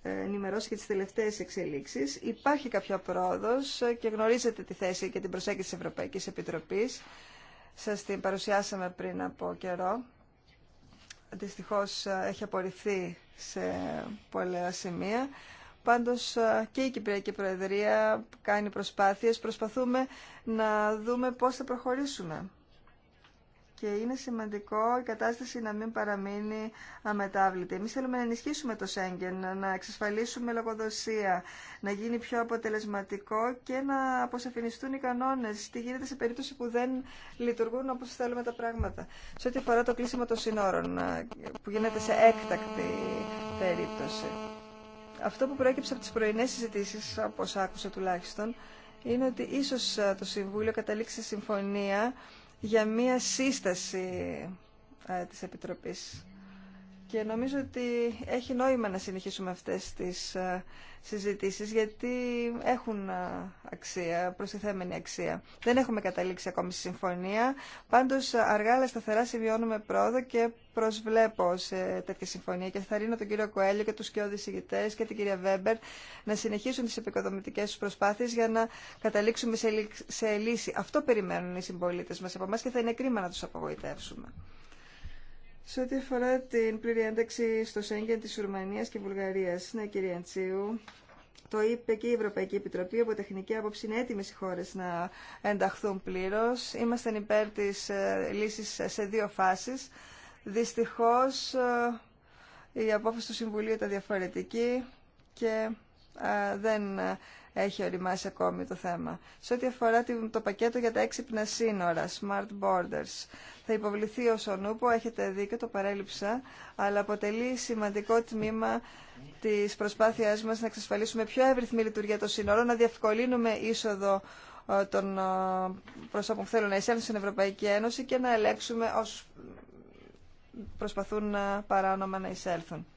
ε, ενημερώσει και τις τελευταίες εξελίξεις. Υπάρχει κάποια πρόοδος και γνωρίζετε τη θέση και την προσέγγιση της Ευρωπαϊκής Επιτροπής. Σας την παρουσιάσαμε πριν από καιρό δυστυχώς ε, έχει απορριφθεί σε πολλά σημεία. Πάντως ε, και η Κυπριακή Προεδρία κάνει προσπάθειες. Προσπαθούμε να δούμε πώς θα προχωρήσουμε και είναι σημαντικό η κατάσταση να μην παραμείνει αμετάβλητη. Εμείς θέλουμε να ενισχύσουμε το Σέγγεν, να εξασφαλίσουμε λογοδοσία, να γίνει πιο αποτελεσματικό και να αποσαφινιστούν οι κανόνες. Τι γίνεται σε περίπτωση που δεν λειτουργούν όπως θέλουμε τα πράγματα. Σε ό,τι αφορά το κλείσιμο των συνόρων, που γίνεται σε έκτακτη περίπτωση. Αυτό που προέκυψε από τις πρωινές συζητήσεις, όπως άκουσα τουλάχιστον, είναι ότι ίσως το Συμβούλιο καταλήξει συμφωνία για μία σύσταση ε, της Επιτροπής. Και νομίζω ότι έχει νόημα να συνεχίσουμε αυτές τις ε, συζητήσεις γιατί έχουν ε, αξία, προστιθέμενη αξία. Δεν έχουμε καταλήξει ακόμη στη συμφωνία, πάντως ε, αργά αλλά σταθερά συμβιώνουμε πρόοδο και προσβλέπω σε τέτοια συμφωνία και θα ρίνω τον κύριο Κοέλιο και τους και ηγητές και την κυρία Βέμπερ να συνεχίσουν τις επικοδομητικές τους προσπάθειες για να καταλήξουμε σε λύση. Αυτό περιμένουν οι συμπολίτες μας από εμάς και θα είναι κρίμα να τους απογοητεύσουμε. Σε ό,τι αφορά την πλήρη ένταξη στο Σέγγεν της Ουρμανίας και Βουλγαρίας, ναι κυρία Αντσίου, το είπε και η Ευρωπαϊκή Επιτροπή, από τεχνική άποψη είναι έτοιμες οι χώρες να ενταχθούν πλήρως. Είμαστε υπέρ της ε, λύσης σε δύο φάσεις. Δυστυχώς ε, η απόφαση του Συμβουλίου ήταν διαφορετική και ε, δεν έχει οριμάσει ακόμη το θέμα. Σε ό,τι αφορά το πακέτο για τα έξυπνα σύνορα, Smart Borders, θα υποβληθεί ο Σονούπο, έχετε και το παρέλειψα, αλλά αποτελεί σημαντικό τμήμα της προσπάθειάς μας να εξασφαλίσουμε πιο εύρυθμη λειτουργία των σύνορων, να διευκολύνουμε είσοδο ε, των ε, προσώπων που θέλουν να εισέλθουν στην Ευρωπαϊκή Ένωση και να ελέγξουμε όσου προσπαθούν ε, παράνομα να εισέλθουν.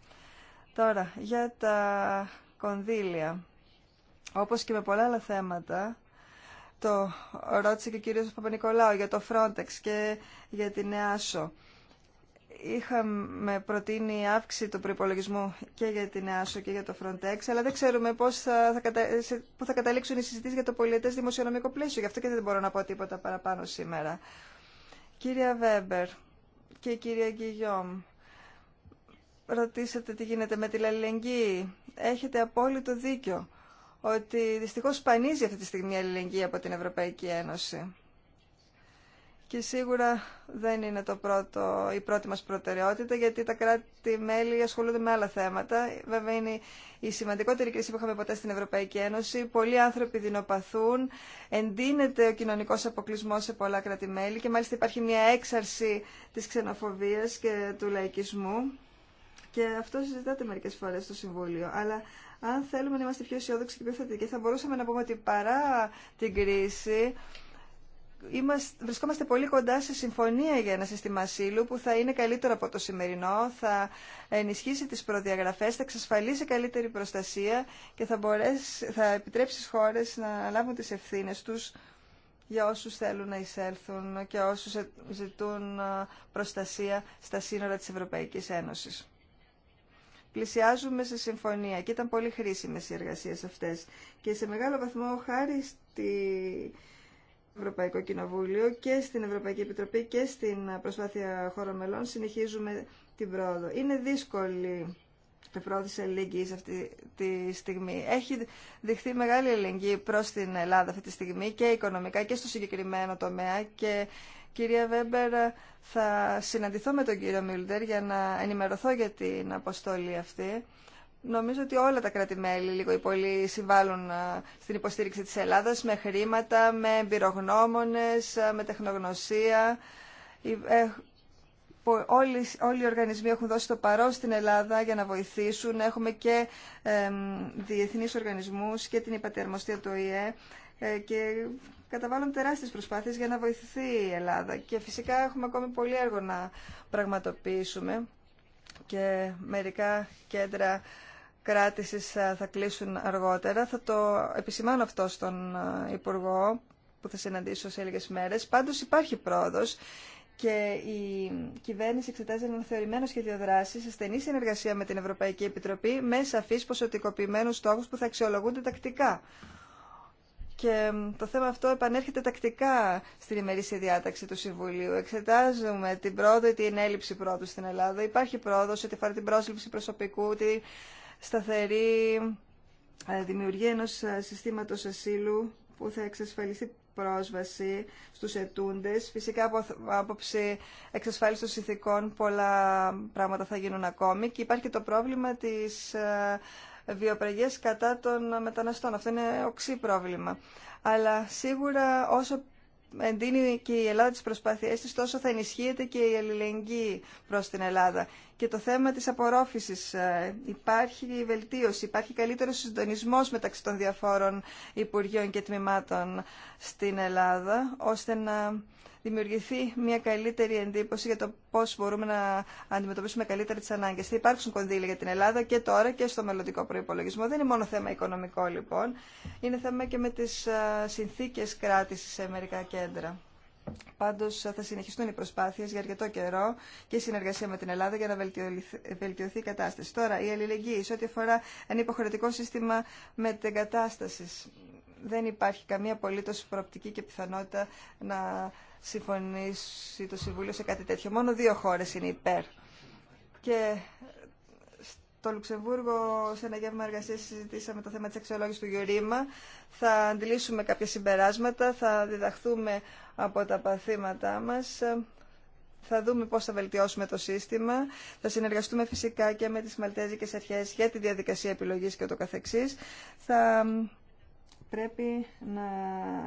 Τώρα, για τα κονδύλια. Όπως και με πολλά άλλα θέματα, το ρώτησε και ο κύριος Παπα-Νικολάου για το Frontex και για την ΕΑΣΟ. Είχαμε προτείνει αύξηση του προπολογισμού και για την ΕΑΣΟ και για το Frontex, αλλά δεν ξέρουμε πώς θα, θα, θα καταλήξουν οι συζητήσεις για το πολιτές δημοσιονομικό πλαίσιο. Γι' αυτό και δεν μπορώ να πω τίποτα παραπάνω σήμερα. Κύρια Βέμπερ και κυρία Γκυγιόμ, ρωτήσατε τι γίνεται με τη λαλληλεγγύη. Έχετε απόλυτο δίκιο ότι δυστυχώς σπανίζει αυτή τη στιγμή η αλληλεγγύη από την Ευρωπαϊκή Ένωση. Και σίγουρα δεν είναι το πρώτο, η πρώτη μας προτεραιότητα, γιατί τα κράτη-μέλη ασχολούνται με άλλα θέματα. Βέβαια είναι η σημαντικότερη κρίση που είχαμε ποτέ στην Ευρωπαϊκή Ένωση. Πολλοί άνθρωποι δεινοπαθούν, εντείνεται ο κοινωνικός αποκλεισμός σε πολλά κράτη-μέλη και μάλιστα υπάρχει μια έξαρση της ξενοφοβίας και του λαϊκισμού. Και αυτό συζητάται μερικέ φορέ στο Συμβούλιο. Αλλά αν θέλουμε να είμαστε πιο αισιόδοξοι και πιο θετικοί, θα μπορούσαμε να πούμε ότι παρά την κρίση είμαστε, βρισκόμαστε πολύ κοντά σε συμφωνία για ένα σύστημα ασύλου που θα είναι καλύτερο από το σημερινό, θα ενισχύσει τις προδιαγραφές, θα εξασφαλίσει καλύτερη προστασία και θα, μπορέσει, θα επιτρέψει στις χώρες να λάβουν τις ευθύνες τους για όσους θέλουν να εισέλθουν και όσους ζητούν ε, προστασία στα σύνορα της Ευρωπαϊκής Ένωσης πλησιάζουμε σε συμφωνία και ήταν πολύ χρήσιμες οι εργασίες αυτές. Και σε μεγάλο βαθμό χάρη στη Ευρωπαϊκό Κοινοβούλιο και στην Ευρωπαϊκή Επιτροπή και στην προσπάθεια χώρων μελών συνεχίζουμε την πρόοδο. Είναι δύσκολη η της ελεγγύης αυτή τη στιγμή. Έχει δειχθεί μεγάλη ελεγγύη προς την Ελλάδα αυτή τη στιγμή και οικονομικά και στο συγκεκριμένο τομέα και Κυρία Βέμπερ, θα συναντηθώ με τον κύριο Μιλντερ για να ενημερωθώ για την αποστολή αυτή. Νομίζω ότι όλα τα κράτη-μέλη λίγο ή πολύ συμβάλλουν στην υποστήριξη της Ελλάδας με χρήματα, με εμπειρογνώμονες, με τεχνογνωσία. Ε, όλοι, όλοι οι οργανισμοί έχουν δώσει το παρό στην Ελλάδα για να βοηθήσουν. Έχουμε και ε, διεθνείς οργανισμούς και την υπατερμοστία του ΟΗΕ ε, και καταβάλουν τεράστιες προσπάθειες για να βοηθηθεί η Ελλάδα και φυσικά έχουμε ακόμη πολύ έργο να πραγματοποιήσουμε και μερικά κέντρα κράτησης ε, θα κλείσουν αργότερα. Θα το επισημάνω αυτό στον ε, Υπουργό που θα συναντήσω σε λίγες μέρες. Πάντως υπάρχει πρόοδος και η κυβέρνηση εξετάζει έναν θεωρημένο σχέδιο δράση σε στενή συνεργασία με την Ευρωπαϊκή Επιτροπή με σαφεί ποσοτικοποιημένου στόχου που θα αξιολογούνται τακτικά. Και το θέμα αυτό επανέρχεται τακτικά στην ημερήσια διάταξη του Συμβουλίου. Εξετάζουμε την πρόοδο ή την έλλειψη πρόοδου στην Ελλάδα. Υπάρχει πρόοδο ότι αφορά την πρόσληψη προσωπικού, τη σταθερή ε, δημιουργία ενό ε, συστήματο ασύλου που θα εξασφαλιστεί πρόσβαση στους ετούντες. Φυσικά από άποψη εξασφάλιση των συνθηκών πολλά πράγματα θα γίνουν ακόμη και υπάρχει και το πρόβλημα της ε, βιοπραγιέ κατά των μεταναστών. Αυτό είναι οξύ πρόβλημα. Αλλά σίγουρα όσο εντείνει και η Ελλάδα τις προσπάθειές της, τόσο θα ενισχύεται και η αλληλεγγύη προς την Ελλάδα. Και το θέμα της απορρόφησης. Ε, υπάρχει βελτίωση, υπάρχει καλύτερο συντονισμός μεταξύ των διαφόρων Υπουργείων και Τμήματων στην Ελλάδα, ώστε να δημιουργηθεί μια καλύτερη εντύπωση για το πώ μπορούμε να αντιμετωπίσουμε καλύτερα τι ανάγκε. Θα υπάρξουν κονδύλια για την Ελλάδα και τώρα και στο μελλοντικό προπολογισμό. Δεν είναι μόνο θέμα οικονομικό λοιπόν, είναι θέμα και με τι συνθήκε κράτηση σε μερικά κέντρα. Πάντω θα συνεχιστούν οι προσπάθειε για αρκετό καιρό και η συνεργασία με την Ελλάδα για να βελτιωθεί η κατάσταση. Τώρα, η αλληλεγγύη σε ό,τι αφορά ένα υποχρεωτικό σύστημα μετεγκατάσταση δεν υπάρχει καμία απολύτως προοπτική και πιθανότητα να συμφωνήσει το Συμβούλιο σε κάτι τέτοιο. Μόνο δύο χώρες είναι υπέρ. Και στο Λουξεμβούργο, σε ένα γεύμα εργασία, συζητήσαμε το θέμα τη αξιολόγηση του Γιουρίμα. Θα αντιλήσουμε κάποια συμπεράσματα, θα διδαχθούμε από τα παθήματά μα. Θα δούμε πώς θα βελτιώσουμε το σύστημα. Θα συνεργαστούμε φυσικά και με τις Μαλτέζικες Αρχές για τη διαδικασία επιλογής και το καθεξής. Θα πρέπει να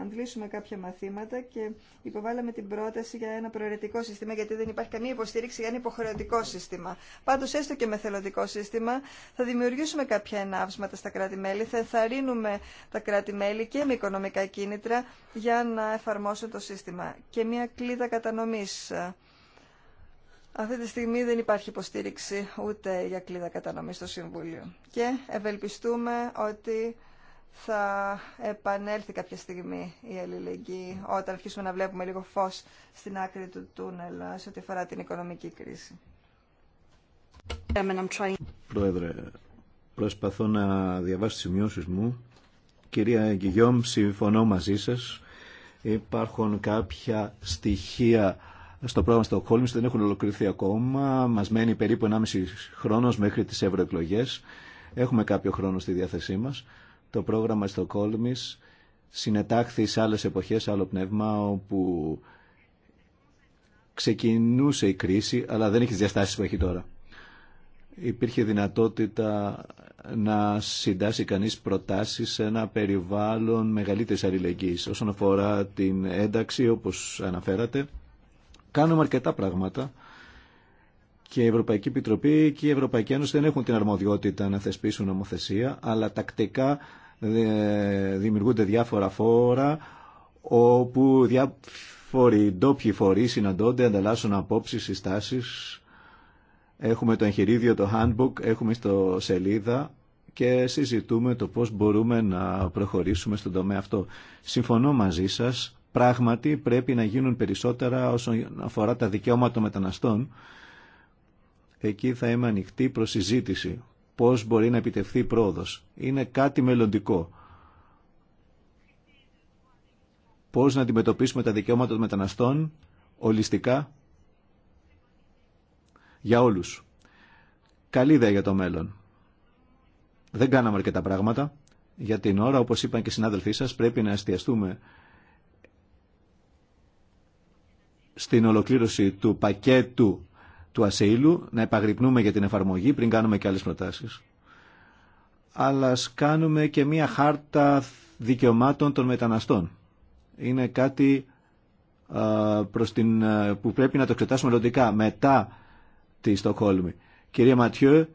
αντλήσουμε κάποια μαθήματα και υποβάλαμε την πρόταση για ένα προαιρετικό σύστημα, γιατί δεν υπάρχει καμία υποστήριξη για ένα υποχρεωτικό σύστημα. Πάντω, έστω και με θελοντικό σύστημα, θα δημιουργήσουμε κάποια ενάψματα στα κράτη-μέλη, θα ενθαρρύνουμε τα κράτη-μέλη και με οικονομικά κίνητρα για να εφαρμόσουν το σύστημα. Και μια κλίδα κατανομή. Αυτή τη στιγμή δεν υπάρχει υποστήριξη ούτε για κλίδα κατανομή στο Συμβούλιο. Και ευελπιστούμε ότι θα επανέλθει κάποια στιγμή η αλληλεγγύη όταν αρχίσουμε να βλέπουμε λίγο φως στην άκρη του τούνελ σε ό,τι αφορά την οικονομική κρίση. Πρόεδρε, προσπαθώ να διαβάσω τις σημειώσεις μου. Κυρία Γκυγιόμ, συμφωνώ μαζί σας. Υπάρχουν κάποια στοιχεία στο πρόγραμμα Στοκχόλμης, δεν έχουν ολοκληρωθεί ακόμα. Μας μένει περίπου 1,5 χρόνος μέχρι τις ευρωεκλογές. Έχουμε κάποιο χρόνο στη διάθεσή μας το πρόγραμμα Στοκόλμης συνετάχθη σε άλλες εποχές, άλλο πνεύμα, όπου ξεκινούσε η κρίση, αλλά δεν έχει τις διαστάσεις που έχει τώρα. Υπήρχε δυνατότητα να συντάσει κανείς προτάσεις σε ένα περιβάλλον μεγαλύτερης αλληλεγγύης. Όσον αφορά την ένταξη, όπως αναφέρατε, κάνουμε αρκετά πράγματα και η Ευρωπαϊκή Επιτροπή και η Ευρωπαϊκή Ένωση δεν έχουν την αρμοδιότητα να θεσπίσουν νομοθεσία, αλλά τακτικά ε, δημιουργούνται διάφορα φόρα όπου διάφοροι ντόπιοι φορεί συναντώνται, ανταλλάσσουν απόψεις, συστάσεις. Έχουμε το εγχειρίδιο, το handbook, έχουμε στο σελίδα και συζητούμε το πώς μπορούμε να προχωρήσουμε στον τομέα αυτό. Συμφωνώ μαζί σας, πράγματι πρέπει να γίνουν περισσότερα όσον αφορά τα δικαιώματα των μεταναστών Εκεί θα είμαι ανοιχτή προς συζήτηση. Πώς μπορεί να επιτευχθεί πρόοδο. Είναι κάτι μελλοντικό. Πώς να αντιμετωπίσουμε τα δικαιώματα των μεταναστών ολιστικά για όλους. Καλή ιδέα για το μέλλον. Δεν κάναμε αρκετά πράγματα. Για την ώρα, όπως είπαν και οι συνάδελφοί σα πρέπει να εστιαστούμε στην ολοκλήρωση του πακέτου του ασύλου, να επαγρυπνούμε για την εφαρμογή πριν κάνουμε και άλλες προτάσεις. Αλλά ας κάνουμε και μία χάρτα δικαιωμάτων των μεταναστών. Είναι κάτι προς την, που πρέπει να το εξετάσουμε ερωτικά μετά τη Στοκχόλμη. Κυρία Ματιού,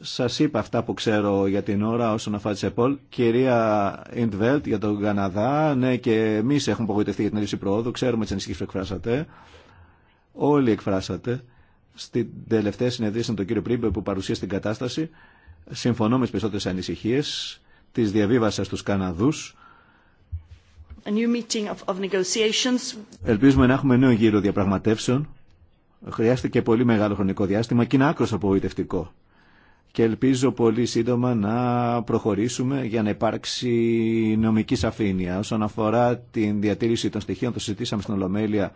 σας είπα αυτά που ξέρω για την ώρα όσον αφορά τη ΕΠΟΛ. Κυρία Ιντβέλτ για τον Καναδά, ναι και εμείς έχουμε απογοητευτεί για την έλλειψη πρόοδου, ξέρουμε τις ανησυχίες που εκφράσατε. Όλοι εκφράσατε στην τελευταία συνεδρίαση με τον κύριο Πρίμπε που παρουσίασε την κατάσταση, συμφωνώ με τι περισσότερε ανησυχίε, τι διαβίβασα στου Καναδού. Ελπίζουμε να έχουμε νέο γύρο διαπραγματεύσεων. Χρειάστηκε πολύ μεγάλο χρονικό διάστημα και είναι άκρο απογοητευτικό. Και ελπίζω πολύ σύντομα να προχωρήσουμε για να υπάρξει νομική σαφήνεια όσον αφορά την διατήρηση των στοιχείων. Το συζητήσαμε στην Ολομέλεια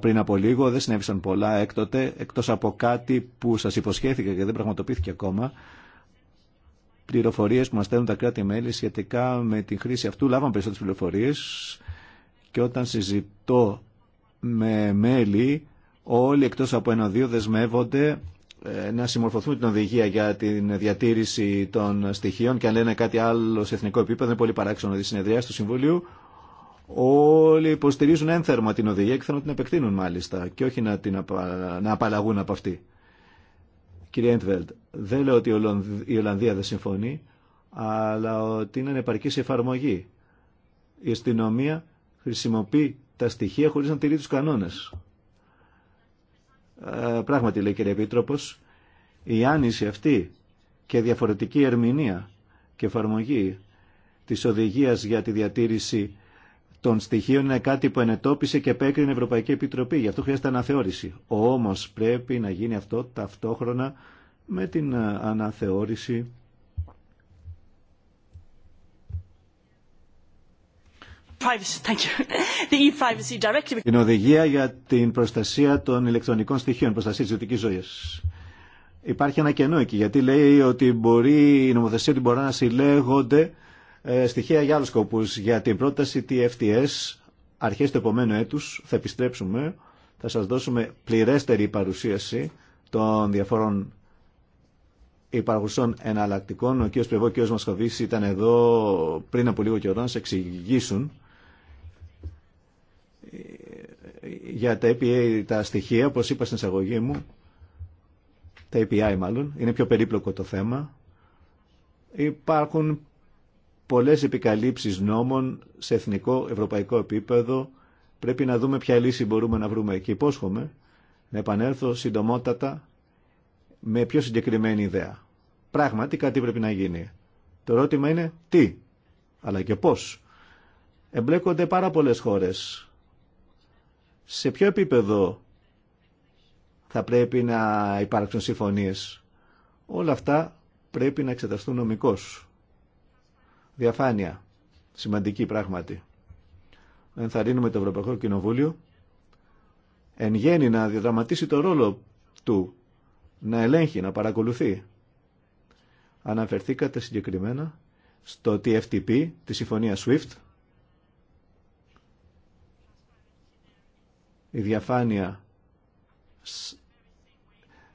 πριν από λίγο. Δεν συνέβησαν πολλά έκτοτε, εκτός από κάτι που σας υποσχέθηκα και δεν πραγματοποιήθηκε ακόμα. Πληροφορίες που μας στέλνουν τα κράτη-μέλη σχετικά με τη χρήση αυτού. Λάβαμε περισσότερες πληροφορίες και όταν συζητώ με μέλη, όλοι εκτός από ένα-δύο δεσμεύονται ε, να συμμορφωθούν την οδηγία για την διατήρηση των στοιχείων και αν λένε κάτι άλλο σε εθνικό επίπεδο, είναι πολύ παράξενο τη δηλαδή, συνεδρία του Συμβουλίου. Όλοι υποστηρίζουν ένθερμα την οδηγία και θέλουν να την επεκτείνουν μάλιστα και όχι να, την να απαλλαγούν από αυτή. Κύριε Έντβελτ, δεν λέω ότι η Ολλανδία δεν συμφωνεί, αλλά ότι είναι ανεπαρκή σε εφαρμογή. Η αστυνομία χρησιμοποιεί τα στοιχεία χωρίς να τηρεί τους κανόνες. Ε, πράγματι, λέει κύριε Επίτροπος, η άνηση αυτή και διαφορετική ερμηνεία και εφαρμογή της οδηγίας για τη διατήρηση των στοιχείων είναι κάτι που ενετόπισε και επέκρινε η Ευρωπαϊκή Επιτροπή. Γι' αυτό χρειάζεται αναθεώρηση. Όμω πρέπει να γίνει αυτό ταυτόχρονα με την ε, αναθεώρηση [LAUGHS] Την οδηγία για την προστασία των ηλεκτρονικών στοιχείων, προστασία της ιδιωτικής ζωής. Υπάρχει ένα κενό εκεί, γιατί λέει ότι μπορεί, η νομοθεσία μπορεί να συλλέγονται ε, στοιχεία για άλλους σκοπούς. Για την πρόταση TFTS, αρχές του επόμενου έτους θα επιστρέψουμε, θα σας δώσουμε πληρέστερη παρουσίαση των διαφόρων υπαρχουσών εναλλακτικών. Ο κ. Πρεβό και ο κ. Μασχοβής ήταν εδώ πριν από λίγο καιρό να σε εξηγήσουν για τα τα στοιχεία, όπως είπα στην εισαγωγή μου, τα API μάλλον, είναι πιο περίπλοκο το θέμα. Υπάρχουν πολλές επικαλύψεις νόμων σε εθνικό, ευρωπαϊκό επίπεδο. Πρέπει να δούμε ποια λύση μπορούμε να βρούμε. Και υπόσχομαι να επανέλθω συντομότατα με πιο συγκεκριμένη ιδέα. Πράγματι κάτι πρέπει να γίνει. Το ερώτημα είναι τι, αλλά και πώς. Εμπλέκονται πάρα πολλές χώρες. Σε ποιο επίπεδο θα πρέπει να υπάρξουν συμφωνίες. Όλα αυτά πρέπει να εξεταστούν νομικώς. Διαφάνεια. Σημαντική πράγματι. Ενθαρρύνουμε το Ευρωπαϊκό Κοινοβούλιο εν γέννη να διαδραματίσει το ρόλο του, να ελέγχει, να παρακολουθεί. Αναφερθήκατε συγκεκριμένα στο TFTP, τη συμφωνία SWIFT. Η διαφάνεια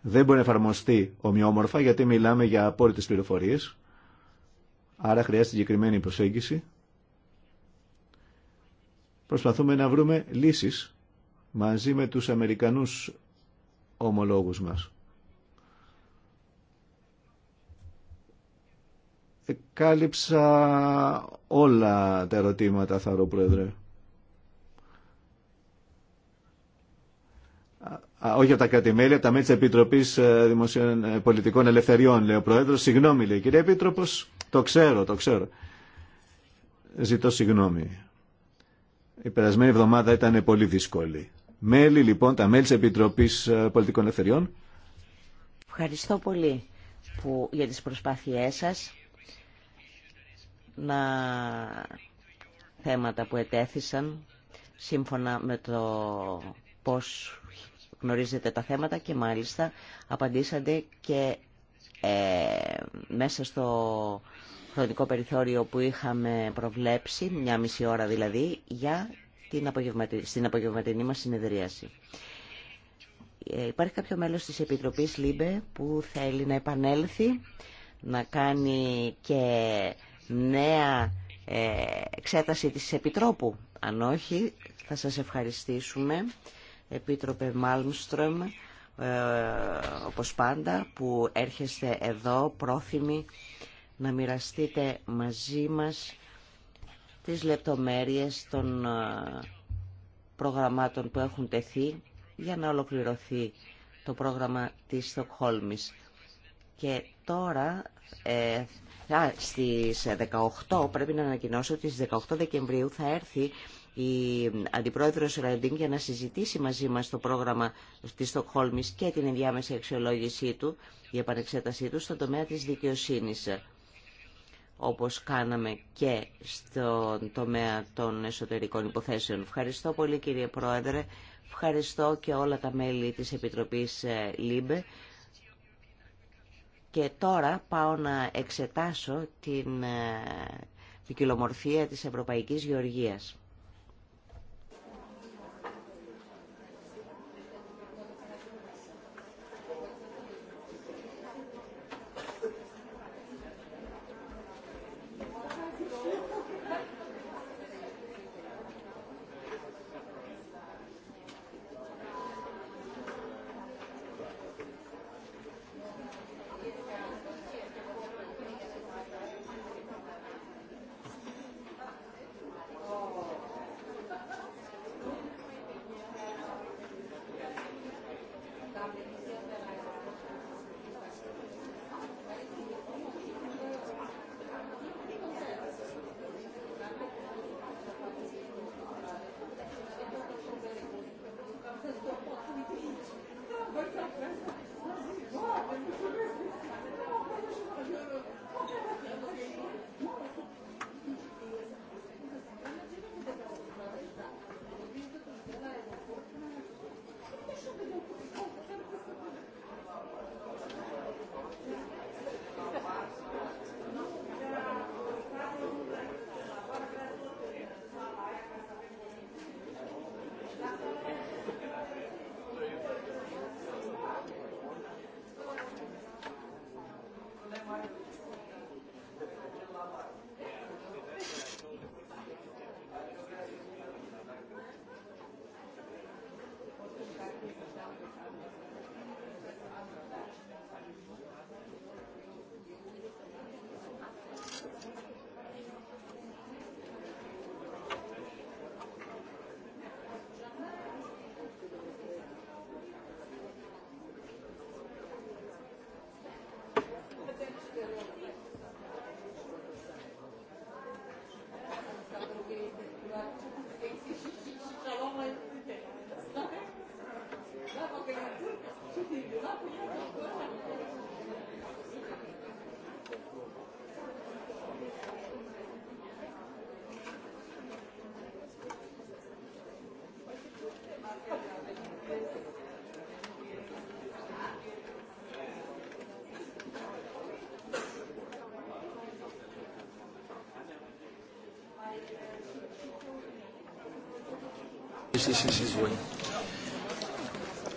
δεν μπορεί να εφαρμοστεί ομοιόμορφα γιατί μιλάμε για απόρριτες πληροφορίες. Άρα χρειάζεται συγκεκριμένη προσέγγιση. Προσπαθούμε να βρούμε λύσεις μαζί με τους Αμερικανούς ομολόγους μας. Εκάλυψα όλα τα ερωτήματα, θα ρω, Πρόεδρε. όχι από τα κρατημέλη, από τα μέλη τη Επιτροπή ε, ε, Πολιτικών Ελευθεριών, λέει ο Πρόεδρος. Συγγνώμη, λέει η κυρία το ξέρω, το ξέρω. Ζητώ συγγνώμη. Η περασμένη εβδομάδα ήταν πολύ δύσκολη. Μέλη λοιπόν, τα μέλη της Επιτροπής ε, Πολιτικών Ελευθεριών. Ευχαριστώ πολύ που, για τις προσπάθειές σας να θέματα που ετέθησαν σύμφωνα με το πώς γνωρίζετε τα θέματα και μάλιστα απαντήσατε και ε, μέσα στο χρονικό περιθώριο που είχαμε προβλέψει, μια μισή ώρα δηλαδή, για την απογευματι... στην απογευματινή μας συνεδρίαση. Ε, υπάρχει κάποιο μέλος της Επιτροπής ΛΥΜΠΕ που θέλει να επανέλθει, να κάνει και νέα ε, εξέταση της Επιτρόπου. Αν όχι, θα σας ευχαριστήσουμε, Επίτροπε Μάλμστρομ. Ε, όπως πάντα που έρχεστε εδώ πρόθυμοι να μοιραστείτε μαζί μας τις λεπτομέρειες των ε, προγραμμάτων που έχουν τεθεί για να ολοκληρωθεί το πρόγραμμα της Στοκχόλμης. Και τώρα, ε, στις 18, πρέπει να ανακοινώσω ότι στις 18 Δεκεμβρίου θα έρθει η Αντιπρόεδρος Ραντίν για να συζητήσει μαζί μας το πρόγραμμα της Στοκχόλμης και την ενδιάμεση αξιολόγησή του, η επανεξέτασή του στον τομέα της δικαιοσύνης όπως κάναμε και στον τομέα των εσωτερικών υποθέσεων. Ευχαριστώ πολύ κύριε Πρόεδρε, ευχαριστώ και όλα τα μέλη της Επιτροπής ε, ΛΥΜΠΕ και τώρα πάω να εξετάσω την ε, ποικιλομορφία της Ευρωπαϊκής Γεωργίας.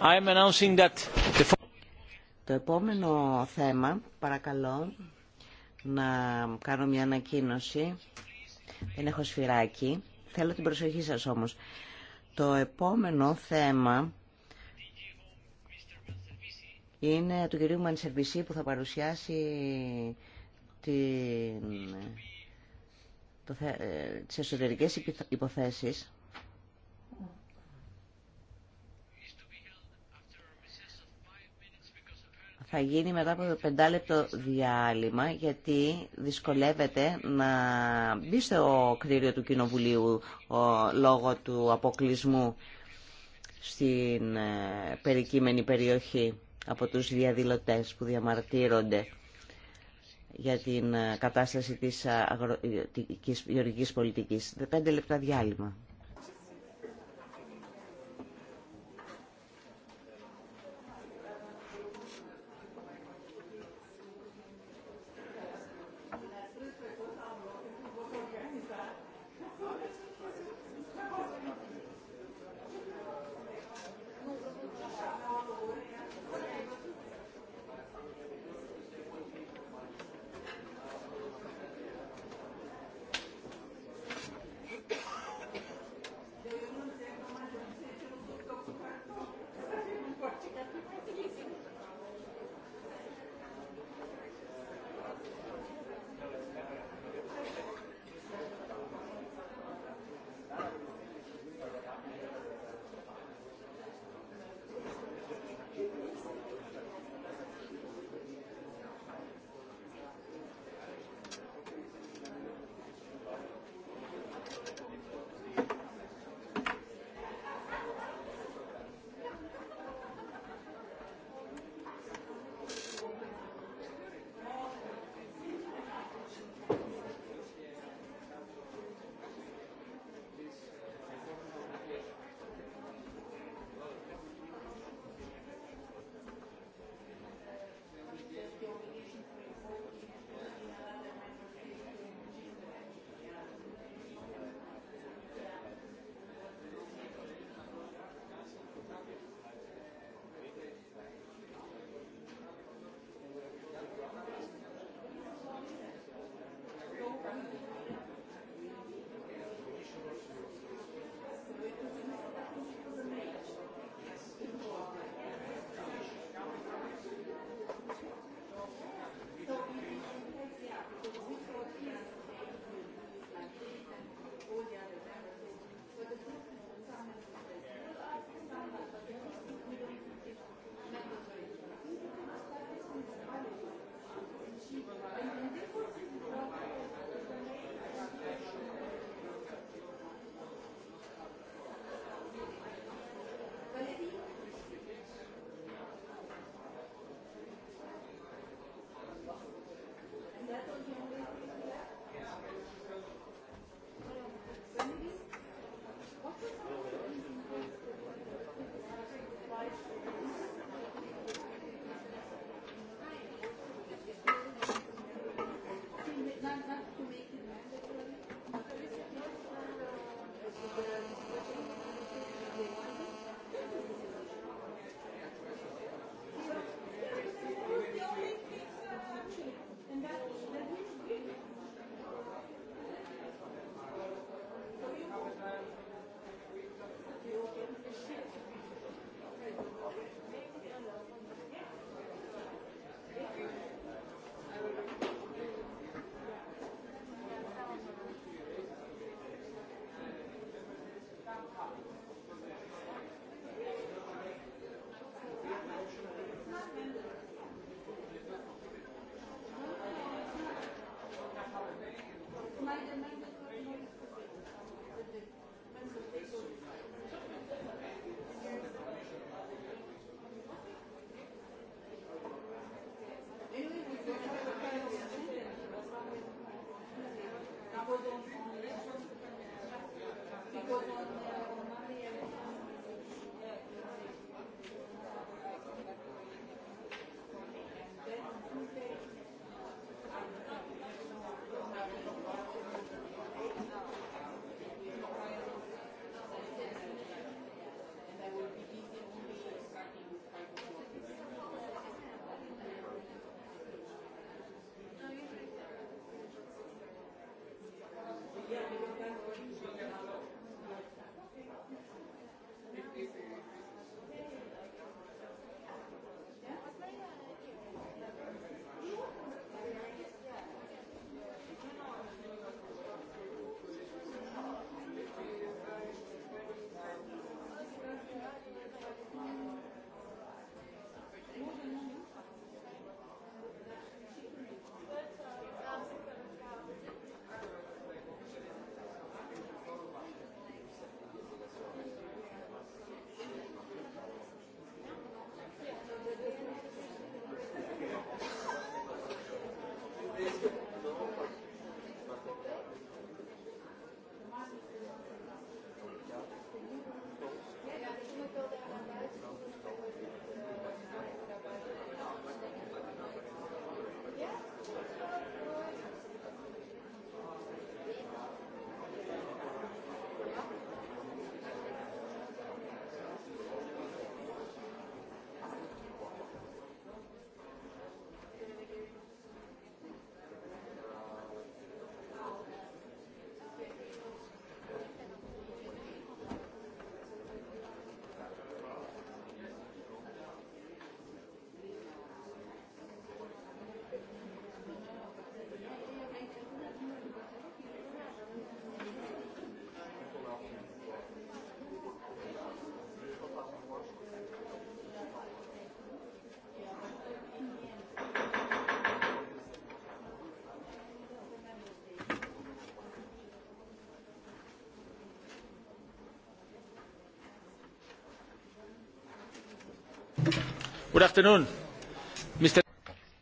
I am announcing that Το επόμενο θέμα, παρακαλώ να κάνω μια ανακοίνωση. Δεν έχω σφυράκι. Θέλω την προσοχή σας όμως. Το επόμενο θέμα είναι του κυρίου Μανσερβισή που θα παρουσιάσει ε, τις εσωτερικές υποθέσεις. θα γίνει μετά από το πεντάλεπτο διάλειμμα γιατί δυσκολεύεται να μπει στο κτίριο του Κοινοβουλίου λόγω του αποκλεισμού στην ε, περικείμενη περιοχή από τους διαδηλωτές που διαμαρτύρονται για την ε, κατάσταση της ε, αγροτικής γεωργικής πολιτικής. Πέντε λεπτά διάλειμμα.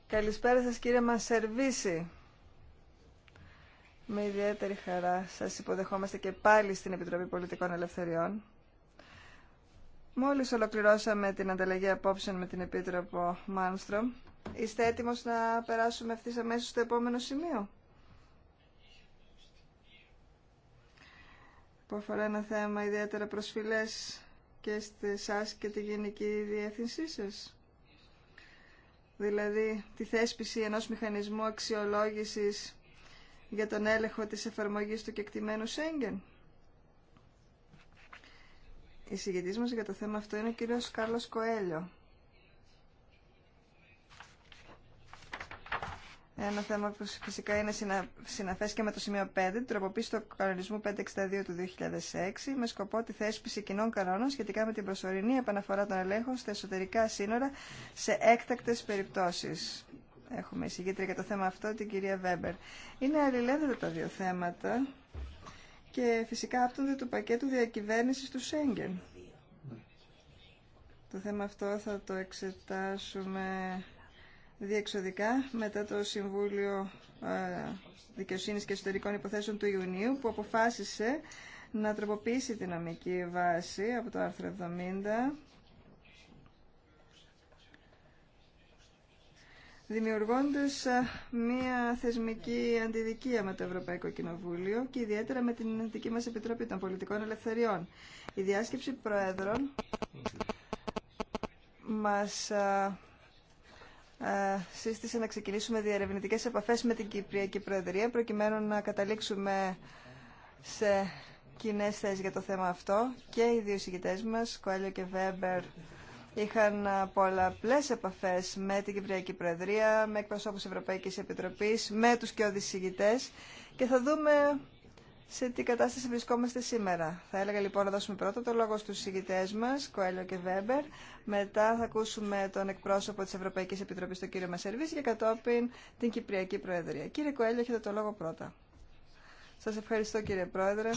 Καλησπέρα σας κύριε Μασερβίση. Με ιδιαίτερη χαρά σας υποδεχόμαστε και πάλι στην Επιτροπή Πολιτικών Ελευθεριών. Μόλις ολοκληρώσαμε την ανταλλαγή απόψεων με την Επίτροπο Μάνστρομ, είστε έτοιμος να περάσουμε αυτή αμέσως στο επόμενο σημείο. Που αφορά ένα θέμα ιδιαίτερα προσφυλές και σε και τη Γενική Διεύθυνσή σας δηλαδή τη θέσπιση ενός μηχανισμού αξιολόγησης για τον έλεγχο της εφαρμογής του κεκτημένου Σέγγεν. Η συγγετής μας για το θέμα αυτό είναι ο κύριος Κάρλος Κοέλιο. Ένα θέμα που φυσικά είναι συναφέ και με το σημείο 5, τροποποίηση του κανονισμού 562 του 2006, με σκοπό τη θέσπιση κοινών κανόνων σχετικά με την προσωρινή επαναφορά των ελέγχων στα εσωτερικά σύνορα σε έκτακτες περιπτώσεις. Έχουμε εισηγήτρια για το θέμα αυτό την κυρία Βέμπερ. Είναι αλληλένδετα τα δύο θέματα και φυσικά άπτονται του πακέτου διακυβέρνηση του Σέγγεν. Το θέμα αυτό θα το εξετάσουμε διεξοδικά μετά το Συμβούλιο ε, Δικαιοσύνης και Εσωτερικών Υποθέσεων του Ιουνίου που αποφάσισε να τροποποιήσει τη νομική βάση από το άρθρο 70 δημιουργώντας ε, μία θεσμική αντιδικία με το Ευρωπαϊκό Κοινοβούλιο και ιδιαίτερα με την δική μας Επιτροπή των Πολιτικών Ελευθεριών. Η διάσκεψη Προέδρων μας ε, ε, σύστησε να ξεκινήσουμε διερευνητικές επαφές με την Κυπριακή Προεδρία προκειμένου να καταλήξουμε σε κοινέ θέσει για το θέμα αυτό και οι δύο συγκητές μας, Κοέλιο και Βέμπερ, είχαν πολλαπλές επαφές με την Κυπριακή Προεδρία, με εκπροσώπους Ευρωπαϊκής Επιτροπής, με τους και συγκητές. και θα δούμε σε τι κατάσταση βρισκόμαστε σήμερα. Θα έλεγα λοιπόν να δώσουμε πρώτα το λόγο στους συγκητές μας, Κοέλιο και Βέμπερ. Μετά θα ακούσουμε τον εκπρόσωπο της Ευρωπαϊκής Επιτροπής, τον κύριο Μασερβίση, και κατόπιν την Κυπριακή Προεδρία. Κύριε Κοέλιο, έχετε το λόγο πρώτα. Σας ευχαριστώ κύριε Πρόεδρε.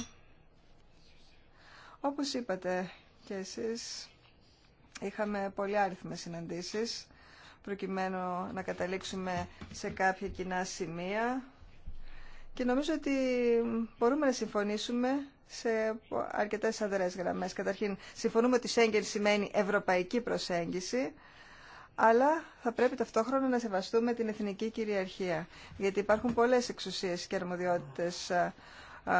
Όπως είπατε και εσείς, είχαμε πολύ άριθμες συναντήσεις προκειμένου να καταλήξουμε σε κάποια κοινά σημεία και νομίζω ότι μπορούμε να συμφωνήσουμε σε αρκετέ αδρέ γραμμές. Καταρχήν, συμφωνούμε ότι Σέγγεν σημαίνει ευρωπαϊκή προσέγγιση, αλλά θα πρέπει ταυτόχρονα να σεβαστούμε την εθνική κυριαρχία. Γιατί υπάρχουν πολλές εξουσίες και αρμοδιότητες ε, ε,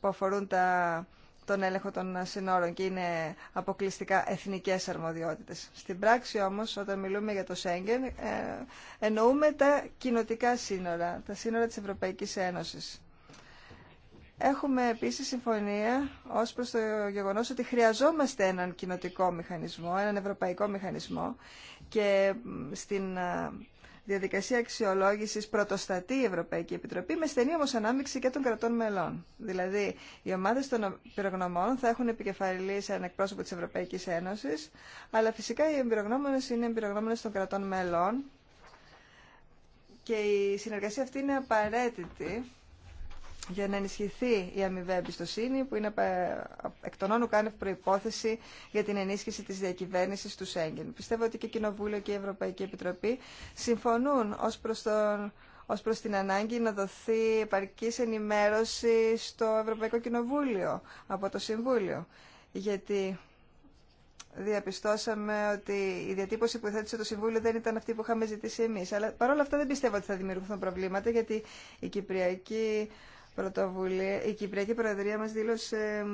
που αφορούν τα τον έλεγχο των συνόρων και είναι αποκλειστικά εθνικές αρμοδιότητες. Στην πράξη όμως, όταν μιλούμε για το Σέγγεν, ε, εννοούμε τα κοινοτικά σύνορα, τα σύνορα της Ευρωπαϊκής Ένωσης. Έχουμε επίσης συμφωνία ως προς το γεγονός ότι χρειαζόμαστε έναν κοινοτικό μηχανισμό, έναν ευρωπαϊκό μηχανισμό και στην ε, διαδικασία αξιολόγηση πρωτοστατεί η Ευρωπαϊκή Επιτροπή με στενή όμω ανάμειξη και των κρατών μελών. Δηλαδή, οι ομάδε των εμπειρογνωμών θα έχουν επικεφαλή σε έναν εκπρόσωπο τη Ευρωπαϊκή Ένωση, αλλά φυσικά οι εμπειρογνώμονε είναι εμπειρογνώμονε των κρατών μελών και η συνεργασία αυτή είναι απαραίτητη για να ενισχυθεί η αμοιβαία εμπιστοσύνη που είναι εκ των όνων κάνει προϋπόθεση για την ενίσχυση της διακυβέρνησης του Σέγγεν. Πιστεύω ότι και Κοινοβούλιο και η Ευρωπαϊκή Επιτροπή συμφωνούν ως προς, τον, ως προς την ανάγκη να δοθεί επαρκής ενημέρωση στο Ευρωπαϊκό Κοινοβούλιο από το Συμβούλιο. Γιατί διαπιστώσαμε ότι η διατύπωση που θέτησε το Συμβούλιο δεν ήταν αυτή που είχαμε ζητήσει εμείς. Αλλά παρόλα αυτά δεν πιστεύω ότι θα δημιουργηθούν προβλήματα γιατί η Κυπριακή πρωτοβουλία, η Κυπριακή Προεδρία μας δήλωσε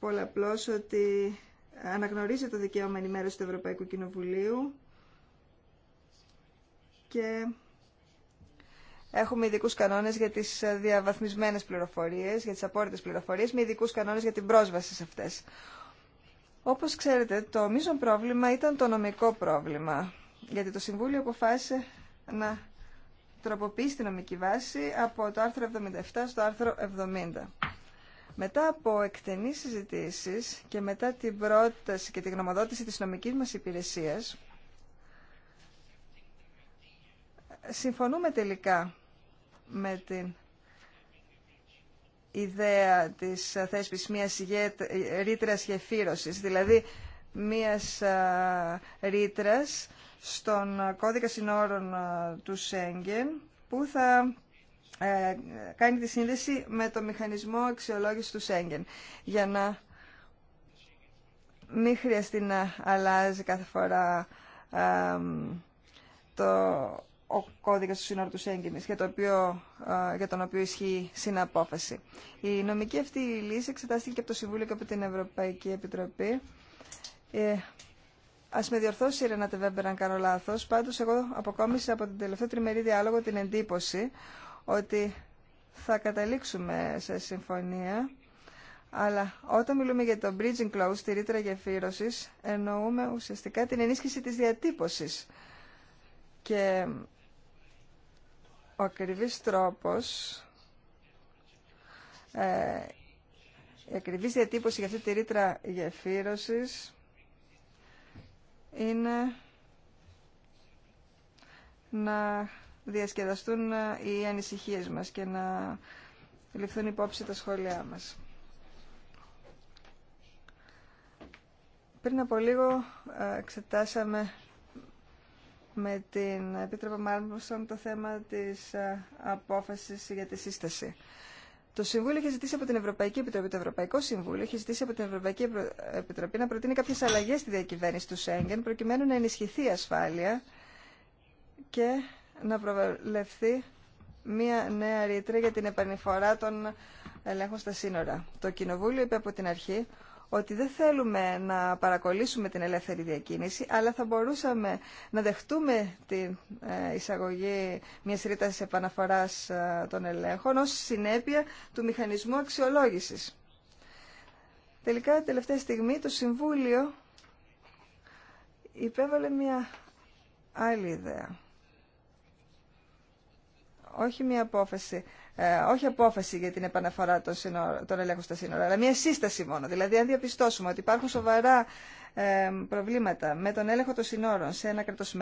πολλαπλώς ότι αναγνωρίζει το δικαίωμα ενημέρωση του Ευρωπαϊκού Κοινοβουλίου και έχουμε ειδικού κανόνες για τις διαβαθμισμένες πληροφορίες, για τις απόρριτες πληροφορίες, με ειδικού κανόνες για την πρόσβαση σε αυτές. Όπως ξέρετε, το μείζον πρόβλημα ήταν το νομικό πρόβλημα, γιατί το Συμβούλιο αποφάσισε να τροποποιεί τη νομική βάση από το άρθρο 77 στο άρθρο 70. Μετά από εκτενείς συζητήσεις και μετά την πρόταση και τη γνωμοδότηση της νομικής μας υπηρεσίας, συμφωνούμε τελικά με την ιδέα της θέσπης μιας ρήτρας γεφύρωσης, δηλαδή μιας ρήτρας στον κώδικα συνόρων ε, του Σέγγεν που θα ε, κάνει τη σύνδεση με το μηχανισμό αξιολόγηση του Σέγγεν για να μην χρειαστεί να αλλάζει κάθε φορά ε, το, ο κώδικας του σύνορου του Σέγγεν για, το οποίο, για τον οποίο ισχύει συναπόφαση. Η νομική αυτή λύση εξετάστηκε και από το Συμβούλιο και από την Ευρωπαϊκή Επιτροπή Α με διορθώσει η Ρενάτε Βέμπερ αν κάνω λάθο. Πάντω, εγώ αποκόμισα από την τελευταίο τριμερή διάλογο την εντύπωση ότι θα καταλήξουμε σε συμφωνία. Αλλά όταν μιλούμε για το bridging clause, τη ρήτρα γεφύρωση, εννοούμε ουσιαστικά την ενίσχυση τη διατύπωση. Και ο ακριβή τρόπο. Ε, η ακριβή διατύπωση για αυτή τη ρήτρα γεφύρωσης είναι να διασκεδαστούν ε, οι ανησυχίες μας και να ληφθούν υπόψη τα σχόλιά μας. Πριν από λίγο ε, εξετάσαμε με την Επίτροπο Μάρμουσον το θέμα της ε, απόφασης για τη σύσταση. Το Συμβούλιο έχει ζητήσει από την Ευρωπαϊκή Επιτροπή, το Ευρωπαϊκό Συμβούλιο έχει ζητήσει από την Ευρωπαϊκή Επιτροπή να προτείνει κάποιε αλλαγέ στη διακυβέρνηση του Σέγγεν προκειμένου να ενισχυθεί η ασφάλεια και να προβλεφθεί μία νέα ρήτρα για την επανειφορά των ελέγχων στα σύνορα. Το Κοινοβούλιο είπε από την αρχή ότι δεν θέλουμε να παρακολύσουμε την ελεύθερη διακίνηση, αλλά θα μπορούσαμε να δεχτούμε την ε, εισαγωγή μια ρήτας επαναφοράς ε, των ελέγχων ω συνέπεια του μηχανισμού αξιολόγησης. Τελικά, τελευταία στιγμή, το Συμβούλιο υπέβαλε μια άλλη ιδέα όχι μια απόφαση, ε, όχι απόφαση για την επαναφορά των, σύνορα, ελέγχων στα σύνορα, αλλά μια σύσταση μόνο. Δηλαδή, αν διαπιστώσουμε ότι υπάρχουν σοβαρά ε, προβλήματα με τον έλεγχο των σύνορων σε ένα κράτος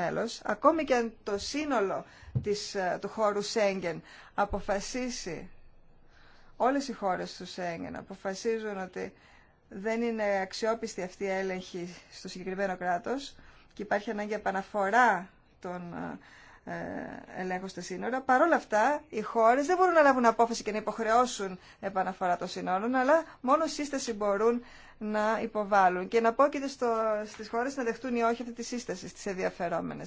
ακόμη και αν το σύνολο της, ε, του χώρου Σέγγεν αποφασίσει, όλες οι χώρες του Σέγγεν αποφασίζουν ότι δεν είναι αξιόπιστη αυτή η έλεγχη στο συγκεκριμένο κράτος και υπάρχει ανάγκη επαναφορά των ε, ελέγχου στα σύνορα. Παρ' όλα αυτά, οι χώρε δεν μπορούν να λάβουν απόφαση και να υποχρεώσουν επαναφορά των σύνορων, αλλά μόνο σύσταση μπορούν να υποβάλουν και να και στι χώρε να δεχτούν ή όχι αυτή τη σύσταση στι ενδιαφερόμενε.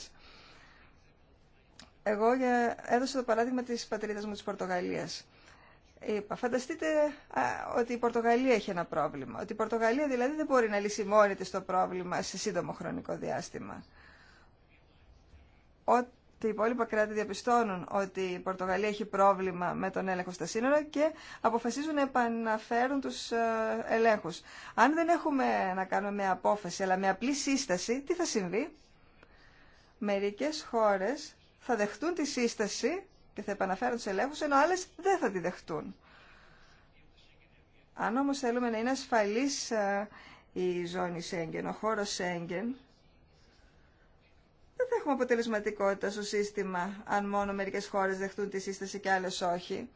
Εγώ έδωσα το παράδειγμα τη πατρίδα μου τη Πορτογαλία. Είπα, φανταστείτε ότι η Πορτογαλία έχει ένα πρόβλημα. Ότι η Πορτογαλία δηλαδή δεν μπορεί να λύσει μόνη της το πρόβλημα σε σύντομο χρονικό διάστημα. Ό, τα υπόλοιπα κράτη διαπιστώνουν ότι η Πορτογαλία έχει πρόβλημα με τον έλεγχο στα σύνορα και αποφασίζουν να επαναφέρουν τους ε, ελέγχους. Αν δεν έχουμε να κάνουμε με απόφαση αλλά με απλή σύσταση, τι θα συμβεί. Μερικές χώρες θα δεχτούν τη σύσταση και θα επαναφέρουν τους ελέγχους, ενώ άλλες δεν θα τη δεχτούν. Αν όμω θέλουμε να είναι ασφαλής ε, η ζώνη Σέγγεν, ο χώρο Σέγγεν, δεν θα έχουμε αποτελεσματικότητα στο σύστημα αν μόνο μερικές χώρες δεχτούν τη σύσταση και άλλες όχι.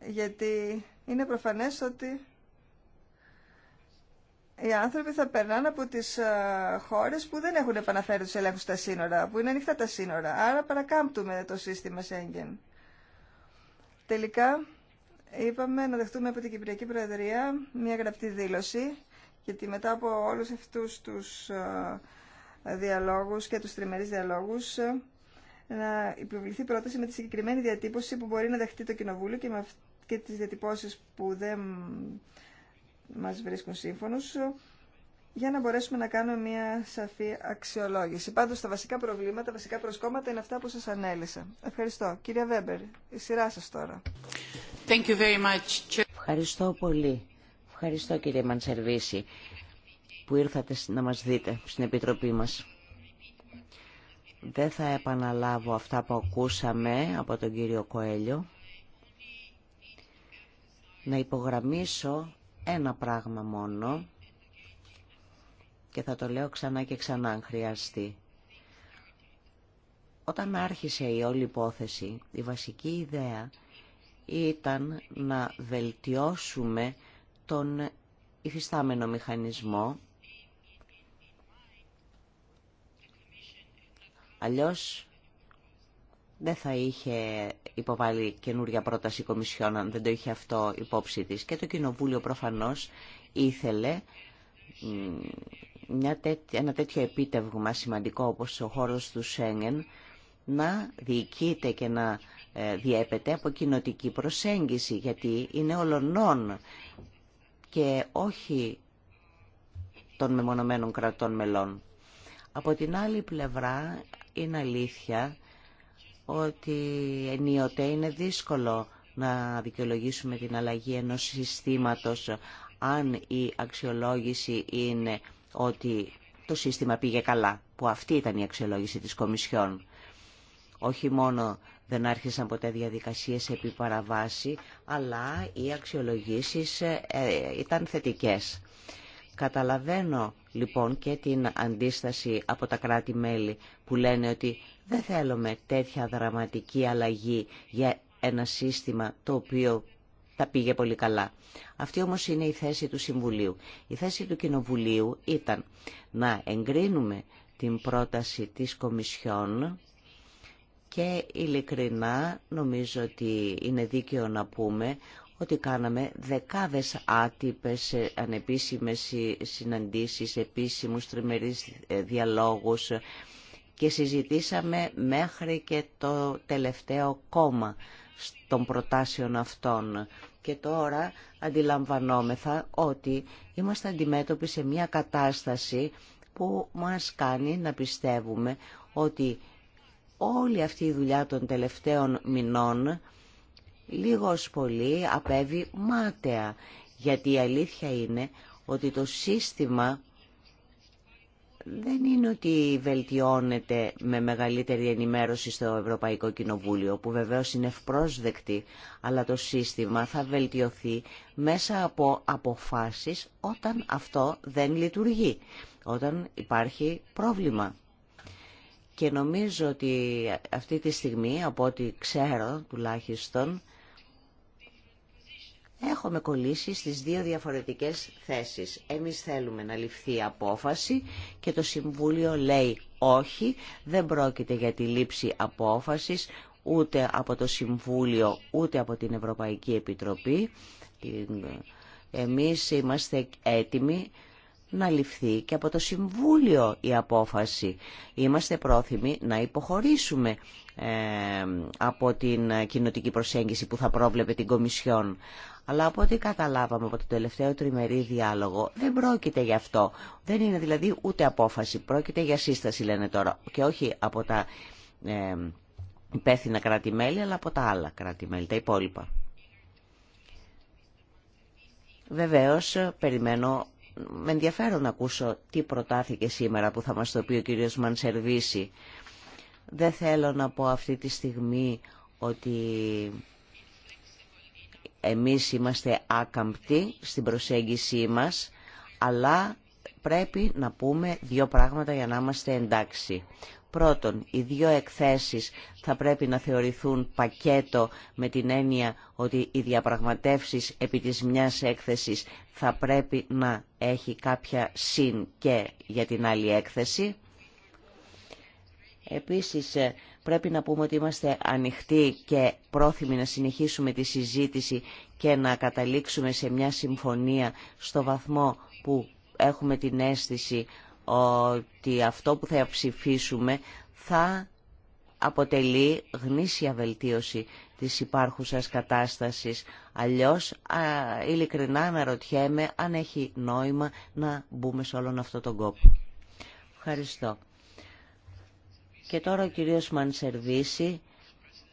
Γιατί είναι προφανές ότι οι άνθρωποι θα περνάνε από τις ε, χώρες που δεν έχουν επαναφέρει τους ελέγχους στα σύνορα, που είναι ανοιχτά τα σύνορα. Άρα παρακάμπτουμε το σύστημα Σέγγεν. Τελικά, είπαμε να δεχτούμε από την Κυπριακή Προεδρία μια γραπτή δήλωση γιατί μετά από όλους αυτούς τους ε, διαλόγους και τους τριμερείς διαλόγους ε, να υποβληθεί πρόταση με τη συγκεκριμένη διατύπωση που μπορεί να δεχτεί το Κοινοβούλιο και, με και τις διατυπώσεις που δεν μας βρίσκουν σύμφωνους ε, για να μπορέσουμε να κάνουμε μια σαφή αξιολόγηση. Πάντως τα βασικά προβλήματα, τα βασικά προσκόμματα είναι αυτά που σας ανέλησα. Ευχαριστώ. Κυρία Βέμπερ, η σειρά σας τώρα. Thank you very much. Ευχαριστώ πολύ. Ευχαριστώ κύριε Μανσερβίση που ήρθατε να μας δείτε στην Επιτροπή μας. Δεν θα επαναλάβω αυτά που ακούσαμε από τον κύριο Κοέλιο. Να υπογραμμίσω ένα πράγμα μόνο και θα το λέω ξανά και ξανά αν χρειαστεί. Όταν άρχισε η όλη υπόθεση, η βασική ιδέα ήταν να βελτιώσουμε τον υφιστάμενο μηχανισμό. Αλλιώς δεν θα είχε υποβάλει καινούρια πρόταση κομισιόν αν δεν το είχε αυτό υπόψη της. Και το Κοινοβούλιο προφανώς ήθελε μια ένα τέτοιο επίτευγμα σημαντικό όπως ο χώρος του Σέγγεν να διοικείται και να ε, διέπεται από κοινοτική προσέγγιση γιατί είναι ολονών και όχι των μεμονωμένων κρατών μελών. Από την άλλη πλευρά είναι αλήθεια ότι ενίοτε είναι δύσκολο να δικαιολογήσουμε την αλλαγή ενός συστήματος αν η αξιολόγηση είναι ότι το σύστημα πήγε καλά, που αυτή ήταν η αξιολόγηση της Κομισιόν. Όχι μόνο δεν άρχισαν ποτέ διαδικασίες επί παραβάση, αλλά οι αξιολογήσεις ε, ήταν θετικές. Καταλαβαίνω λοιπόν και την αντίσταση από τα κράτη-μέλη που λένε ότι δεν θέλουμε τέτοια δραματική αλλαγή για ένα σύστημα το οποίο τα πήγε πολύ καλά. Αυτή όμως είναι η θέση του Συμβουλίου. Η θέση του Κοινοβουλίου ήταν να εγκρίνουμε την πρόταση της Κομισιόν και ειλικρινά νομίζω ότι είναι δίκαιο να πούμε ότι κάναμε δεκάδες άτυπες ε, ανεπίσημες συναντήσεις, επίσημους τριμερείς ε, διαλόγους και συζητήσαμε μέχρι και το τελευταίο κόμμα των προτάσεων αυτών. Και τώρα αντιλαμβανόμεθα ότι είμαστε αντιμέτωποι σε μια κατάσταση που μας κάνει να πιστεύουμε ότι όλη αυτή η δουλειά των τελευταίων μηνών λίγος πολύ απέβει μάταια. Γιατί η αλήθεια είναι ότι το σύστημα δεν είναι ότι βελτιώνεται με μεγαλύτερη ενημέρωση στο Ευρωπαϊκό Κοινοβούλιο, που βεβαίως είναι ευπρόσδεκτη, αλλά το σύστημα θα βελτιωθεί μέσα από αποφάσεις όταν αυτό δεν λειτουργεί, όταν υπάρχει πρόβλημα. Και νομίζω ότι αυτή τη στιγμή, από ό,τι ξέρω τουλάχιστον, έχουμε κολλήσει στις δύο διαφορετικές θέσεις. Εμείς θέλουμε να ληφθεί απόφαση και το Συμβούλιο λέει όχι, δεν πρόκειται για τη λήψη απόφασης ούτε από το Συμβούλιο ούτε από την Ευρωπαϊκή Επιτροπή. Εμείς είμαστε έτοιμοι να ληφθεί και από το Συμβούλιο η απόφαση. Είμαστε πρόθυμοι να υποχωρήσουμε ε, από την κοινοτική προσέγγιση που θα πρόβλεπε την Κομισιόν. Αλλά από ό,τι καταλάβαμε από το τελευταίο τριμερή διάλογο, δεν πρόκειται γι' αυτό. Δεν είναι δηλαδή ούτε απόφαση. Πρόκειται για σύσταση, λένε τώρα. Και όχι από τα ε, υπεύθυνα κράτη-μέλη, αλλά από τα άλλα κράτη-μέλη, τα υπόλοιπα. Βεβαίως, περιμένω με ενδιαφέρον να ακούσω τι προτάθηκε σήμερα που θα μας το πει ο κύριος Μανσερβίση. Δεν θέλω να πω αυτή τη στιγμή ότι εμείς είμαστε άκαμπτοι στην προσέγγιση μας, αλλά πρέπει να πούμε δύο πράγματα για να είμαστε εντάξει. Πρώτον, οι δύο εκθέσεις θα πρέπει να θεωρηθούν πακέτο με την έννοια ότι οι διαπραγματεύσεις επί της μιας έκθεσης θα πρέπει να έχει κάποια συν και για την άλλη έκθεση. Επίσης, ε, πρέπει να πούμε ότι είμαστε ανοιχτοί και πρόθυμοι να συνεχίσουμε τη συζήτηση και να καταλήξουμε σε μια συμφωνία στο βαθμό που έχουμε την αίσθηση ότι αυτό που θα ψηφίσουμε θα αποτελεί γνήσια βελτίωση της υπάρχουσας κατάστασης. Αλλιώς, α, ειλικρινά αναρωτιέμαι αν έχει νόημα να μπούμε σε όλον αυτό τον κόπο. Ευχαριστώ. Και τώρα ο κυρίος Μανσερβίση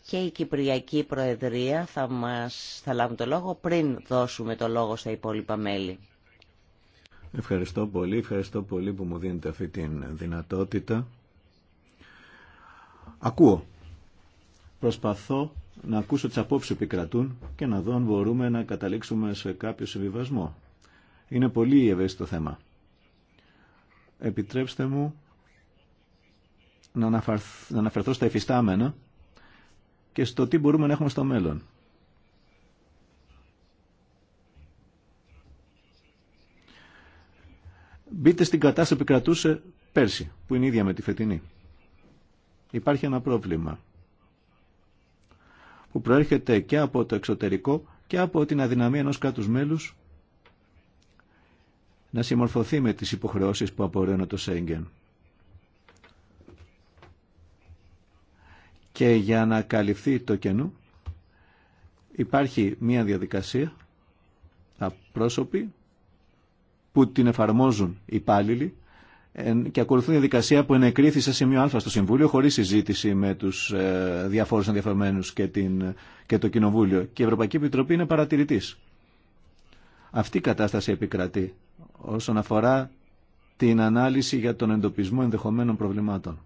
και η Κυπριακή Προεδρία θα, μας, θα λάβουν το λόγο πριν δώσουμε το λόγο στα υπόλοιπα μέλη. Ευχαριστώ πολύ, ευχαριστώ πολύ που μου δίνετε αυτή τη δυνατότητα. Ακούω. Προσπαθώ να ακούσω τι απόψεις που επικρατούν και να δω αν μπορούμε να καταλήξουμε σε κάποιο συμβιβασμό. Είναι πολύ ευαίσθητο θέμα. Επιτρέψτε μου να αναφερθώ στα εφιστάμενα και στο τι μπορούμε να έχουμε στο μέλλον. μπείτε στην κατάσταση που κρατούσε πέρσι, που είναι ίδια με τη φετινή. Υπάρχει ένα πρόβλημα που προέρχεται και από το εξωτερικό και από την αδυναμία ενός κράτους μέλους να συμμορφωθεί με τις υποχρεώσεις που απορρέουν το Σέγγεν. Και για να καλυφθεί το κενό υπάρχει μία διαδικασία τα που την εφαρμόζουν οι υπάλληλοι και ακολουθούν διαδικασία που ενεκρίθη σε σημείο Α στο Συμβούλιο χωρί συζήτηση με του ε, διαφόρου ενδιαφερμένου και, το Κοινοβούλιο. Και η Ευρωπαϊκή Επιτροπή είναι παρατηρητή. Αυτή η κατάσταση επικρατεί όσον αφορά την ανάλυση για τον εντοπισμό ενδεχομένων προβλημάτων.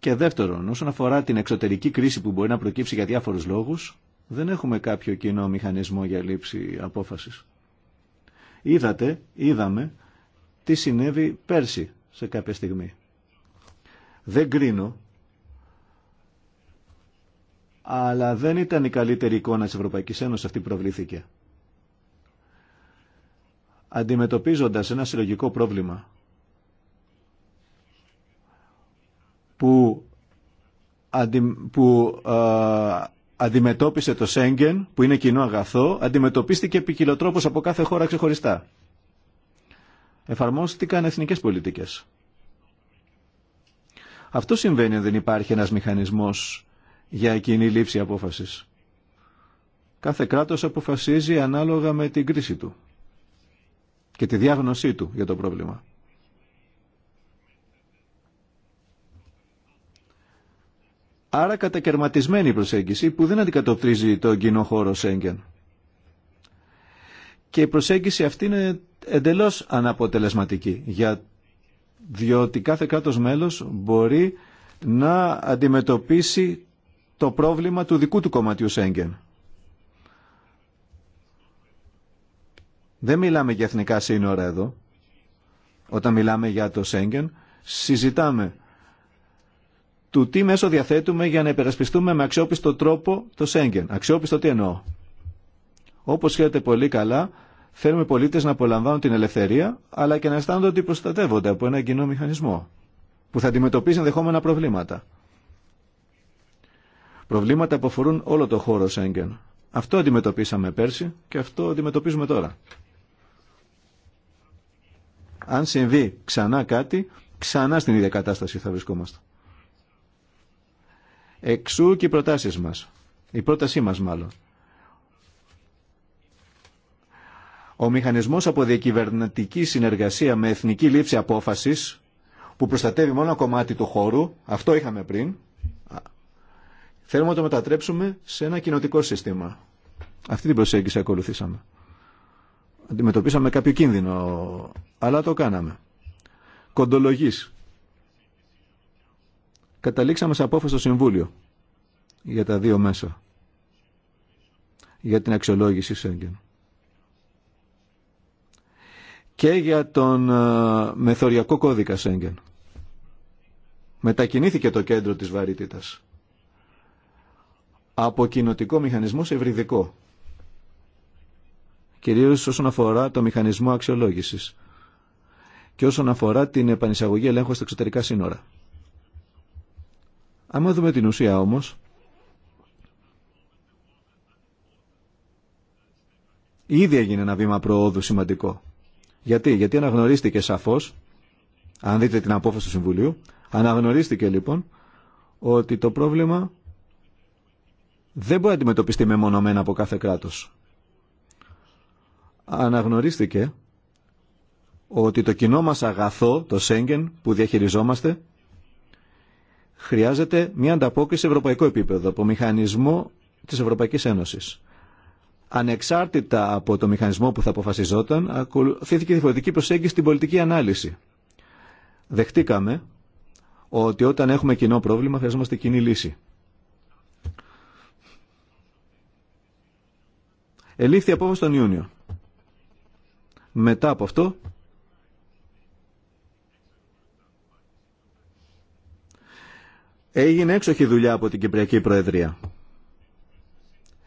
Και δεύτερον, όσον αφορά την εξωτερική κρίση που μπορεί να προκύψει για διάφορους λόγους, δεν έχουμε κάποιο κοινό μηχανισμό για λήψη απόφασης. Είδατε, είδαμε, τι συνέβη πέρσι σε κάποια στιγμή. Δεν κρίνω, αλλά δεν ήταν η καλύτερη εικόνα της Ευρωπαϊκής Ένωσης αυτή που προβλήθηκε. Αντιμετωπίζοντας ένα συλλογικό πρόβλημα που, που αντιμετώπισε το Σέγγεν, που είναι κοινό αγαθό, αντιμετωπίστηκε ποικιλοτρόπως από κάθε χώρα ξεχωριστά. Εφαρμόστηκαν εθνικές πολιτικές. Αυτό συμβαίνει αν δεν υπάρχει ένας μηχανισμός για κοινή λήψη απόφασης. Κάθε κράτος αποφασίζει ανάλογα με την κρίση του και τη διάγνωσή του για το πρόβλημα. Άρα κατακαιρματισμένη προσέγγιση που δεν αντικατοπτρίζει τον κοινό χώρο Σέγγεν. Και η προσέγγιση αυτή είναι εντελώς αναποτελεσματική, για, διότι κάθε κράτος μέλος μπορεί να αντιμετωπίσει το πρόβλημα του δικού του κομματιού Σέγγεν. Δεν μιλάμε για εθνικά σύνορα εδώ. Όταν μιλάμε για το Σέγγεν, συζητάμε του τι μέσο διαθέτουμε για να υπερασπιστούμε με αξιόπιστο τρόπο το Σέγγεν. Αξιόπιστο τι εννοώ. Όπως ξέρετε πολύ καλά, θέλουμε οι πολίτες να απολαμβάνουν την ελευθερία, αλλά και να αισθάνονται ότι προστατεύονται από ένα κοινό μηχανισμό, που θα αντιμετωπίζει ενδεχόμενα προβλήματα. Προβλήματα που αφορούν όλο το χώρο Σέγγεν. Αυτό αντιμετωπίσαμε πέρσι και αυτό αντιμετωπίζουμε τώρα. Αν συμβεί ξανά κάτι, ξανά στην ίδια κατάσταση θα βρισκόμαστε. Εξού και οι προτάσεις μας. Η πρότασή μας μάλλον. Ο μηχανισμός από διακυβερνητική συνεργασία με εθνική λήψη απόφασης που προστατεύει μόνο ένα κομμάτι του χώρου, αυτό είχαμε πριν, θέλουμε να το μετατρέψουμε σε ένα κοινοτικό σύστημα. Αυτή την προσέγγιση ακολουθήσαμε. Αντιμετωπίσαμε κάποιο κίνδυνο, αλλά το κάναμε. Κοντολογής καταλήξαμε σε απόφαση στο Συμβούλιο για τα δύο μέσα για την αξιολόγηση Σέγγεν και για τον ε, μεθοριακό κώδικα Σέγγεν. Μετακινήθηκε το κέντρο της βαρύτητας από κοινοτικό μηχανισμό σε ευρυδικό. Κυρίως όσον αφορά το μηχανισμό αξιολόγησης και όσον αφορά την επανεισαγωγή ελέγχου στα εξωτερικά σύνορα. Άμα δούμε την ουσία όμως, ήδη έγινε ένα βήμα προόδου σημαντικό. Γιατί, γιατί αναγνωρίστηκε σαφώς, αν δείτε την απόφαση του Συμβουλίου, αναγνωρίστηκε λοιπόν ότι το πρόβλημα δεν μπορεί να αντιμετωπιστεί μεμονωμένα από κάθε κράτος. Αναγνωρίστηκε ότι το κοινό μας αγαθό, το Σέγγεν που διαχειριζόμαστε, χρειάζεται μια ανταπόκριση σε ευρωπαϊκό επίπεδο από μηχανισμό της Ευρωπαϊκής Ένωση. Ανεξάρτητα από το μηχανισμό που θα αποφασιζόταν, ακολουθήθηκε διαφορετική προσέγγιση στην πολιτική ανάλυση. Δεχτήκαμε ότι όταν έχουμε κοινό πρόβλημα χρειαζόμαστε κοινή λύση. Ελήφθη απόφαση τον Ιούνιο. Μετά από αυτό έγινε έξοχη δουλειά από την Κυπριακή Προεδρία.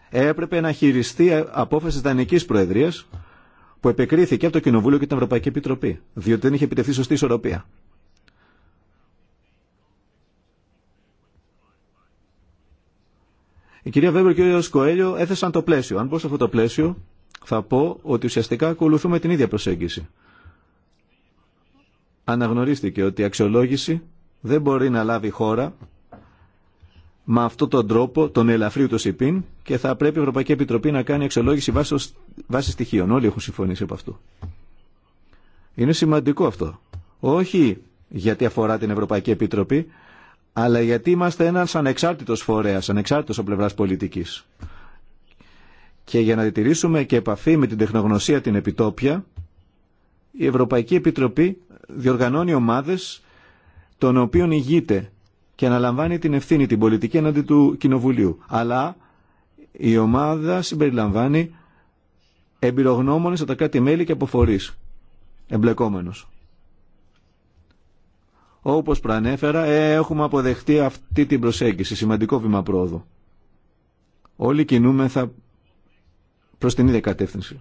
Έπρεπε να χειριστεί απόφαση δανεικής Προεδρίας που επεκρίθηκε από το Κοινοβούλιο και την Ευρωπαϊκή Επιτροπή, διότι δεν είχε επιτευχθεί σωστή ισορροπία. Η κυρία Βέμπερ και ο κύριος Κοέλιο έθεσαν το πλαίσιο. Αν πω σε αυτό το πλαίσιο, θα πω ότι ουσιαστικά ακολουθούμε την ίδια προσέγγιση. Αναγνωρίστηκε ότι η αξιολόγηση δεν μπορεί να λάβει χώρα με αυτόν τον τρόπο, τον ελαφρύ του ΣΥΠΗΝ και θα πρέπει η Ευρωπαϊκή Επιτροπή να κάνει εξολόγηση βάσει στοιχείων. Όλοι έχουν συμφωνήσει από αυτού. Είναι σημαντικό αυτό. Όχι γιατί αφορά την Ευρωπαϊκή Επιτροπή, αλλά γιατί είμαστε ένα ανεξάρτητο φορέας, ανεξάρτητος από πλευρά πολιτική. Και για να διατηρήσουμε και επαφή με την τεχνογνωσία την επιτόπια, η Ευρωπαϊκή Επιτροπή διοργανώνει ομάδες τον οποίων ηγείται και αναλαμβάνει την ευθύνη, την πολιτική έναντι του Κοινοβουλίου. Αλλά η ομάδα συμπεριλαμβάνει εμπειρογνώμονες από τα κράτη-μέλη και από φορείς, εμπλεκόμενος. Όπως προανέφερα, ε, έχουμε αποδεχτεί αυτή την προσέγγιση, σημαντικό βήμα πρόοδου. Όλοι κινούμεθα προς την ίδια κατεύθυνση.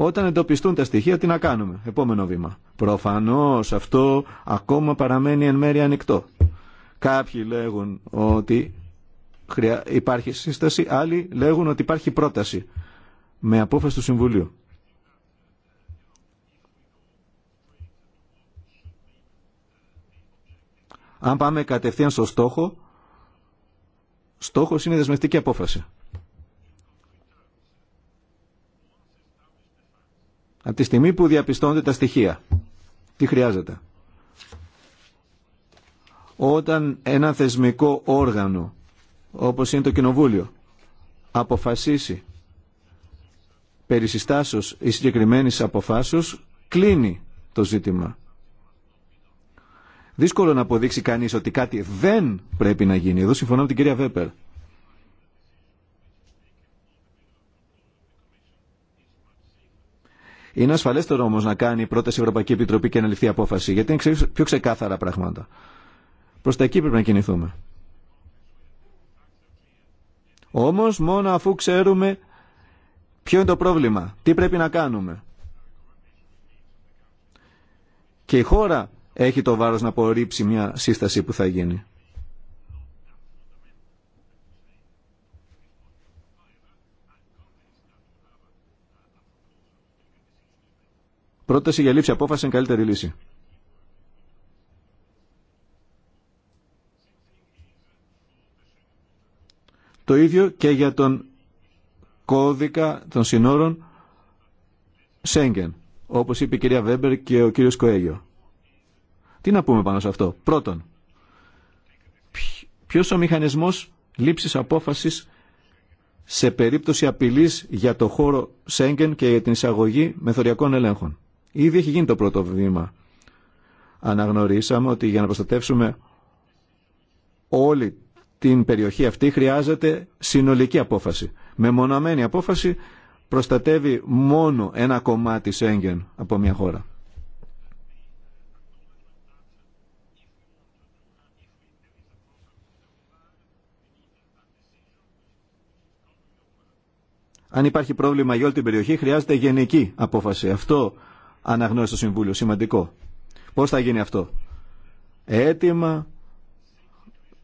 Όταν εντοπιστούν τα στοιχεία, τι να κάνουμε. Επόμενο βήμα. Προφανώς αυτό ακόμα παραμένει εν μέρει ανοιχτό. Κάποιοι λέγουν ότι υπάρχει σύσταση, άλλοι λέγουν ότι υπάρχει πρόταση με απόφαση του Συμβουλίου. Αν πάμε κατευθείαν στο στόχο, στόχος είναι η δεσμευτική απόφαση. από τη στιγμή που διαπιστώνται τα στοιχεία. Τι χρειάζεται. Όταν ένα θεσμικό όργανο, όπως είναι το Κοινοβούλιο, αποφασίσει περί συστάσεως ή συγκεκριμένης αποφάσεως, κλείνει το ζήτημα. Δύσκολο να αποδείξει κανείς ότι κάτι δεν πρέπει να γίνει. Εδώ συμφωνώ με την κυρία Βέπερ. Είναι ασφαλέστερο όμω να κάνει η Ευρωπαϊκή Επιτροπή και να ληφθεί απόφαση, γιατί είναι πιο ξεκάθαρα πράγματα. Προ τα εκεί πρέπει να κινηθούμε. Όμω μόνο αφού ξέρουμε ποιο είναι το πρόβλημα, τι πρέπει να κάνουμε. Και η χώρα έχει το βάρος να απορρίψει μια σύσταση που θα γίνει. Πρόταση για λήψη απόφαση είναι καλύτερη λύση. Το ίδιο και για τον κώδικα των συνόρων Σέγγεν, όπως είπε η κυρία Βέμπερ και ο κύριος Κοέγιο. Τι να πούμε πάνω σε αυτό. Πρώτον, ποιος ο μηχανισμός λήψης απόφασης σε περίπτωση απειλής για το χώρο Σέγγεν και για την εισαγωγή μεθοριακών ελέγχων. Ήδη έχει γίνει το πρώτο βήμα. Αναγνωρίσαμε ότι για να προστατεύσουμε όλη την περιοχή αυτή χρειάζεται συνολική απόφαση. Με μοναμένη απόφαση προστατεύει μόνο ένα κομμάτι Σέγγεν από μια χώρα. Αν υπάρχει πρόβλημα για όλη την περιοχή, χρειάζεται γενική απόφαση. Αυτό αναγνώριση το Συμβούλιο. Σημαντικό. Πώς θα γίνει αυτό. Έτοιμα,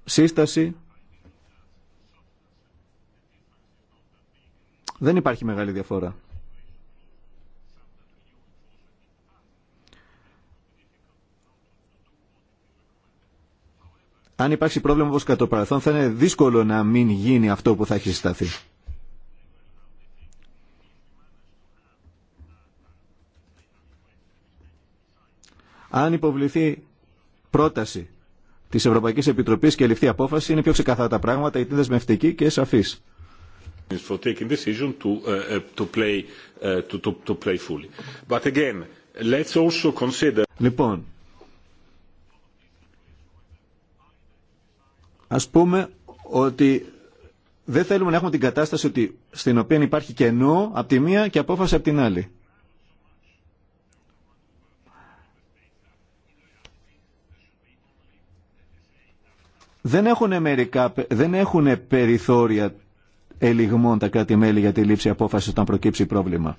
σύσταση. Δεν υπάρχει μεγάλη διαφορά. Αν υπάρξει πρόβλημα όπως κατά το παρελθόν θα είναι δύσκολο να μην γίνει αυτό που θα έχει συσταθεί. Αν υποβληθεί πρόταση τη Ευρωπαϊκή Επιτροπή και ληφθεί απόφαση, είναι πιο ξεκαθαρά τα πράγματα, γιατί είναι δεσμευτική και σαφή. Uh, uh, uh, λοιπόν, ας πούμε ότι δεν θέλουμε να έχουμε την κατάσταση ότι στην οποία υπάρχει κενό από τη μία και απόφαση από την άλλη. δεν έχουν, μερικά, δεν έχουν περιθώρια ελιγμών τα κράτη-μέλη για τη λήψη απόφαση όταν προκύψει πρόβλημα.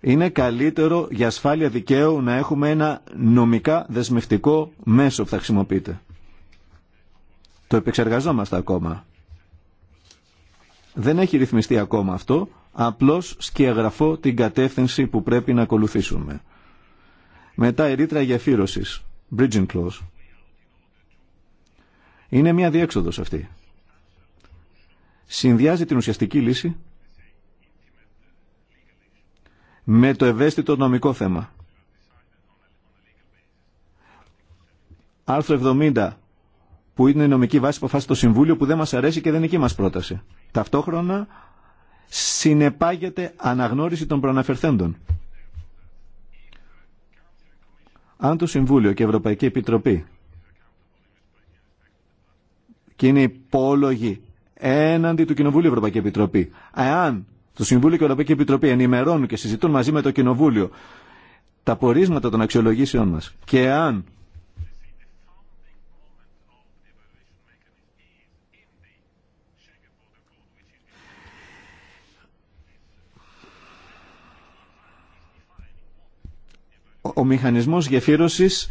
Είναι καλύτερο για ασφάλεια δικαίου να έχουμε ένα νομικά δεσμευτικό μέσο που θα χρησιμοποιείται. Το επεξεργαζόμαστε ακόμα. Δεν έχει ρυθμιστεί ακόμα αυτό, απλώς σκιαγραφώ την κατεύθυνση που πρέπει να ακολουθήσουμε. Μετά η ρήτρα γεφύρωσης, bridging clause. Είναι μια διέξοδος αυτή. Συνδυάζει την ουσιαστική λύση με το ευαίσθητο νομικό θέμα. Άρθρο 70 που είναι η νομική βάση που αποφάσισε το Συμβούλιο που δεν μας αρέσει και δεν είναι εκεί μας πρόταση. Ταυτόχρονα συνεπάγεται αναγνώριση των προαναφερθέντων. Αν το Συμβούλιο και η Ευρωπαϊκή Επιτροπή και είναι υπόλογοι έναντι του Κοινοβούλιο Ευρωπαϊκή Επιτροπή, εάν το Συμβούλιο και η Ευρωπαϊκή Επιτροπή ενημερώνουν και συζητούν μαζί με το Κοινοβούλιο τα πορίσματα των αξιολογήσεών μας και αν ο μηχανισμός γεφύρωσης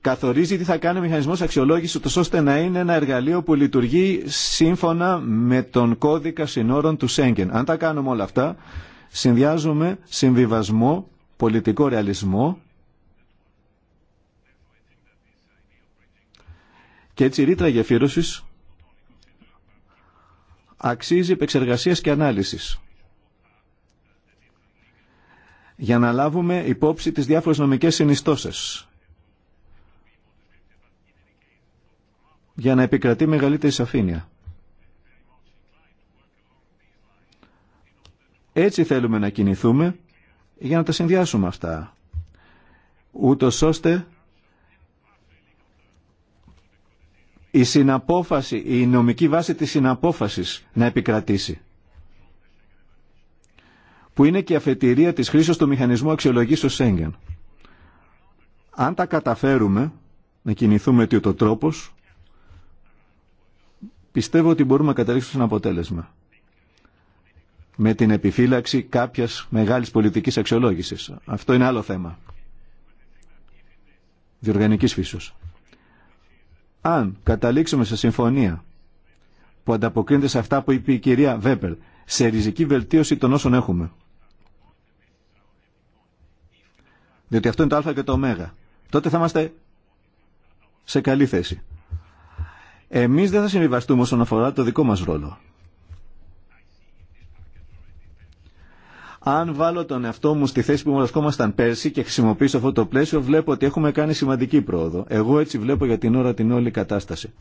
καθορίζει τι θα κάνει ο μηχανισμός αξιολόγησης ώστε να είναι ένα εργαλείο που λειτουργεί σύμφωνα με τον κώδικα συνόρων του Σέγγεν. Αν τα κάνουμε όλα αυτά, συνδυάζουμε συμβιβασμό, πολιτικό ρεαλισμό και έτσι η ρήτρα γεφύρωσης αξίζει επεξεργασίας και ανάλυσης για να λάβουμε υπόψη τις διάφορες νομικές συνιστώσεις. Για να επικρατεί μεγαλύτερη σαφήνεια. Έτσι θέλουμε να κινηθούμε για να τα συνδυάσουμε αυτά. Ούτως ώστε η συναπόφαση, η νομική βάση της συναπόφασης να επικρατήσει που είναι και η αφετηρία της χρήσης του μηχανισμού του Σέγγεν. Αν τα καταφέρουμε να κινηθούμε ότι ο τρόπος, πιστεύω ότι μπορούμε να καταλήξουμε σε ένα αποτέλεσμα. Με την επιφύλαξη κάποιας μεγάλης πολιτικής αξιολόγησης. Αυτό είναι άλλο θέμα. Διοργανικής φύσεως. Αν καταλήξουμε σε συμφωνία που ανταποκρίνεται σε αυτά που είπε η κυρία Βέπερ, σε ριζική βελτίωση των όσων έχουμε. διότι αυτό είναι το α και το ω, τότε θα είμαστε σε καλή θέση. Εμείς δεν θα συμβιβαστούμε όσον αφορά το δικό μας ρόλο. Αν βάλω τον εαυτό μου στη θέση που βρισκόμασταν πέρσι και χρησιμοποιήσω αυτό το πλαίσιο, βλέπω ότι έχουμε κάνει σημαντική πρόοδο. Εγώ έτσι βλέπω για την ώρα την όλη κατάσταση.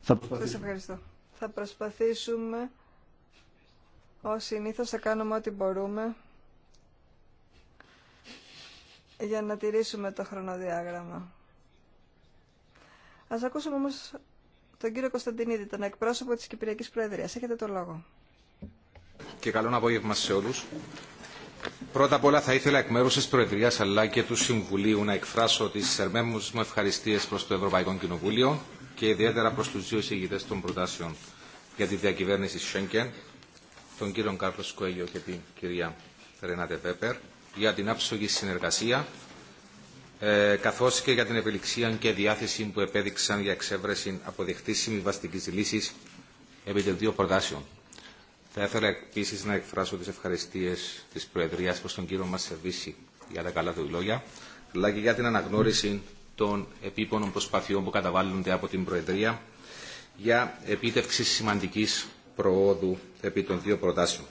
Θα προσπαθήσουμε. ευχαριστώ. Θα προσπαθήσουμε ως συνήθω θα κάνουμε ό,τι μπορούμε για να τηρήσουμε το χρονοδιάγραμμα. Ας ακούσουμε όμως τον κύριο Κωνσταντινίδη, τον εκπρόσωπο της Κυπριακής Προεδρίας. Έχετε το λόγο. Και καλό απόγευμα σε όλους. Πρώτα απ' όλα θα ήθελα εκ μέρους της Προεδρίας αλλά και του Συμβουλίου να εκφράσω τις σερμέμους μου ευχαριστίες προς το Ευρωπαϊκό Κοινοβούλιο και ιδιαίτερα προς τους δύο συγγητές των προτάσεων για τη διακυβέρνηση Σέγκεν, τον κύριο Κάρλος Κοέγιο και την κυρία Ρενάτε Βέπερ για την άψογη συνεργασία, ε, καθώς και για την ευελιξία και διάθεση που επέδειξαν για εξέβρεση αποδεχτήσιμη συμβιβαστικής λύσης επί των δύο προτάσεων. Θα ήθελα επίση να εκφράσω τις ευχαριστίες της Προεδρίας προς τον κύριο Μασεβίση για τα καλά του λόγια, αλλά και για την αναγνώριση των επίπονων προσπαθειών που καταβάλλονται από την Προεδρία για επίτευξη σημαντικής προόδου επί των δύο προτάσεων.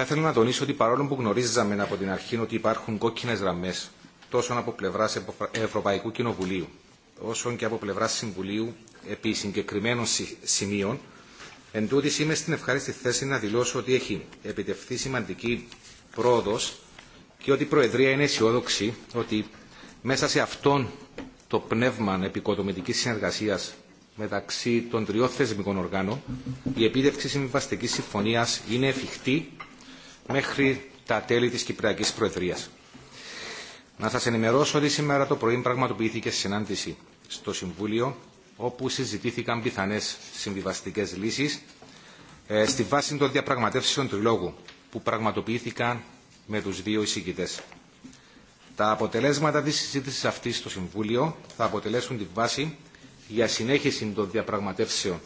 Θα ήθελα να τονίσω ότι παρόλο που γνωρίζαμε από την αρχή ότι υπάρχουν κόκκινε γραμμέ τόσο από πλευρά Ευρωπαϊκού Κοινοβουλίου όσο και από πλευρά Συμβουλίου επί συγκεκριμένων σημείων, εν τούτης είμαι στην ευχάριστη θέση να δηλώσω ότι έχει επιτευχθεί σημαντική πρόοδο και ότι η Προεδρία είναι αισιόδοξη ότι μέσα σε αυτόν το πνεύμα επικοδομητική συνεργασία μεταξύ των τριών θεσμικών οργάνων, η επίτευξη συμβιβαστική συμφωνία είναι εφικτή μέχρι τα τέλη τη Κυπριακή Προεδρίας. Να σας ενημερώσω ότι σήμερα το πρωί πραγματοποιήθηκε συνάντηση στο Συμβούλιο όπου συζητήθηκαν πιθανές συμβιβαστικές λύσεις ε, στη βάση των διαπραγματεύσεων τριλόγου που πραγματοποιήθηκαν με του δύο εισηγητές. Τα αποτελέσματα τη συζήτηση αυτή στο Συμβούλιο θα αποτελέσουν τη βάση για συνέχιση των διαπραγματεύσεων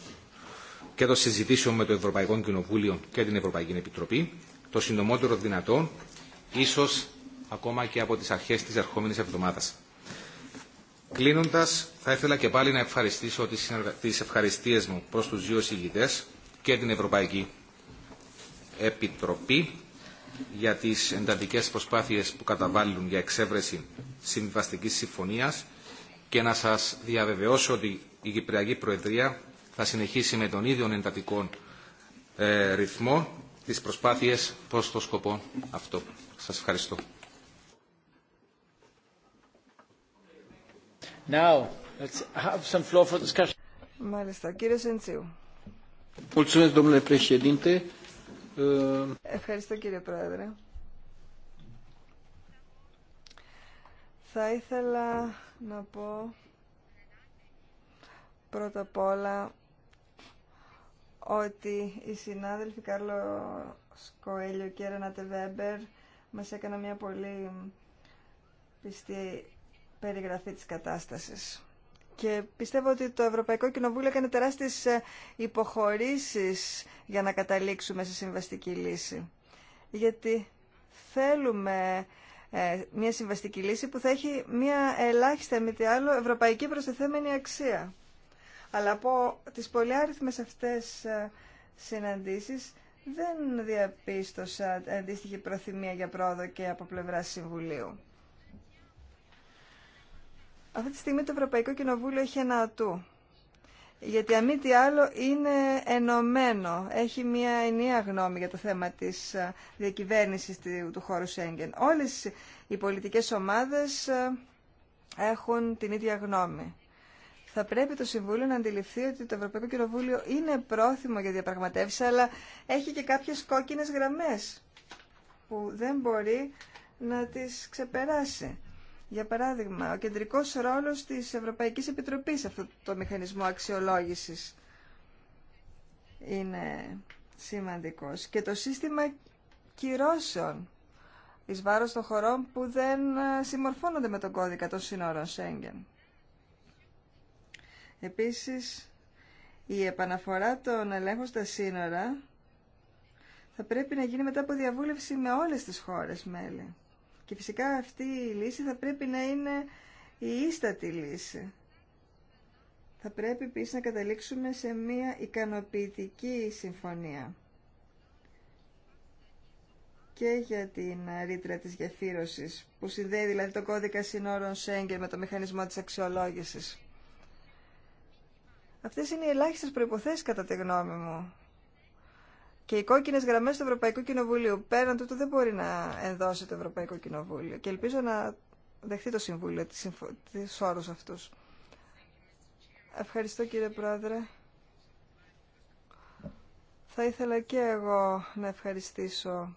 και των συζητήσεων με το Ευρωπαϊκό Κοινοβούλιο και την Ευρωπαϊκή Επιτροπή το συντομότερο δυνατόν, ίσως ακόμα και από τις αρχές της ερχόμενης εβδομάδας. Κλείνοντας, θα ήθελα και πάλι να ευχαριστήσω τις ευχαριστίες μου προς τους δύο συγγητές και την Ευρωπαϊκή Επιτροπή για τις εντατικές προσπάθειες που καταβάλουν για εξέβρεση συμβιβαστικής συμφωνίας και να σας διαβεβαιώσω ότι η Κυπριακή Προεδρία θα συνεχίσει με τον ίδιο εντατικό ε, ρυθμό τις προσπάθειες προς το σκοπό αυτό. Σας ευχαριστώ. Now, let's have some floor for discussion. Μάλιστα, κύριε Σεντσίου. Ευχαριστώ κύριε Πρόεδρε. Θα ήθελα να πω πρώτα απ' όλα ότι οι συνάδελφοι Κάρλο Σκοέλιο και Ρενάτε Βέμπερ μας έκαναν μια πολύ πιστή περιγραφή της κατάστασης. Και πιστεύω ότι το Ευρωπαϊκό Κοινοβούλιο έκανε τεράστιες ε, υποχωρήσεις για να καταλήξουμε σε συμβαστική λύση. Γιατί θέλουμε ε, μια συμβαστική λύση που θα έχει μια ελάχιστα, μη τι άλλο, ευρωπαϊκή προσθεθέμενη αξία. Αλλά από τις πολυάριθμες αυτές ε, συναντήσεις δεν διαπίστωσα αντίστοιχη προθυμία για πρόοδο και από πλευρά Συμβουλίου. Αυτή τη στιγμή το Ευρωπαϊκό Κοινοβούλιο έχει ένα ατού. Γιατί αν μη τι άλλο είναι ενωμένο, έχει μια ενιαία γνώμη για το θέμα της ε, διακυβέρνησης του χώρου Σέγγεν. Όλες οι πολιτικές ομάδες ε, έχουν την ίδια γνώμη θα πρέπει το Συμβούλιο να αντιληφθεί ότι το Ευρωπαϊκό Κοινοβούλιο είναι πρόθυμο για διαπραγματεύσει, αλλά έχει και κάποιες κόκκινες γραμμές που δεν μπορεί να τις ξεπεράσει. Για παράδειγμα, ο κεντρικός ρόλος της Ευρωπαϊκής Επιτροπής σε αυτό το μηχανισμό αξιολόγησης είναι σημαντικός. Και το σύστημα κυρώσεων εις βάρος των χωρών που δεν συμμορφώνονται με τον κώδικα των σύνορων Σέγγεν. Επίσης, η επαναφορά των ελέγχων στα σύνορα θα πρέπει να γίνει μετά από διαβούλευση με όλες τις χώρες μέλη. Και φυσικά αυτή η λύση θα πρέπει να είναι η ίστατη λύση. Θα πρέπει επίσης να καταλήξουμε σε μια ικανοποιητική συμφωνία και για την ρήτρα της γεφύρωσης που συνδέει δηλαδή το κώδικα συνόρων Σέγγερ με το μηχανισμό της αξιολόγησης. Αυτές είναι οι ελάχιστες προϋποθέσεις κατά τη γνώμη μου. Και οι κόκκινε γραμμέ του Ευρωπαϊκού Κοινοβουλίου. Πέραν τούτου δεν μπορεί να ενδώσει το Ευρωπαϊκό Κοινοβούλιο. Και ελπίζω να δεχτεί το Συμβούλιο του όρου αυτού. Ευχαριστώ κύριε Πρόεδρε. Θα ήθελα και εγώ να ευχαριστήσω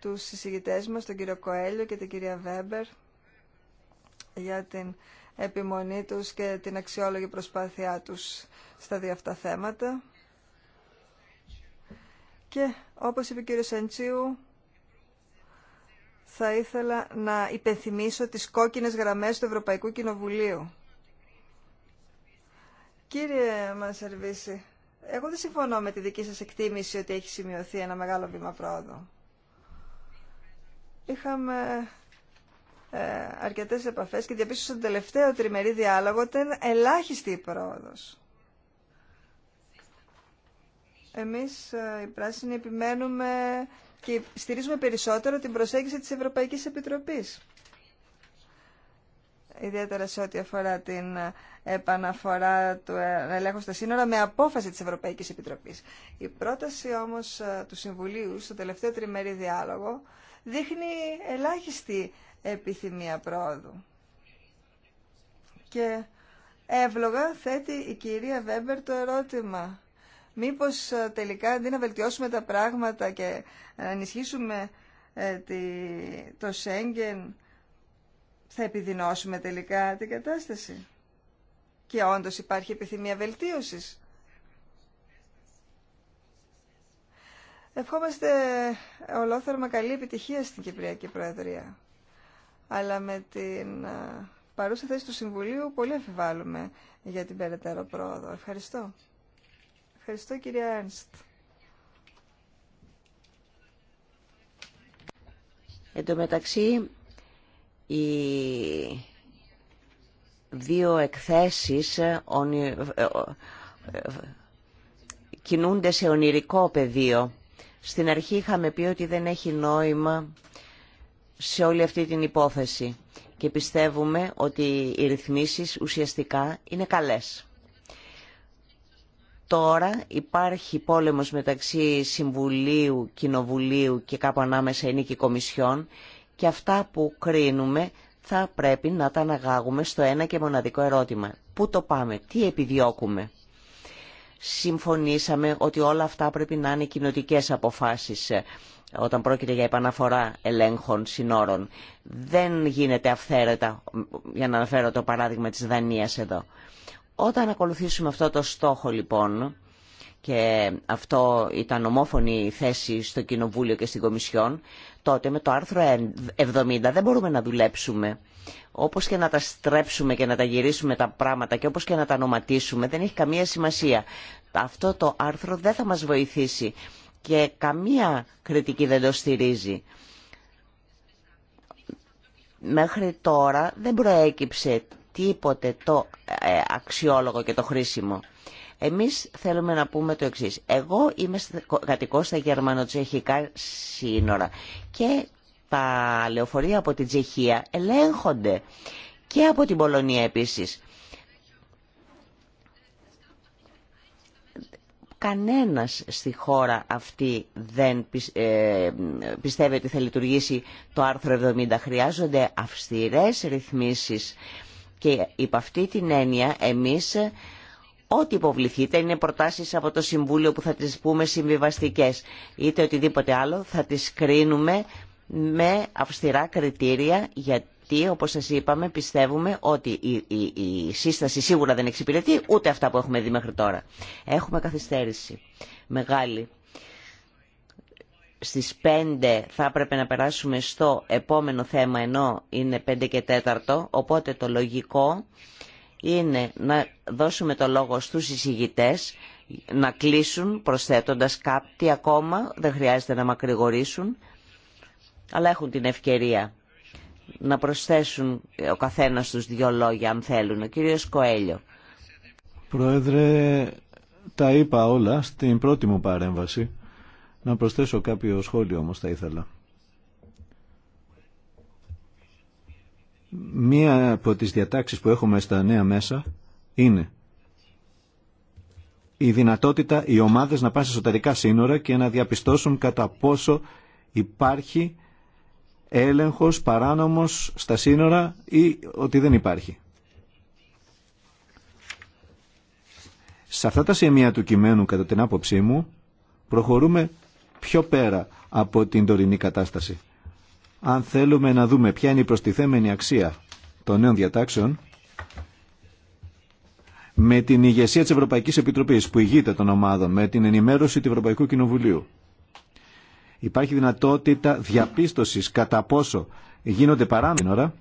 τους συζητητές μας, τον κύριο Κοέλιο και την κυρία Βέμπερ, για την επιμονή τους και την αξιόλογη προσπάθειά τους στα δύο αυτά θέματα. Και όπως είπε ο κύριος Σεντσίου, θα ήθελα να υπενθυμίσω τις κόκκινες γραμμές του Ευρωπαϊκού Κοινοβουλίου. Κύριε Μανσερβίση, εγώ δεν συμφωνώ με τη δική σας εκτίμηση ότι έχει σημειωθεί ένα μεγάλο βήμα πρόοδο. Είχαμε ε, αρκετές επαφές και διαπίστωσα το τελευταίο τριμερή διάλογο ήταν ελάχιστη η πρόοδος. Εμείς ε, οι πράσινοι επιμένουμε και στηρίζουμε περισσότερο την προσέγγιση της Ευρωπαϊκής Επιτροπής. Ιδιαίτερα σε ό,τι αφορά την επαναφορά του ελέγχου στα σύνορα με απόφαση της Ευρωπαϊκής Επιτροπής. Η πρόταση όμως ε, του Συμβουλίου στο τελευταίο τριμερή διάλογο δείχνει ελάχιστη επιθυμία πρόοδου. Και εύλογα θέτει η κυρία Βέμπερ το ερώτημα. Μήπως ε, τελικά αντί να βελτιώσουμε τα πράγματα και να ενισχύσουμε ε, το Σέγγεν, θα επιδεινώσουμε τελικά την κατάσταση. Και όντως υπάρχει επιθυμία βελτίωσης. Ευχόμαστε ε, ολόθερμα καλή επιτυχία στην Κυπριακή Προεδρία αλλά με την παρούσα θέση του Συμβουλίου πολύ αφιβάλλουμε για την περαιτέρω πρόοδο. Ευχαριστώ. Ευχαριστώ κύριε Έρνστ. Εν τω μεταξύ, οι δύο εκθέσεις ε, ε, ε, κινούνται σε ονειρικό πεδίο. Στην αρχή είχαμε πει ότι δεν έχει νόημα σε όλη αυτή την υπόθεση και πιστεύουμε ότι οι ρυθμίσεις ουσιαστικά είναι καλές. Τώρα υπάρχει πόλεμος μεταξύ Συμβουλίου, Κοινοβουλίου και κάπου ανάμεσα ενίκη Κομισιόν και αυτά που κρίνουμε θα πρέπει να τα αναγάγουμε στο ένα και μοναδικό ερώτημα. Πού το πάμε, τι επιδιώκουμε. Συμφωνήσαμε ότι όλα αυτά πρέπει να είναι κοινοτικές αποφάσεις όταν πρόκειται για επαναφορά ελέγχων συνόρων. Δεν γίνεται αυθαίρετα, για να αναφέρω το παράδειγμα της Δανίας εδώ. Όταν ακολουθήσουμε αυτό το στόχο λοιπόν, και αυτό ήταν ομόφωνη θέση στο Κοινοβούλιο και στην Κομισιόν, τότε με το άρθρο 70 δεν μπορούμε να δουλέψουμε. Όπως και να τα στρέψουμε και να τα γυρίσουμε τα πράγματα και όπως και να τα νοματίσουμε, δεν έχει καμία σημασία. Αυτό το άρθρο δεν θα μας βοηθήσει και καμία κριτική δεν το στηρίζει. Μέχρι τώρα δεν προέκυψε τίποτε το ε, αξιόλογο και το χρήσιμο. Εμείς θέλουμε να πούμε το εξής. Εγώ είμαι κατοικός στα γερμανοτσεχικά σύνορα και τα λεωφορεία από την Τσεχία ελέγχονται και από την Πολωνία επίσης. κανένας στη χώρα αυτή δεν ε, πιστεύει ότι θα λειτουργήσει το άρθρο 70. Χρειάζονται αυστηρές ρυθμίσεις και υπ' αυτή την έννοια εμείς ό,τι υποβληθείτε είναι προτάσεις από το Συμβούλιο που θα τις πούμε συμβιβαστικές είτε οτιδήποτε άλλο θα τις κρίνουμε με αυστηρά κριτήρια γιατί γιατί όπως σας είπαμε πιστεύουμε ότι η, η, η σύσταση σίγουρα δεν εξυπηρετεί ούτε αυτά που έχουμε δει μέχρι τώρα. Έχουμε καθυστέρηση μεγάλη. Στις 5 θα έπρεπε να περάσουμε στο επόμενο θέμα ενώ είναι 5 και 4 οπότε το λογικό είναι να δώσουμε το λόγο στους εισηγητές να κλείσουν προσθέτοντας κάτι ακόμα, δεν χρειάζεται να μακρηγορήσουν, αλλά έχουν την ευκαιρία να προσθέσουν ο καθένας τους δύο λόγια αν θέλουν. Ο κύριος Κοέλιο. Πρόεδρε, τα είπα όλα στην πρώτη μου παρέμβαση. Να προσθέσω κάποιο σχόλιο όμως θα ήθελα. Μία από τις διατάξεις που έχουμε στα νέα μέσα είναι η δυνατότητα οι ομάδες να πάνε σε εσωτερικά σύνορα και να διαπιστώσουν κατά πόσο υπάρχει έλεγχος παράνομος στα σύνορα ή ότι δεν υπάρχει. Σε αυτά τα σημεία του κειμένου, κατά την άποψή μου, προχωρούμε πιο πέρα από την τωρινή κατάσταση. Αν θέλουμε να δούμε ποια είναι η προστιθέμενη αξία των νέων διατάξεων, με την ηγεσία της Ευρωπαϊκής Επιτροπής που ηγείται των ομάδων, με την ενημέρωση του Ευρωπαϊκού Κοινοβουλίου, Υπάρχει δυνατότητα διαπίστωσης κατά πόσο γίνονται παράνομα.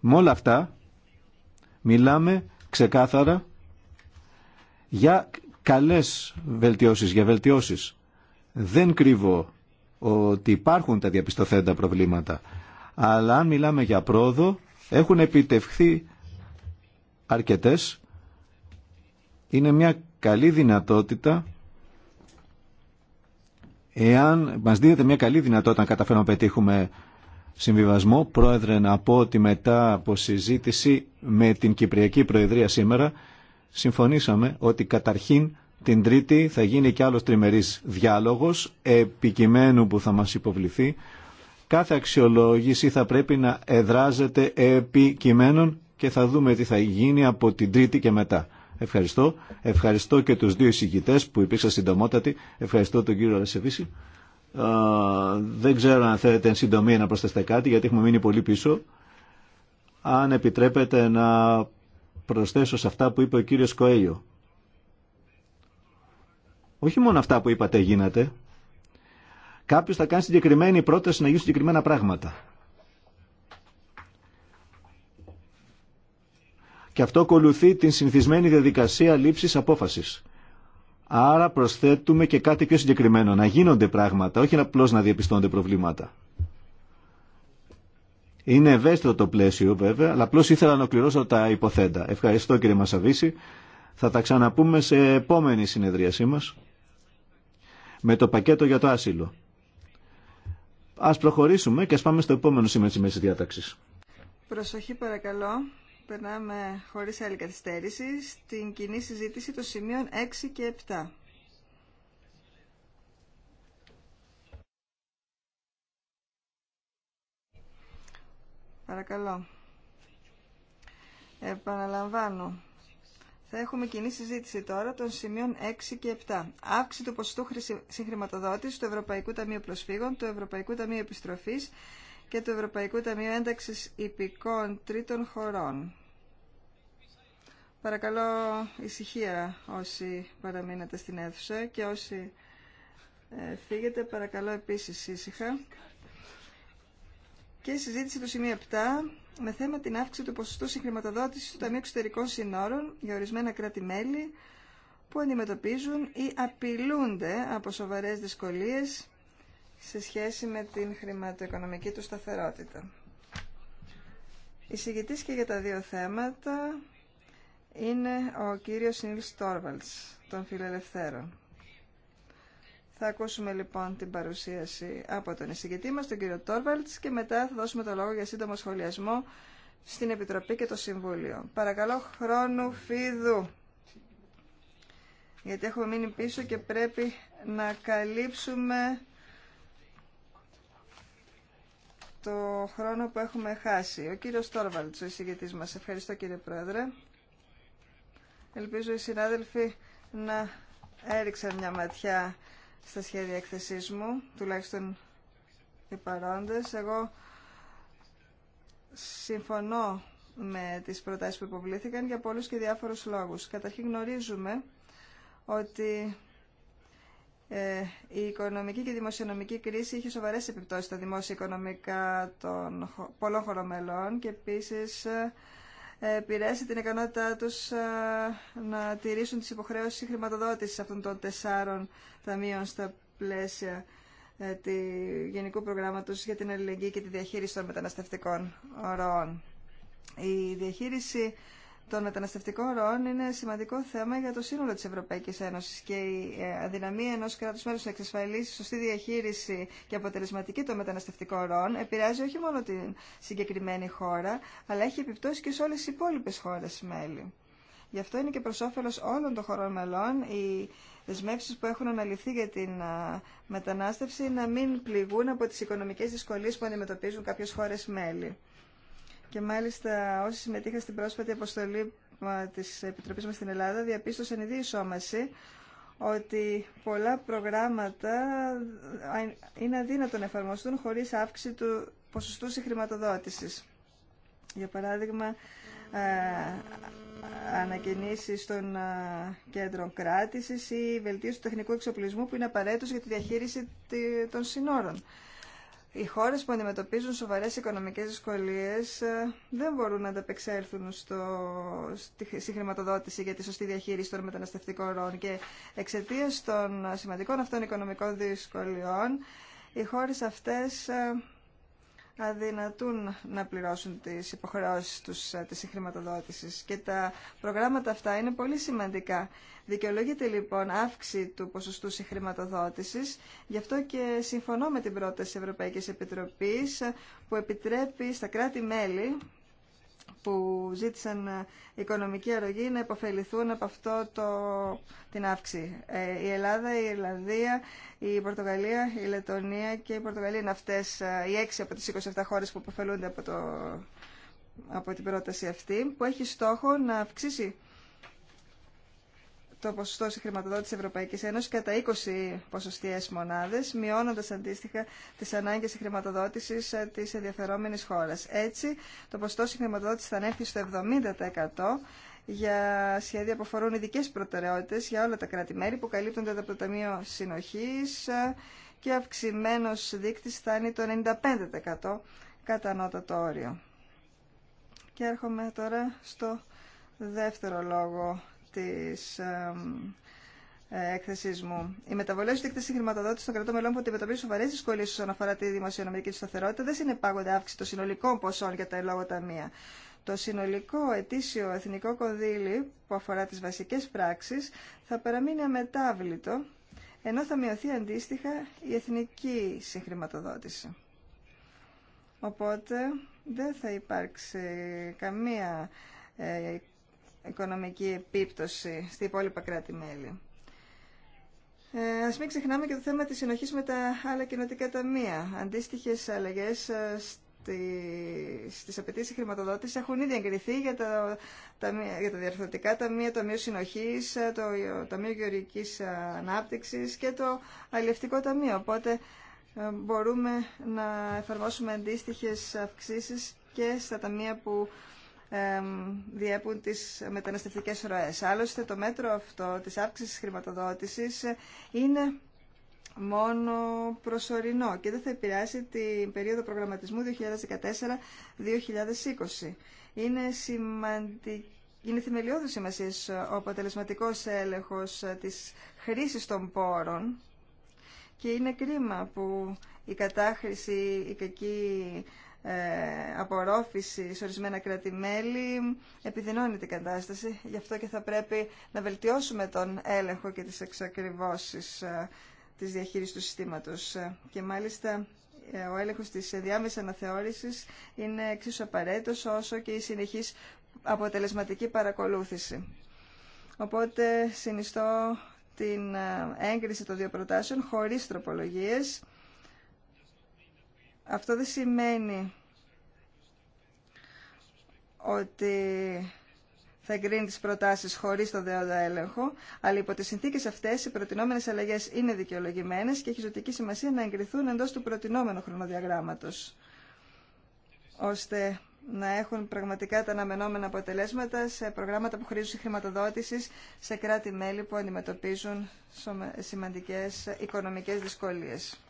Με όλα αυτά μιλάμε ξεκάθαρα για καλές βελτιώσεις, για βελτιώσεις. Δεν κρύβω ότι υπάρχουν τα διαπιστωθέντα προβλήματα, αλλά αν μιλάμε για πρόοδο, έχουν επιτευχθεί αρκετές. Είναι μια καλή δυνατότητα Εάν μας δίνετε μια καλή δυνατότητα να καταφέρουμε να πετύχουμε συμβιβασμό, πρόεδρε να πω ότι μετά από συζήτηση με την Κυπριακή Προεδρία σήμερα συμφωνήσαμε ότι καταρχήν την Τρίτη θα γίνει και άλλος τριμερής διάλογος επικειμένου που θα μας υποβληθεί. Κάθε αξιολόγηση θα πρέπει να εδράζεται επικειμένων και θα δούμε τι θα γίνει από την Τρίτη και μετά. Ευχαριστώ. Ευχαριστώ και τους δύο εισηγητές που υπήρξαν συντομότατοι. Ευχαριστώ τον κύριο Ρασεβίση. δεν ξέρω αν θέλετε εν συντομία να προσθέσετε κάτι γιατί έχουμε μείνει πολύ πίσω. Αν επιτρέπετε να προσθέσω σε αυτά που είπε ο κύριος Κοέλιο. Όχι μόνο αυτά που είπατε γίνατε. Κάποιος θα κάνει συγκεκριμένη πρόταση να γίνουν συγκεκριμένα πράγματα. και αυτό ακολουθεί την συνηθισμένη διαδικασία λήψης απόφασης. Άρα προσθέτουμε και κάτι πιο συγκεκριμένο, να γίνονται πράγματα, όχι απλώ να διαπιστώνται προβλήματα. Είναι ευαίσθητο το πλαίσιο βέβαια, αλλά απλώ ήθελα να ολοκληρώσω τα υποθέντα. Ευχαριστώ κύριε Μασαβίση. Θα τα ξαναπούμε σε επόμενη συνεδρίασή μα με το πακέτο για το άσυλο. Α προχωρήσουμε και α πάμε στο επόμενο σημείο της διάταξη. Προσοχή παρακαλώ περνάμε χωρίς άλλη καθυστέρηση στην κοινή συζήτηση των σημείων 6 και 7. Παρακαλώ. Επαναλαμβάνω. Θα έχουμε κοινή συζήτηση τώρα των σημείων 6 και 7. Αύξηση του ποσοστού συγχρηματοδότηση του Ευρωπαϊκού Ταμείου Προσφύγων, του Ευρωπαϊκού Ταμείου Επιστροφής και του Ευρωπαϊκού Ταμείου Ένταξη Υπηκών Τρίτων Χωρών. Παρακαλώ ησυχία όσοι παραμείνετε στην αίθουσα και όσοι ε, φύγετε παρακαλώ επίσης ήσυχα. Και συζήτηση του σημείου 7 με θέμα την αύξηση του ποσοστού συγχρηματοδότησης του Ταμείου Εξωτερικών Συνόρων για ορισμένα κράτη-μέλη που αντιμετωπίζουν ή απειλούνται από σοβαρές δυσκολίες σε σχέση με την χρηματοοικονομική του σταθερότητα. Εισηγητής και για τα δύο θέματα είναι ο κύριος Νίλ Τόρβαλτς των Φιλελευθέρων. Θα ακούσουμε λοιπόν την παρουσίαση από τον εισηγητή μας, τον κύριο Τόρβαλτς και μετά θα δώσουμε το λόγο για σύντομο σχολιασμό στην Επιτροπή και το Συμβούλιο. Παρακαλώ χρόνου φίδου, γιατί έχουμε μείνει πίσω και πρέπει να καλύψουμε το χρόνο που έχουμε χάσει. Ο κύριος Τόρβαλτς, ο εισηγητής μας. Ευχαριστώ κύριε Πρόεδρε. Ελπίζω οι συνάδελφοι να έριξαν μια ματιά στα σχέδια εκθεσή μου, τουλάχιστον οι παρόντες. Εγώ συμφωνώ με τις προτάσεις που υποβλήθηκαν για πολλούς και διάφορους λόγους. Καταρχήν γνωρίζουμε ότι ε, η οικονομική και η δημοσιονομική κρίση είχε σοβαρές επιπτώσεις στα δημόσια οικονομικά των πολλών χωρομελών και επίσης ε, πηρέσει την ικανότητά τους ε, να τηρήσουν τις υποχρέωσεις χρηματοδότησης αυτών των τεσσάρων ταμείων στα πλαίσια του Γενικού Προγράμματος για την Αλληλεγγύη και τη διαχείριση των μεταναστευτικών ωρών. Η διαχείριση το μεταναστευτικό ροών είναι σημαντικό θέμα για το σύνολο τη Ευρωπαϊκή Ένωση και η ε, αδυναμία ενό κράτου μέλου να εξασφαλίσει σωστή διαχείριση και αποτελεσματική των μεταναστευτικών ροών επηρεάζει όχι μόνο την συγκεκριμένη χώρα, αλλά έχει επιπτώσει και σε όλε τις υπόλοιπε χώρε μέλη. Γι' αυτό είναι και προ όφελο όλων των χωρών μελών οι δεσμεύσει που έχουν αναλυθεί για την μετανάστευση να μην πληγούν από τι οικονομικέ δυσκολίε που αντιμετωπίζουν κάποιε χώρε μέλη. Και μάλιστα όσοι συμμετείχαν στην πρόσφατη αποστολή της Επιτροπής μας στην Ελλάδα διαπίστωσαν οι δύο ότι πολλά προγράμματα είναι αδύνατο να εφαρμοστούν χωρίς αύξηση του ποσοστού συγχρηματοδότησης. Για παράδειγμα, ανακαινήσεις των κέντρων κράτησης ή βελτίωση του τεχνικού εξοπλισμού που είναι απαραίτητος για τη διαχείριση των συνόρων οι χώρες που αντιμετωπίζουν σοβαρές οικονομικές δυσκολίες ε, δεν μπορούν να ανταπεξέλθουν στο, στη χρηματοδότηση για τη σωστή διαχείριση των μεταναστευτικών ροών και εξαιτίας των σημαντικών αυτών οικονομικών δυσκολιών οι χώρες αυτές ε, αδυνατούν να πληρώσουν τις υποχρεώσεις τους ε, της συγχρηματοδότησης και τα προγράμματα αυτά είναι πολύ σημαντικά. Δικαιολογείται λοιπόν αύξηση του ποσοστού συγχρηματοδότησης, γι' αυτό και συμφωνώ με την πρόταση Ευρωπαϊκής Επιτροπής που επιτρέπει στα κράτη-μέλη που ζήτησαν ε, οικονομική αρρωγή να υποφεληθούν από αυτό το, την αύξηση. Ε, η Ελλάδα, η Ιρλανδία, η Πορτογαλία, η Λετωνία και η Πορτογαλία είναι αυτές ε, οι έξι από τις 27 χώρες που υποφελούνται από, το, από την πρόταση αυτή που έχει στόχο να αυξήσει το ποσοστό στη χρηματοδότηση Ευρωπαϊκής Ένωσης κατά 20 ποσοστιαίες μονάδες, μειώνοντας αντίστοιχα τις ανάγκες στη χρηματοδότησης ε, της ενδιαφερόμενης χώρας. Έτσι, το ποσοστό στη χρηματοδότηση θα ανέφθει στο 70% για σχέδια που αφορούν ειδικέ προτεραιότητε για όλα τα κράτη-μέρη που καλύπτονται από το Ταμείο Συνοχή ε, και αυξημένο δείκτη είναι το 95% κατά ανώτατο όριο. Και έρχομαι τώρα στο δεύτερο λόγο της ε, έκθεσή μου. Η μεταβολέ του δείκτη χρηματοδότηση των κρατών μελών που αντιμετωπίζουν σοβαρέ δυσκολίε όσον αφορά τη δημοσιονομική του σταθερότητα δεν συνεπάγονται αύξηση των συνολικών ποσών για τα ελόγω ταμεία. Το συνολικό ετήσιο εθνικό κονδύλι που αφορά τι βασικέ πράξει θα παραμείνει αμετάβλητο, ενώ θα μειωθεί αντίστοιχα η εθνική συγχρηματοδότηση. Οπότε δεν θα υπάρξει καμία ε, οικονομική επίπτωση στη υπόλοιπα κράτη-μέλη. Ε, ας μην ξεχνάμε και το θέμα τη συνοχή με τα άλλα κοινοτικά ταμεία. Αντίστοιχε αλλαγέ ε, στι απαιτήσει χρηματοδότηση έχουν ήδη εγκριθεί για τα, για τα διαρθρωτικά ταμεία, το Ταμείο Συνοχή, ε, το Ταμείο Γεωργική Ανάπτυξη και το Αλληλευτικό Ταμείο. Οπότε ε, μπορούμε να εφαρμόσουμε αντίστοιχε αυξήσει και στα ταμεία που διέπουν τις μεταναστευτικές ροές. Άλλωστε το μέτρο αυτό της αύξησης χρηματοδότησης είναι μόνο προσωρινό και δεν θα επηρεάσει την περίοδο προγραμματισμού 2014-2020. Είναι σημαντική είναι σημασία ο αποτελεσματικό έλεγχο τη χρήση των πόρων και είναι κρίμα που η κατάχρηση, η κακή ε, απορρόφηση σε ορισμένα κράτη-μέλη επιδεινώνει την κατάσταση. Γι' αυτό και θα πρέπει να βελτιώσουμε τον έλεγχο και τις εξακριβώσεις ε, της διαχείρισης του συστήματος. Ε, και μάλιστα ο έλεγχος της διάμεσης αναθεώρησης είναι εξίσου απαραίτητος όσο και η συνεχής αποτελεσματική παρακολούθηση. Οπότε συνιστώ την έγκριση των δύο προτάσεων χωρίς τροπολογίες. Αυτό δεν σημαίνει ότι θα εγκρίνει τις προτάσεις χωρίς το δεοδο έλεγχο, αλλά υπό τις συνθήκες αυτές οι προτινόμενες αλλαγές είναι δικαιολογημένες και έχει ζωτική σημασία να εγκριθούν εντός του προτινόμενου χρονοδιαγράμματος, ώστε να έχουν πραγματικά τα αναμενόμενα αποτελέσματα σε προγράμματα που χρήζουν χρηματοδότηση σε κράτη-μέλη που αντιμετωπίζουν σημαντικές οικονομικές δυσκολίες.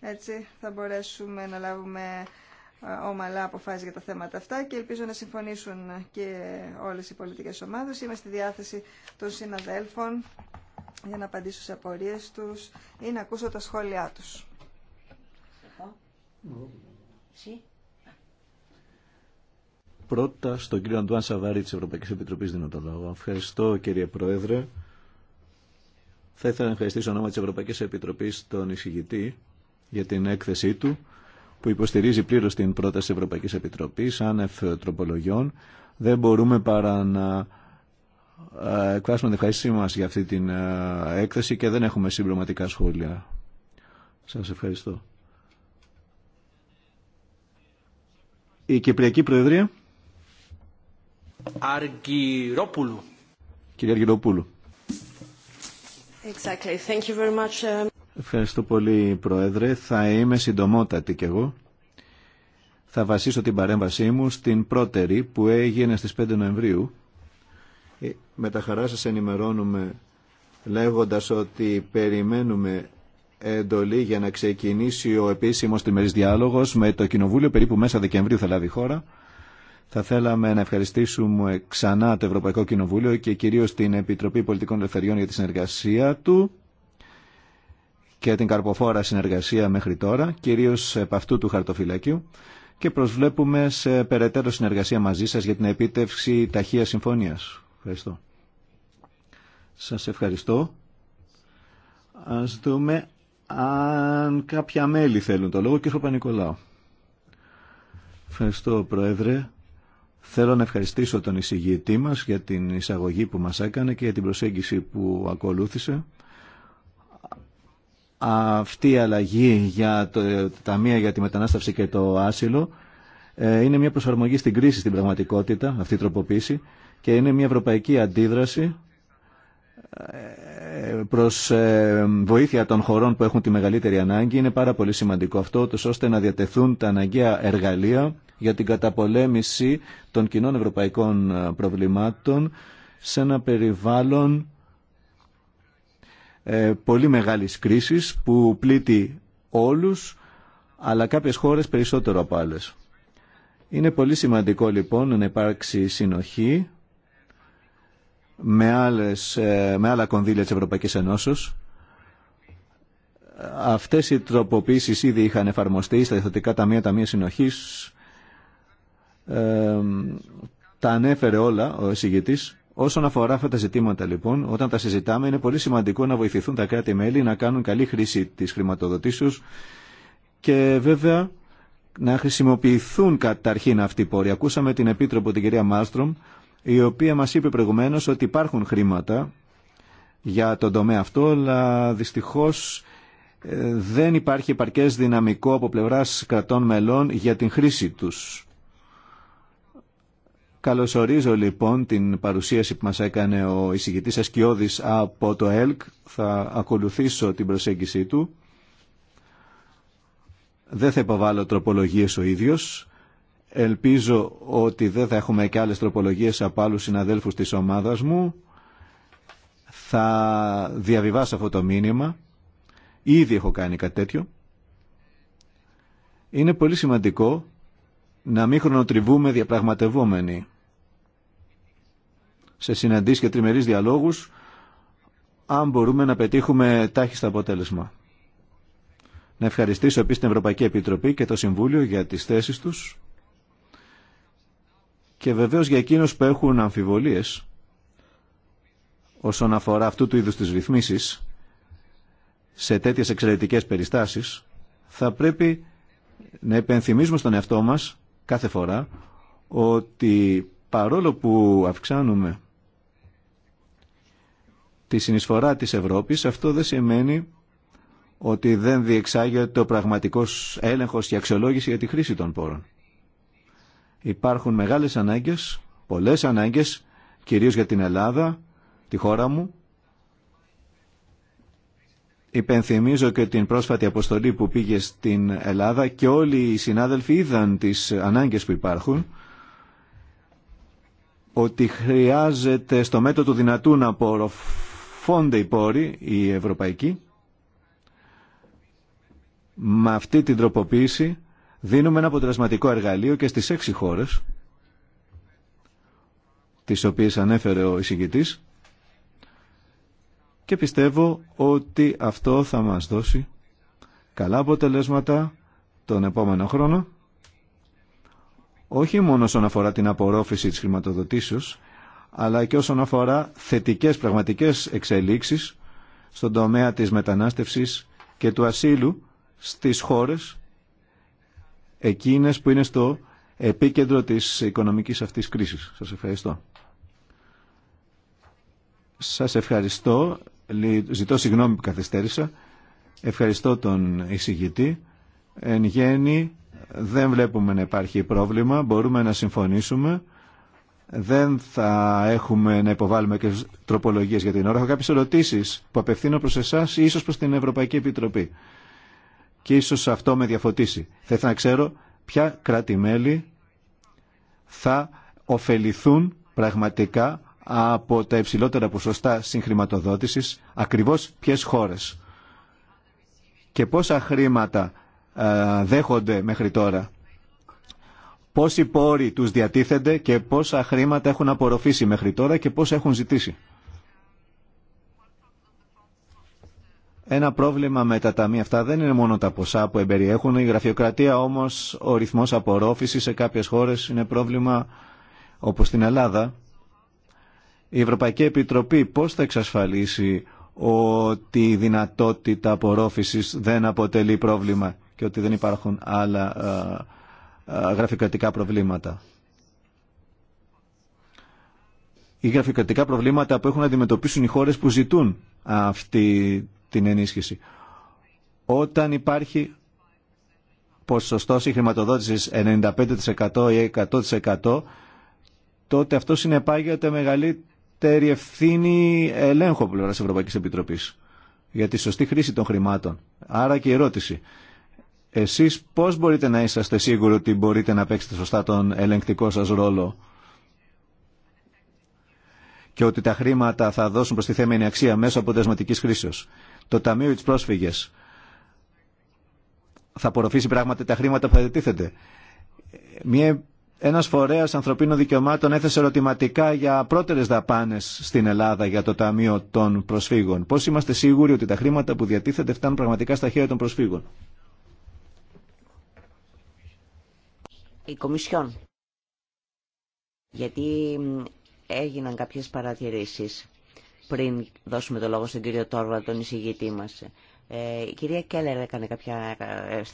Έτσι θα μπορέσουμε να λάβουμε ε, ομαλά αποφάσει για τα θέματα αυτά και ελπίζω να συμφωνήσουν και όλες οι πολιτικές ομάδες. Είμαι στη διάθεση των συναδέλφων για να απαντήσω σε απορίες τους ή να ακούσω τα σχόλιά τους. Πρώτα στον κύριο Αντουάν Σαββάρη της Ευρωπαϊκής Επιτροπής δίνω το λόγο. Ευχαριστώ κύριε Πρόεδρε. Θα ήθελα να ευχαριστήσω ονόμα της Ευρωπαϊκής Επιτροπής τον εισηγητή για την έκθεσή του που υποστηρίζει πλήρω την πρόταση ευρωπαϊκή επιτροπή άνευ τροπολογιών. Δεν μπορούμε παρά να ε, εκφράσουμε την ευχαριστή μας για αυτή την ε, έκθεση και δεν έχουμε συμπληρωματικά σχόλια. Σα ευχαριστώ. Η Κυπριακή Προεδρία. Αργυρόπουλου. Κύριε Αργυρόπουλου. Exactly. Thank you very much. Ε, Ευχαριστώ πολύ, Πρόεδρε. Θα είμαι συντομότατη κι εγώ. Θα βασίσω την παρέμβασή μου στην πρώτερη που έγινε στις 5 Νοεμβρίου. Ε, με τα χαρά σας ενημερώνουμε λέγοντας ότι περιμένουμε εντολή για να ξεκινήσει ο επίσημος τριμερής διάλογος με το Κοινοβούλιο περίπου μέσα Δεκεμβρίου θα λάβει χώρα. Θα θέλαμε να ευχαριστήσουμε ξανά το Ευρωπαϊκό Κοινοβούλιο και κυρίως την Επιτροπή Πολιτικών Ελευθεριών για τη συνεργασία του και την καρποφόρα συνεργασία μέχρι τώρα, κυρίως από αυτού του χαρτοφυλακίου και προσβλέπουμε σε περαιτέρω συνεργασία μαζί σας για την επίτευξη ταχεία συμφωνίας. Ευχαριστώ. Σας ευχαριστώ. Ας δούμε αν κάποια μέλη θέλουν το λόγο. Κύριε Πανικολάου. Ευχαριστώ, Πρόεδρε. Θέλω να ευχαριστήσω τον εισηγητή μας για την εισαγωγή που μας έκανε και για την προσέγγιση που ακολούθησε αυτή η αλλαγή για τα Ταμείο για τη Μετανάστευση και το Άσυλο ε, είναι μια προσαρμογή στην κρίση στην πραγματικότητα, αυτή η τροποποίηση και είναι μια ευρωπαϊκή αντίδραση ε, προς ε, βοήθεια των χωρών που έχουν τη μεγαλύτερη ανάγκη. Είναι πάρα πολύ σημαντικό αυτό, ώστε να διατεθούν τα αναγκαία εργαλεία για την καταπολέμηση των κοινών ευρωπαϊκών προβλημάτων σε ένα περιβάλλον ε, πολύ μεγάλης κρίσης που πλήττει όλους αλλά κάποιες χώρες περισσότερο από άλλες. Είναι πολύ σημαντικό λοιπόν να υπάρξει συνοχή με, άλλες, ε, με άλλα κονδύλια της Ευρωπαϊκής Ενώσεως. Αυτές οι τροποποίησεις ήδη είχαν εφαρμοστεί στα διεθντικά ταμεία, ταμεία συνοχής. Ε, τα ανέφερε όλα ο εισηγητής. Όσον αφορά αυτά τα ζητήματα λοιπόν, όταν τα συζητάμε είναι πολύ σημαντικό να βοηθηθούν τα κράτη-μέλη να κάνουν καλή χρήση της χρηματοδοτήσεως και βέβαια να χρησιμοποιηθούν καταρχήν αυτοί οι πόροι. Ακούσαμε την Επίτροπο την κυρία Μάστρομ η οποία μας είπε προηγουμένως ότι υπάρχουν χρήματα για τον τομέα αυτό, αλλά δυστυχώς ε, δεν υπάρχει επαρκές δυναμικό από πλευράς κρατών μελών για την χρήση τους. Καλωσορίζω λοιπόν την παρουσίαση που μας έκανε ο εισηγητής Ασκιώδης από το ΕΛΚ. Θα ακολουθήσω την προσέγγιση του. Δεν θα υποβάλω τροπολογίες ο ίδιος. Ελπίζω ότι δεν θα έχουμε και άλλες τροπολογίες από άλλους συναδέλφους της ομάδας μου. Θα διαβιβάσω αυτό το μήνυμα. Ήδη έχω κάνει κάτι τέτοιο. Είναι πολύ σημαντικό να μην χρονοτριβούμε διαπραγματευόμενοι σε συναντήσεις και τριμερείς διαλόγους αν μπορούμε να πετύχουμε τάχιστα αποτέλεσμα. Να ευχαριστήσω επίσης την Ευρωπαϊκή Επιτροπή και το Συμβούλιο για τις θέσεις τους και βεβαίως για εκείνους που έχουν αμφιβολίες όσον αφορά αυτού του είδους τις ρυθμίσεις σε τέτοιες εξαιρετικές περιστάσεις θα πρέπει να επενθυμίζουμε στον εαυτό μας κάθε φορά ότι παρόλο που αυξάνουμε τη συνεισφορά της Ευρώπης, αυτό δεν σημαίνει ότι δεν διεξάγεται ο πραγματικός έλεγχος και αξιολόγηση για τη χρήση των πόρων. Υπάρχουν μεγάλες ανάγκες, πολλές ανάγκες, κυρίως για την Ελλάδα, τη χώρα μου. Υπενθυμίζω και την πρόσφατη αποστολή που πήγε στην Ελλάδα και όλοι οι συνάδελφοι είδαν τις ανάγκες που υπάρχουν ότι χρειάζεται στο μέτρο του δυνατού να Φόνται οι πόροι, οι ευρωπαϊκοί. Με αυτή την τροποποίηση δίνουμε ένα αποτελεσματικό εργαλείο και στις έξι χώρες, τις οποίες ανέφερε ο εισηγητής, και πιστεύω ότι αυτό θα μας δώσει καλά αποτελέσματα τον επόμενο χρόνο, όχι μόνο όσον αφορά την απορρόφηση της χρηματοδοτήσεως, αλλά και όσον αφορά θετικές πραγματικές εξελίξεις στον τομέα της μετανάστευσης και του ασύλου στις χώρες εκείνες που είναι στο επίκεντρο της οικονομικής αυτής κρίσης. Σας ευχαριστώ. Σας ευχαριστώ. Ζητώ συγγνώμη που καθυστέρησα. Ευχαριστώ τον εισηγητή. Εν γέννη δεν βλέπουμε να υπάρχει πρόβλημα. Μπορούμε να συμφωνήσουμε δεν θα έχουμε να υποβάλουμε και τροπολογίες για την ώρα. Έχω κάποιες ερωτήσει που απευθύνω προ εσά ή ίσως προς την Ευρωπαϊκή Επιτροπή. Και ίσως αυτό με διαφωτίσει. Θα ήθελα να ξέρω ποια κράτη-μέλη θα ωφεληθούν πραγματικά από τα υψηλότερα ποσοστά συγχρηματοδότησης, ακριβώς ποιε χώρες. Και πόσα χρήματα ε, δέχονται μέχρι τώρα πόσοι πόροι τους διατίθενται και πόσα χρήματα έχουν απορροφήσει μέχρι τώρα και πόσα έχουν ζητήσει. Ένα πρόβλημα με τα ταμεία αυτά δεν είναι μόνο τα ποσά που εμπεριέχουν. Η γραφειοκρατία όμως, ο ρυθμός απορρόφησης σε κάποιες χώρες είναι πρόβλημα όπως στην Ελλάδα. Η Ευρωπαϊκή Επιτροπή πώς θα εξασφαλίσει ότι η δυνατότητα απορρόφησης δεν αποτελεί πρόβλημα και ότι δεν υπάρχουν άλλα ε, ε, γραφειοκρατικά προβλήματα. οι γραφειοκρατικά προβλήματα που έχουν να αντιμετωπίσουν οι χώρες που ζητούν αυτή την ενίσχυση. Όταν υπάρχει ποσοστό χρηματοδότησης 95% ή 100% τότε αυτό συνεπάγεται μεγαλύτερη ευθύνη ελέγχου πλευράς Ευρωπαϊκής Επιτροπής για τη σωστή χρήση των χρημάτων. Άρα και η ερώτηση. Εσείς πώς μπορείτε να είσαστε σίγουροι ότι μπορείτε να παίξετε σωστά τον ελεγκτικό σας ρόλο και ότι τα χρήματα θα δώσουν προς τη θέμενη αξία μέσω αποτελεσματικής χρήσεως. Το Ταμείο της Πρόσφυγες θα απορροφήσει πράγματι τα χρήματα που θα διτίθεται. Μια, ένας φορέας ανθρωπίνων δικαιωμάτων έθεσε ερωτηματικά για πρώτερες δαπάνες στην Ελλάδα για το Ταμείο των Προσφύγων. Πώς είμαστε σίγουροι ότι τα χρήματα που διατίθεται φτάνουν πραγματικά στα χέρια των προσφύγων. η Κομισιόν. Γιατί έγιναν κάποιες παρατηρήσεις πριν δώσουμε το λόγο στον κύριο Τόρβα, τον εισηγητή μας. Ε, η κυρία Κέλλερ έκανε κάποια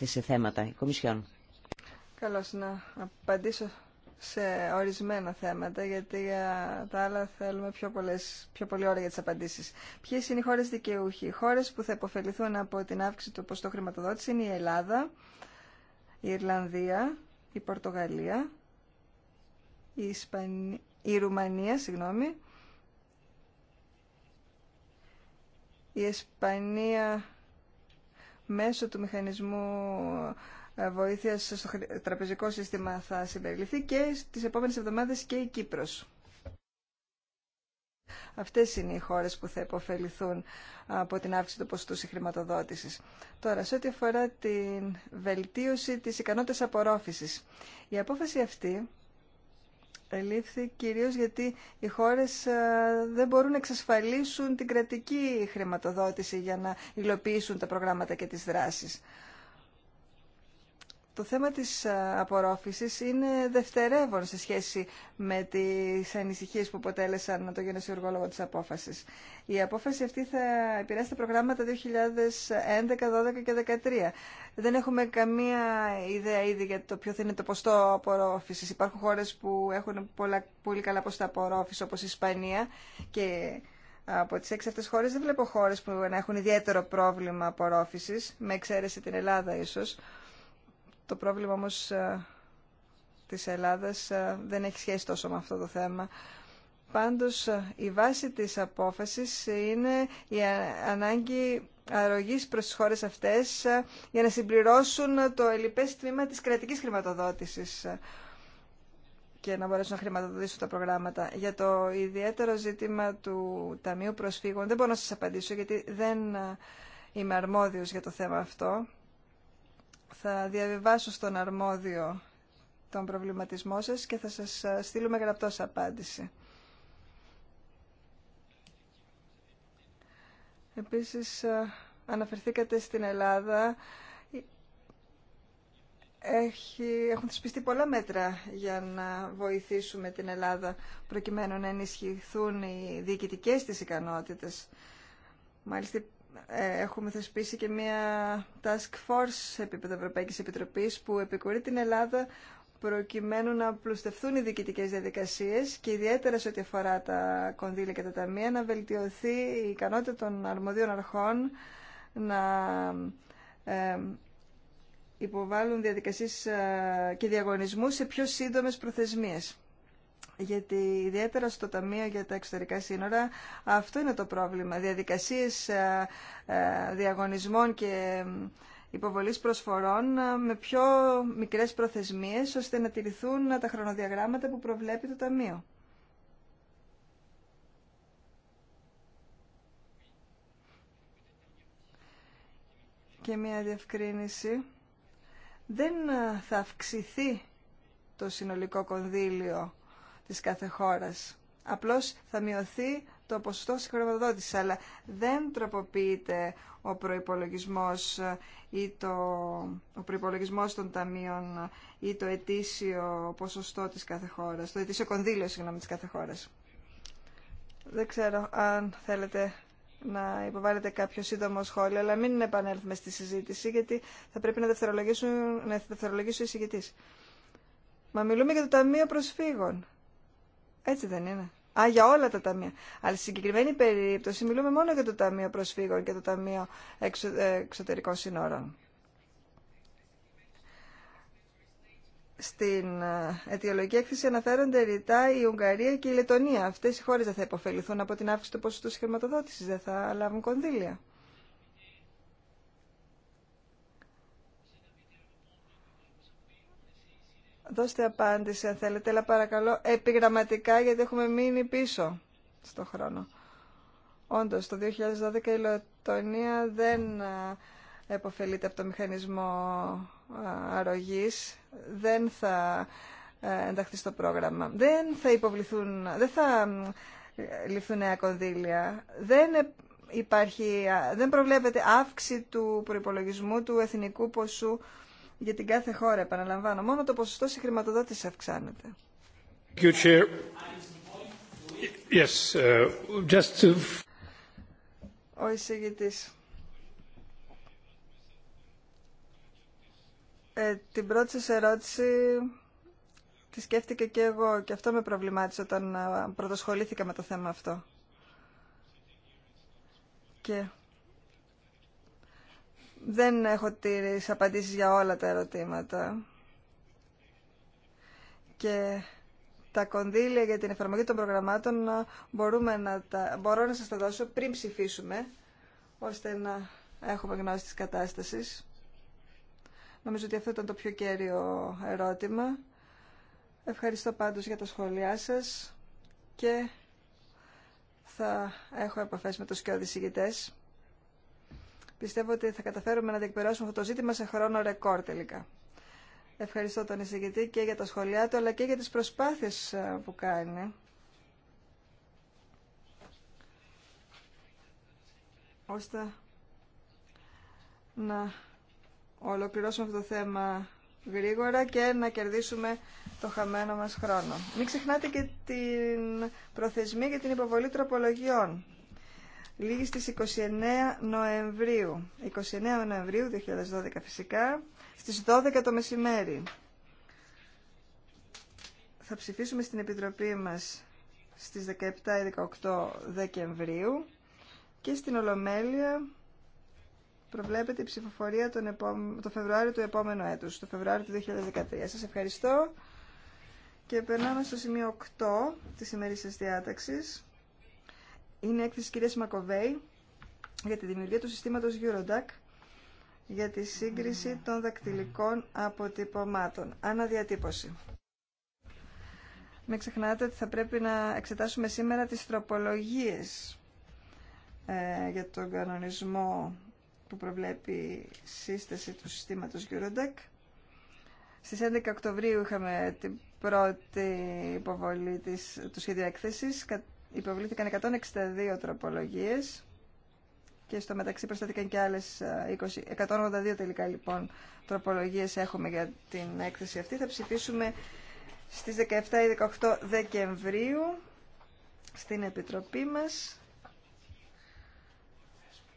ε, θέματα, η Κομισιόν. Καλώς να απαντήσω σε ορισμένα θέματα, γιατί για τα άλλα θέλουμε πιο, πολλές, πιο πολλή ώρα για τις απαντήσεις. Ποιες είναι οι χώρες δικαιούχοι. Οι χώρες που θα υποφεληθούν από την αύξηση του ποστό χρηματοδότηση είναι η Ελλάδα, η Ιρλανδία, η Πορτογαλία, η, η Ρουμανία, συγγνώμη, η Ισπανία μέσω του μηχανισμού ε, βοήθειας στο τραπεζικό σύστημα θα συμπεριληφθεί και στις επόμενες εβδομάδες και η Κύπρος. Αυτές είναι οι χώρες που θα υποφεληθούν από την αύξηση του ποστού χρηματοδότησης. Τώρα, σε ό,τι αφορά την βελτίωση της ικανότητας απορρόφησης. Η απόφαση αυτή ελήφθη κυρίως γιατί οι χώρες ε, δεν μπορούν να εξασφαλίσουν την κρατική χρηματοδότηση για να υλοποιήσουν τα προγράμματα και τις δράσεις το θέμα της ε, απορρόφησης είναι δευτερεύον σε σχέση με τις ανησυχίες που αποτέλεσαν το γενεσιουργό λόγο της απόφασης. Η απόφαση αυτή θα επηρεάσει τα προγράμματα 2011, 2012 και 2013. Δεν έχουμε καμία ιδέα ήδη για το ποιο θα είναι το ποστό απορρόφησης. Υπάρχουν χώρες που έχουν πολλά, πολύ καλά ποστά απορρόφηση όπως η Ισπανία και... Από τις έξι αυτές χώρες δεν βλέπω χώρες που να έχουν ιδιαίτερο πρόβλημα απορρόφησης, με εξαίρεση την Ελλάδα ίσω. Το πρόβλημα όμως ε, της Ελλάδας ε, δεν έχει σχέση τόσο με αυτό το θέμα. Πάντως ε, η βάση της απόφασης είναι η ανάγκη αρρωγής προς τις χώρες αυτές για να συμπληρώσουν το ελληπές τμήμα της κρατικής χρηματοδότησης και να μπορέσουν να χρηματοδοτήσουν τα προγράμματα. Για το ιδιαίτερο ζήτημα του Ταμείου Προσφύγων δεν μπορώ να σας απαντήσω γιατί δεν είμαι αρμόδιος για το θέμα αυτό θα διαβιβάσω στον αρμόδιο τον προβληματισμό σας και θα σας ε, στείλουμε γραπτός απάντηση. Επίσης, ε, αναφερθήκατε στην Ελλάδα. Έχει, έχουν θεσπιστεί πολλά μέτρα για να βοηθήσουμε την Ελλάδα προκειμένου να ενισχυθούν οι διοικητικές της ικανότητες. Μάλιστα ε, έχουμε θεσπίσει και μια task force σε επίπεδο Ευρωπαϊκής Επιτροπής που επικουρεί την Ελλάδα προκειμένου να πλουστευτούν οι διοικητικέ διαδικασίε και ιδιαίτερα σε ό,τι αφορά τα κονδύλια και τα ταμεία, να βελτιωθεί η ικανότητα των αρμοδίων αρχών να ε, υποβάλουν διαδικασίες ε, και διαγωνισμούς σε πιο σύντομες προθεσμίες γιατί ιδιαίτερα στο Ταμείο για τα Εξωτερικά Σύνορα αυτό είναι το πρόβλημα. Διαδικασίες ε, ε, διαγωνισμών και υποβολής προσφορών ε, με πιο μικρές προθεσμίες ώστε να τηρηθούν τα χρονοδιαγράμματα που προβλέπει το Ταμείο. Και μια διευκρίνηση. Δεν θα αυξηθεί το συνολικό κονδύλιο της κάθε χώρας. Απλώς θα μειωθεί το ποσοστό χρηματοδότησης, αλλά δεν τροποποιείται ο προϋπολογισμός ε, ή το, ο προϋπολογισμός των ταμείων ε, ή το ετήσιο ποσοστό της κάθε χώρας, το ετήσιο κονδύλιο, συγγνώμη, της κάθε χώρας. Δεν ξέρω αν θέλετε να υποβάλλετε κάποιο σύντομο σχόλιο, αλλά μην επανέλθουμε στη συζήτηση, γιατί θα πρέπει να δευτερολογήσουν, να ο εισηγητής. Μα μιλούμε για το Ταμείο Προσφύγων. Έτσι δεν είναι. Α, για όλα τα ταμεία. Αλλά στη συγκεκριμένη περίπτωση μιλούμε μόνο για το Ταμείο Προσφύγων και το Ταμείο ε, Εξωτερικών Συνόρων. Στην ε, αιτιολογική έκθεση αναφέρονται ρητά η Ουγγαρία και η Λετωνία. Αυτές οι χώρες δεν θα υποφεληθούν από την αύξηση του ποσοστού χρηματοδότησης, δεν θα λάβουν κονδύλια. δώστε απάντηση αν θέλετε, αλλά παρακαλώ επιγραμματικά γιατί έχουμε μείνει πίσω στο χρόνο. Όντως, το 2012 η Λετωνία δεν επωφελείται από το μηχανισμό αρρωγής, δεν θα ενταχθεί στο πρόγραμμα. Δεν θα υποβληθούν, δεν θα ληφθούν νέα κονδύλια. Δεν υπάρχει, δεν προβλέπεται αύξηση του προϋπολογισμού του εθνικού ποσού για την κάθε χώρα, επαναλαμβάνω. Μόνο το ποσοστό χρηματοδότηση αυξάνεται. Yes, uh, just to... Ο εισηγητής. Ε, την πρώτη σας ερώτηση τη σκέφτηκα και εγώ και αυτό με προβλημάτισε όταν ε, πρωτοσχολήθηκα με το θέμα αυτό. Και δεν έχω τις απαντήσεις για όλα τα ερωτήματα. Και τα κονδύλια για την εφαρμογή των προγραμμάτων μπορούμε να τα, μπορώ να σας τα δώσω πριν ψηφίσουμε, ώστε να έχουμε γνώση της κατάστασης. Νομίζω ότι αυτό ήταν το πιο κέριο ερώτημα. Ευχαριστώ πάντως για τα σχόλιά σας και θα έχω επαφές με τους και Πιστεύω ότι θα καταφέρουμε να διεκπαιρεώσουμε αυτό το ζήτημα σε χρόνο ρεκόρ τελικά. Ευχαριστώ τον εισηγητή και για τα σχολιά του, αλλά και για τις προσπάθειες ε, που κάνει. Ώστε να ολοκληρώσουμε αυτό το θέμα γρήγορα και να κερδίσουμε το χαμένο μας χρόνο. Μην ξεχνάτε και την προθεσμία για την υποβολή τροπολογιών. Λίγη στις 29 Νοεμβρίου. 29 Νοεμβρίου 2012 φυσικά, στις 12 το μεσημέρι. Θα ψηφίσουμε στην Επιτροπή μας στις 17 ή 18 Δεκεμβρίου και στην Ολομέλεια προβλέπεται η ψηφοφορία τον επόμε... το Φεβρουάριο του επόμενου έτους, το Φεβρουάριο του 2013. Σας ευχαριστώ και περνάμε στο σημείο 8 της ημερήσιας διάταξης είναι έκθεση κυρίας Μακοβέη για τη δημιουργία του συστήματος Eurodac για τη σύγκριση των δακτυλικών αποτυπωμάτων. Αναδιατύπωση. Μην ξεχνάτε ότι θα πρέπει να εξετάσουμε σήμερα τις τροπολογίες ε, για τον κανονισμό που προβλέπει σύσταση του συστήματος Eurodac. Στις 11 Οκτωβρίου είχαμε την πρώτη υποβολή της, του σχέδιου έκθεσης. Υποβλήθηκαν 162 τροπολογίες και στο μεταξύ προσθέθηκαν και άλλες 20, ε, 182 τελικά λοιπόν τροπολογίες έχουμε για την έκθεση αυτή. Θα ψηφίσουμε στις 17 ή 18 Δεκεμβρίου στην Επιτροπή μας.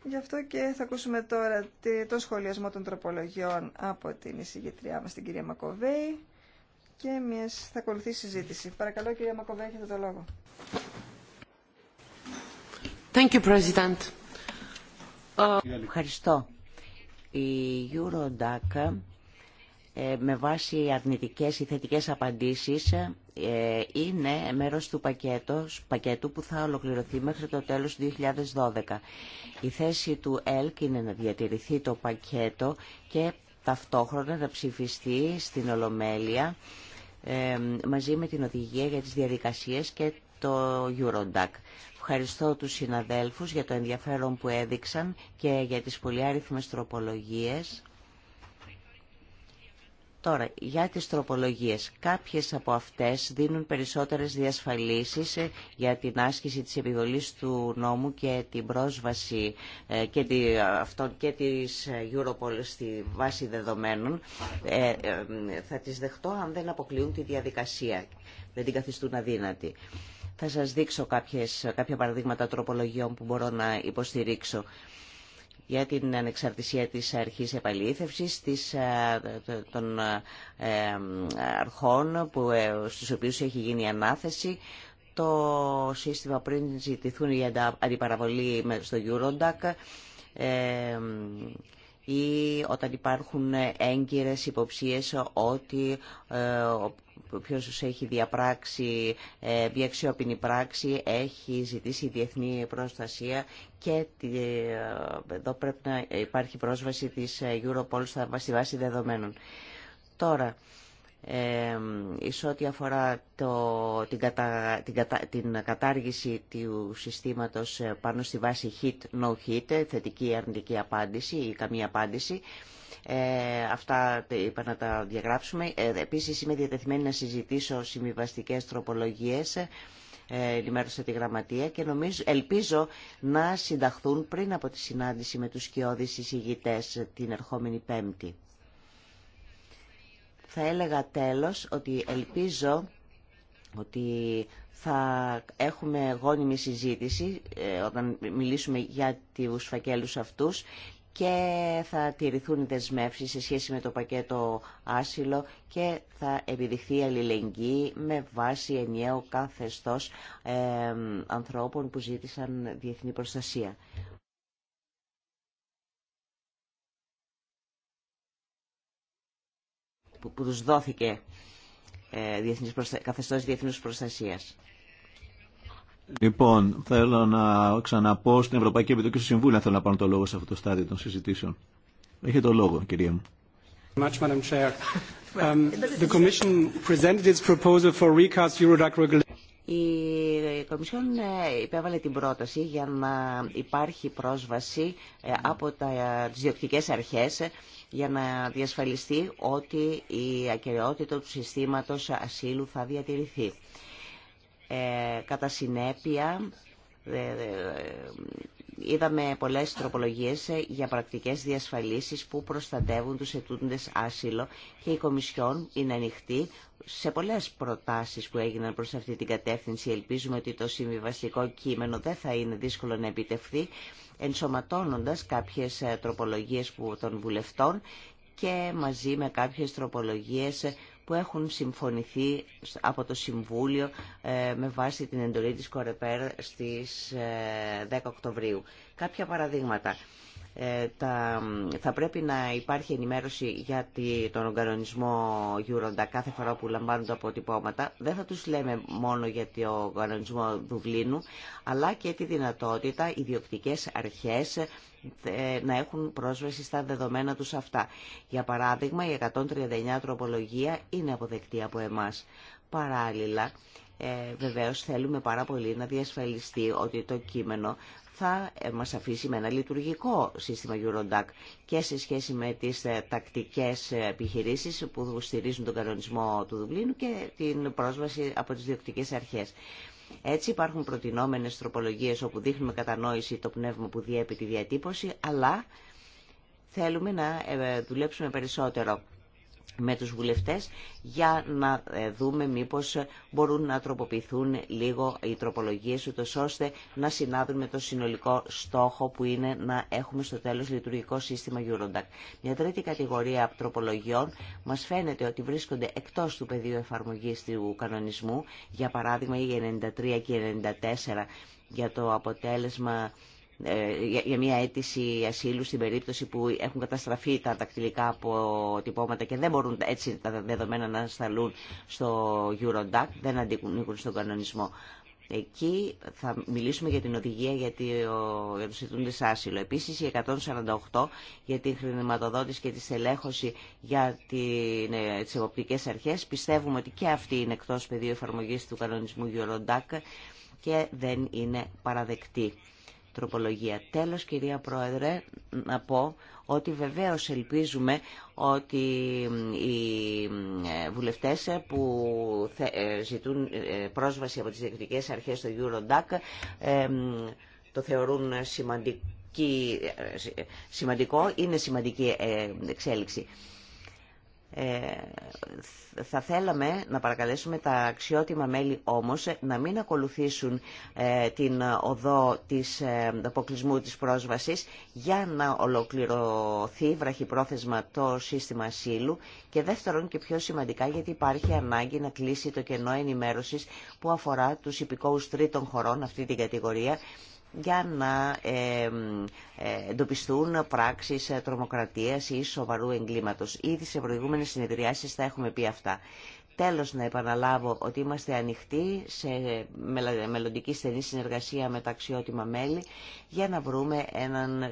Γι' αυτό και θα ακούσουμε τώρα το σχολιασμό των τροπολογιών από την εισηγητριά μας, την κυρία Μακοβέη και μιας θα ακολουθεί συζήτηση. Παρακαλώ κυρία Μακοβέη, έχετε το λόγο. Uh, Ευχαριστώ. Η Eurodac ε, με βάση αρνητικές ή θετικές απαντήσεις ε, είναι μέρος του πακέτου, πακέτου που θα ολοκληρωθεί μέχρι το τέλος του 2012. Η θέση του ΕΛΚ είναι να διατηρηθεί το πακέτο και ταυτόχρονα να ψηφιστεί στην Ολομέλεια ε, μαζί με την οδηγία για τις διαδικασίες και το Eurodac. Ευχαριστώ τους συναδέλφους για το ενδιαφέρον που έδειξαν και για τις πολυάριθμες τροπολογίες. Τώρα, για τις τροπολογίες. Κάποιες από αυτές δίνουν περισσότερες διασφαλίσεις ε, για την άσκηση της επιβολής του νόμου και την πρόσβαση ε, και, τη, αυτών, και της ε, Europol στη βάση δεδομένων. θα τις δεχτώ αν δεν αποκλείουν τη διαδικασία, δεν την καθιστούν αδύνατη. Θα σας δείξω κάποιες, κάποια παραδείγματα τροπολογιών που μπορώ να υποστηρίξω για την ανεξαρτησία της αρχής επαλήθευσης της, ε, των ε, αρχών που, ε, στους οποίους έχει γίνει η ανάθεση το σύστημα πριν ζητηθούν για αντιπαραβολή στο Eurodac ή όταν υπάρχουν έγκυρες υποψίες ότι ποιος έχει διαπράξει ε, μια αξιόπινη πράξη, έχει ζητήσει διεθνή προστασία και ε, εδώ πρέπει να υπάρχει πρόσβαση της ε, Europol στη βάση δεδομένων. Τώρα, ε, ό,τι αφορά το, την, κατάργηση του συστήματος πάνω στη βάση hit-no-hit, no hit, θετική ή αρνητική απάντηση ή καμία απάντηση, ε, αυτά είπα να τα διαγράψουμε. Ε, επίσης είμαι διατεθειμένη να συζητήσω συμβιβαστικέ τροπολογίες. Ε, ενημέρωσα τη γραμματεία και νομίζω, ελπίζω να συνταχθούν πριν από τη συνάντηση με τους σκιώδεις εισηγητές την ερχόμενη Πέμπτη. Θα έλεγα τέλος ότι ελπίζω ότι θα έχουμε γόνιμη συζήτηση ε, όταν μιλήσουμε για τους φακέλους αυτούς και θα τηρηθούν οι δεσμεύσει σε σχέση με το πακέτο άσυλο και θα επιδειχθεί η αλληλεγγύη με βάση ενιαίο καθεστώς ε, ανθρώπων που ζήτησαν διεθνή προστασία. Που, που τους δόθηκε ε, διεθνής προστα... προστασίας. Λοιπόν, θέλω να ξαναπώ στην Ευρωπαϊκή Επιτροπή και στο Συμβούλιο αν θέλω να πάρω το λόγο σε αυτό το στάδιο των συζητήσεων. Έχετε το λόγο, κυρία μου. Η Κομισιόν ε, υπέβαλε την πρόταση για να υπάρχει πρόσβαση ε, από τις διοικητικές αρχές ε, για να διασφαλιστεί ότι η ακαιρεότητα του συστήματος ασύλου θα διατηρηθεί. Ε, κατά συνέπεια ε, ε, είδαμε πολλές τροπολογίες για πρακτικές διασφαλίσεις που προστατεύουν τους ετούντες άσυλο και η Κομισιόν είναι ανοιχτή σε πολλές προτάσεις που έγιναν προς αυτή την κατεύθυνση. Ελπίζουμε ότι το συμβιβαστικό κείμενο δεν θα είναι δύσκολο να επιτευχθεί ενσωματώνοντας κάποιες τροπολογίες των βουλευτών και μαζί με κάποιες τροπολογίες που έχουν συμφωνηθεί από το Συμβούλιο ε, με βάση την εντολή της Κορεπέρ στις 10 ε, Οκτωβρίου. Κάποια παραδείγματα. Ε, θα πρέπει να υπάρχει ενημέρωση για τον κανονισμό Eurodac κάθε φορά που λαμβάνουν τα αποτυπώματα. Δεν θα τους λέμε μόνο για το κανονισμό Δουβλίνου, αλλά και τη δυνατότητα ιδιοκτικές αρχές ε, να έχουν πρόσβαση στα δεδομένα τους αυτά. Για παράδειγμα, η 139 τροπολογία είναι αποδεκτή από εμάς. Παράλληλα, ε, βεβαίως θέλουμε πάρα πολύ να διασφαλιστεί ότι το κείμενο θα ε, μας αφήσει με ένα λειτουργικό σύστημα Eurodac και σε σχέση με τις ε, τακτικές ε, επιχειρήσεις που στηρίζουν τον κανονισμό του Δουβλίνου και την πρόσβαση από τις διοκτικές αρχές. Έτσι υπάρχουν προτινόμενες τροπολογίες όπου δείχνουμε κατανόηση το πνεύμα που διέπει τη διατύπωση, αλλά θέλουμε να δουλέψουμε περισσότερο με τους βουλευτές για να ε, δούμε μήπως μπορούν να τροποποιηθούν λίγο οι τροπολογίες ούτως ώστε να συνάδουν με το συνολικό στόχο που είναι να έχουμε στο τέλος λειτουργικό σύστημα Eurodac. Μια τρίτη κατηγορία τροπολογιών μας φαίνεται ότι βρίσκονται εκτός του πεδίου εφαρμογής του κανονισμού, για παράδειγμα η 93 και 94 για το αποτέλεσμα ε, για μια αίτηση ασύλου στην περίπτωση που έχουν καταστραφεί τα δακτυλικά αποτυπώματα και δεν μπορούν έτσι τα δεδομένα να σταλούν στο Eurodac, δεν αντίκουν στον κανονισμό. Εκεί θα μιλήσουμε για την οδηγία για, ο, για τους ζητούντες άσυλο. Επίσης η 148 για την χρηματοδότηση και τη στελέχωση για την, ε, τις εποπτικές αρχές. Πιστεύουμε ότι και αυτή είναι εκτός πεδίου εφαρμογής του κανονισμού Eurodac και δεν είναι παραδεκτή τροπολογία. Τέλος, κυρία Πρόεδρε, να πω ότι βεβαίως ελπίζουμε ότι οι βουλευτές που ε, ζητούν ε, πρόσβαση από τις διεκτικές αρχές στο Eurodac ε, το θεωρούν σημαντικό, είναι σημαντική εξέλιξη. Ε, θα θέλαμε να παρακαλέσουμε τα αξιότιμα μέλη όμως να μην ακολουθήσουν ε, την οδό της ε, αποκλεισμού της πρόσβασης για να ολοκληρωθεί βραχυπρόθεσμα το σύστημα ασύλου και δεύτερον και πιο σημαντικά γιατί υπάρχει ανάγκη να κλείσει το κενό ενημέρωσης που αφορά τους υπηκόους τρίτων χωρών αυτή την κατηγορία για να ε, ε, εντοπιστούν πράξεις ε, τρομοκρατίας ή σοβαρού εγκλήματος. Ήδη σε προηγούμενες συνεδριάσεις θα έχουμε πει αυτά. Τέλος, να επαναλάβω ότι είμαστε ανοιχτοί σε μελλοντική στενή συνεργασία με τα αξιότιμα μέλη για να βρούμε έναν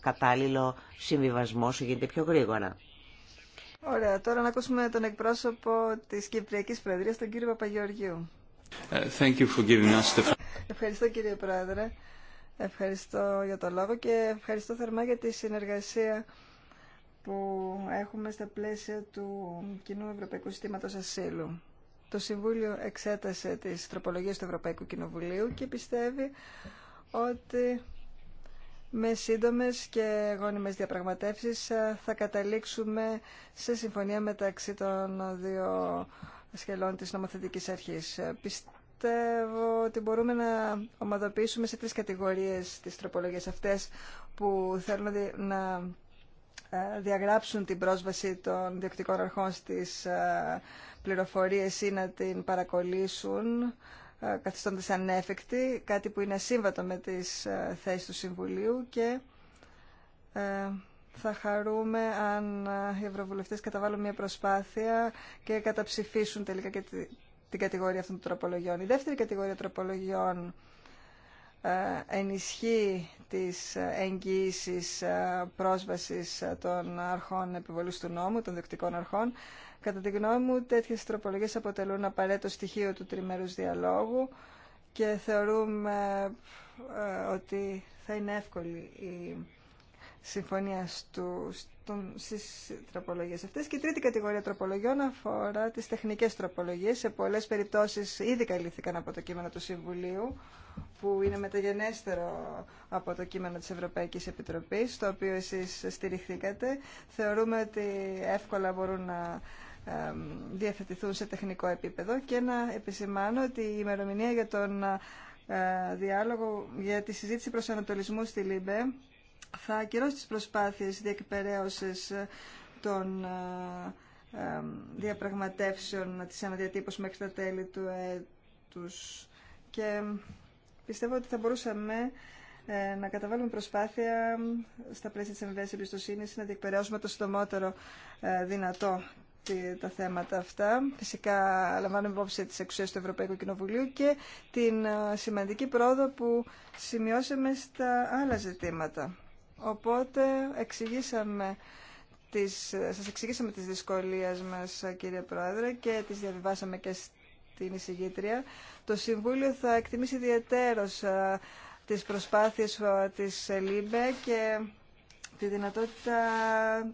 κατάλληλο συμβιβασμό όσο γίνεται πιο γρήγορα. Ωραία, τώρα να ακούσουμε τον εκπρόσωπο της Κυπριακής Προεδρίας, τον κύριο Παπαγεωργίου. Thank Ευχαριστώ κύριε Πρόεδρε. Ευχαριστώ για το λόγο και ευχαριστώ θερμά για τη συνεργασία που έχουμε στα πλαίσια του Κοινού Ευρωπαϊκού Συστήματος Ασύλου. Το Συμβούλιο εξέτασε τις τροπολογίες του Ευρωπαϊκού Κοινοβουλίου και πιστεύει ότι με σύντομες και γόνιμες διαπραγματεύσεις θα καταλήξουμε σε συμφωνία μεταξύ των δύο σχελών της νομοθετικής αρχής πιστεύω ότι μπορούμε να ομαδοποιήσουμε σε τρεις κατηγορίες τις τροπολογίες αυτές που θέλουν να ε, διαγράψουν την πρόσβαση των διοκτικών αρχών στις ε, πληροφορίες ή να την παρακολύσουν ε, καθιστώντας ανέφεκτη, κάτι που είναι ασύμβατο με τις θέσεις του Συμβουλίου και θα χαρούμε αν οι ευρωβουλευτές καταβάλουν μια προσπάθεια και καταψηφίσουν τελικά και την κατηγορία αυτών των τροπολογιών. Η δεύτερη κατηγορία τροπολογιών ε, ενισχύει τις εγγύησεις ε, πρόσβασης ε, των αρχών επιβολής του νόμου, των δεκτικών αρχών. Κατά τη γνώμη μου, τέτοιες τροπολογίες αποτελούν απαραίτητο στοιχείο του τριμερούς διαλόγου και θεωρούμε ότι θα είναι εύκολη η συμφωνία στους, των, στις τροπολογίες αυτές. Και η τρίτη κατηγορία τροπολογιών αφορά τις τεχνικές τροπολογίες. Σε πολλές περιπτώσεις ήδη καλύφθηκαν από το κείμενο του Συμβουλίου, που είναι μεταγενέστερο από το κείμενο της Ευρωπαϊκής Επιτροπής, το οποίο εσείς στηριχθήκατε. Θεωρούμε ότι εύκολα μπορούν να διαθετηθούν σε τεχνικό επίπεδο και να επισημάνω ότι η ημερομηνία για τον ε, διάλογο για τη συζήτηση ανατολισμού στη ΛΥΜΠΕ θα ακυρώσει τις προσπάθειες διεκπαιρέωσης ε, των ε, ε, διαπραγματεύσεων της αναδιατύπωσης μέχρι τα τέλη του έτους και πιστεύω ότι θα μπορούσαμε να καταβάλουμε προσπάθεια στα πλαίσια της εμβέσης εμπιστοσύνη να διεκπαιρεώσουμε το συντομότερο δυνατό τα θέματα αυτά. Φυσικά λαμβάνουμε υπόψη τις εξουσίες του Ευρωπαϊκού Κοινοβουλίου και την σημαντική πρόοδο που σημειώσαμε στα άλλα ζητήματα. Οπότε εξηγήσαμε τις, σας εξηγήσαμε τις δυσκολίες μας, κύριε Πρόεδρε, και τις διαβιβάσαμε και στην εισηγήτρια. Το Συμβούλιο θα εκτιμήσει ιδιαίτερως ε, τις προσπάθειες ε, της ΛΥΜΠΕ και τη δυνατότητα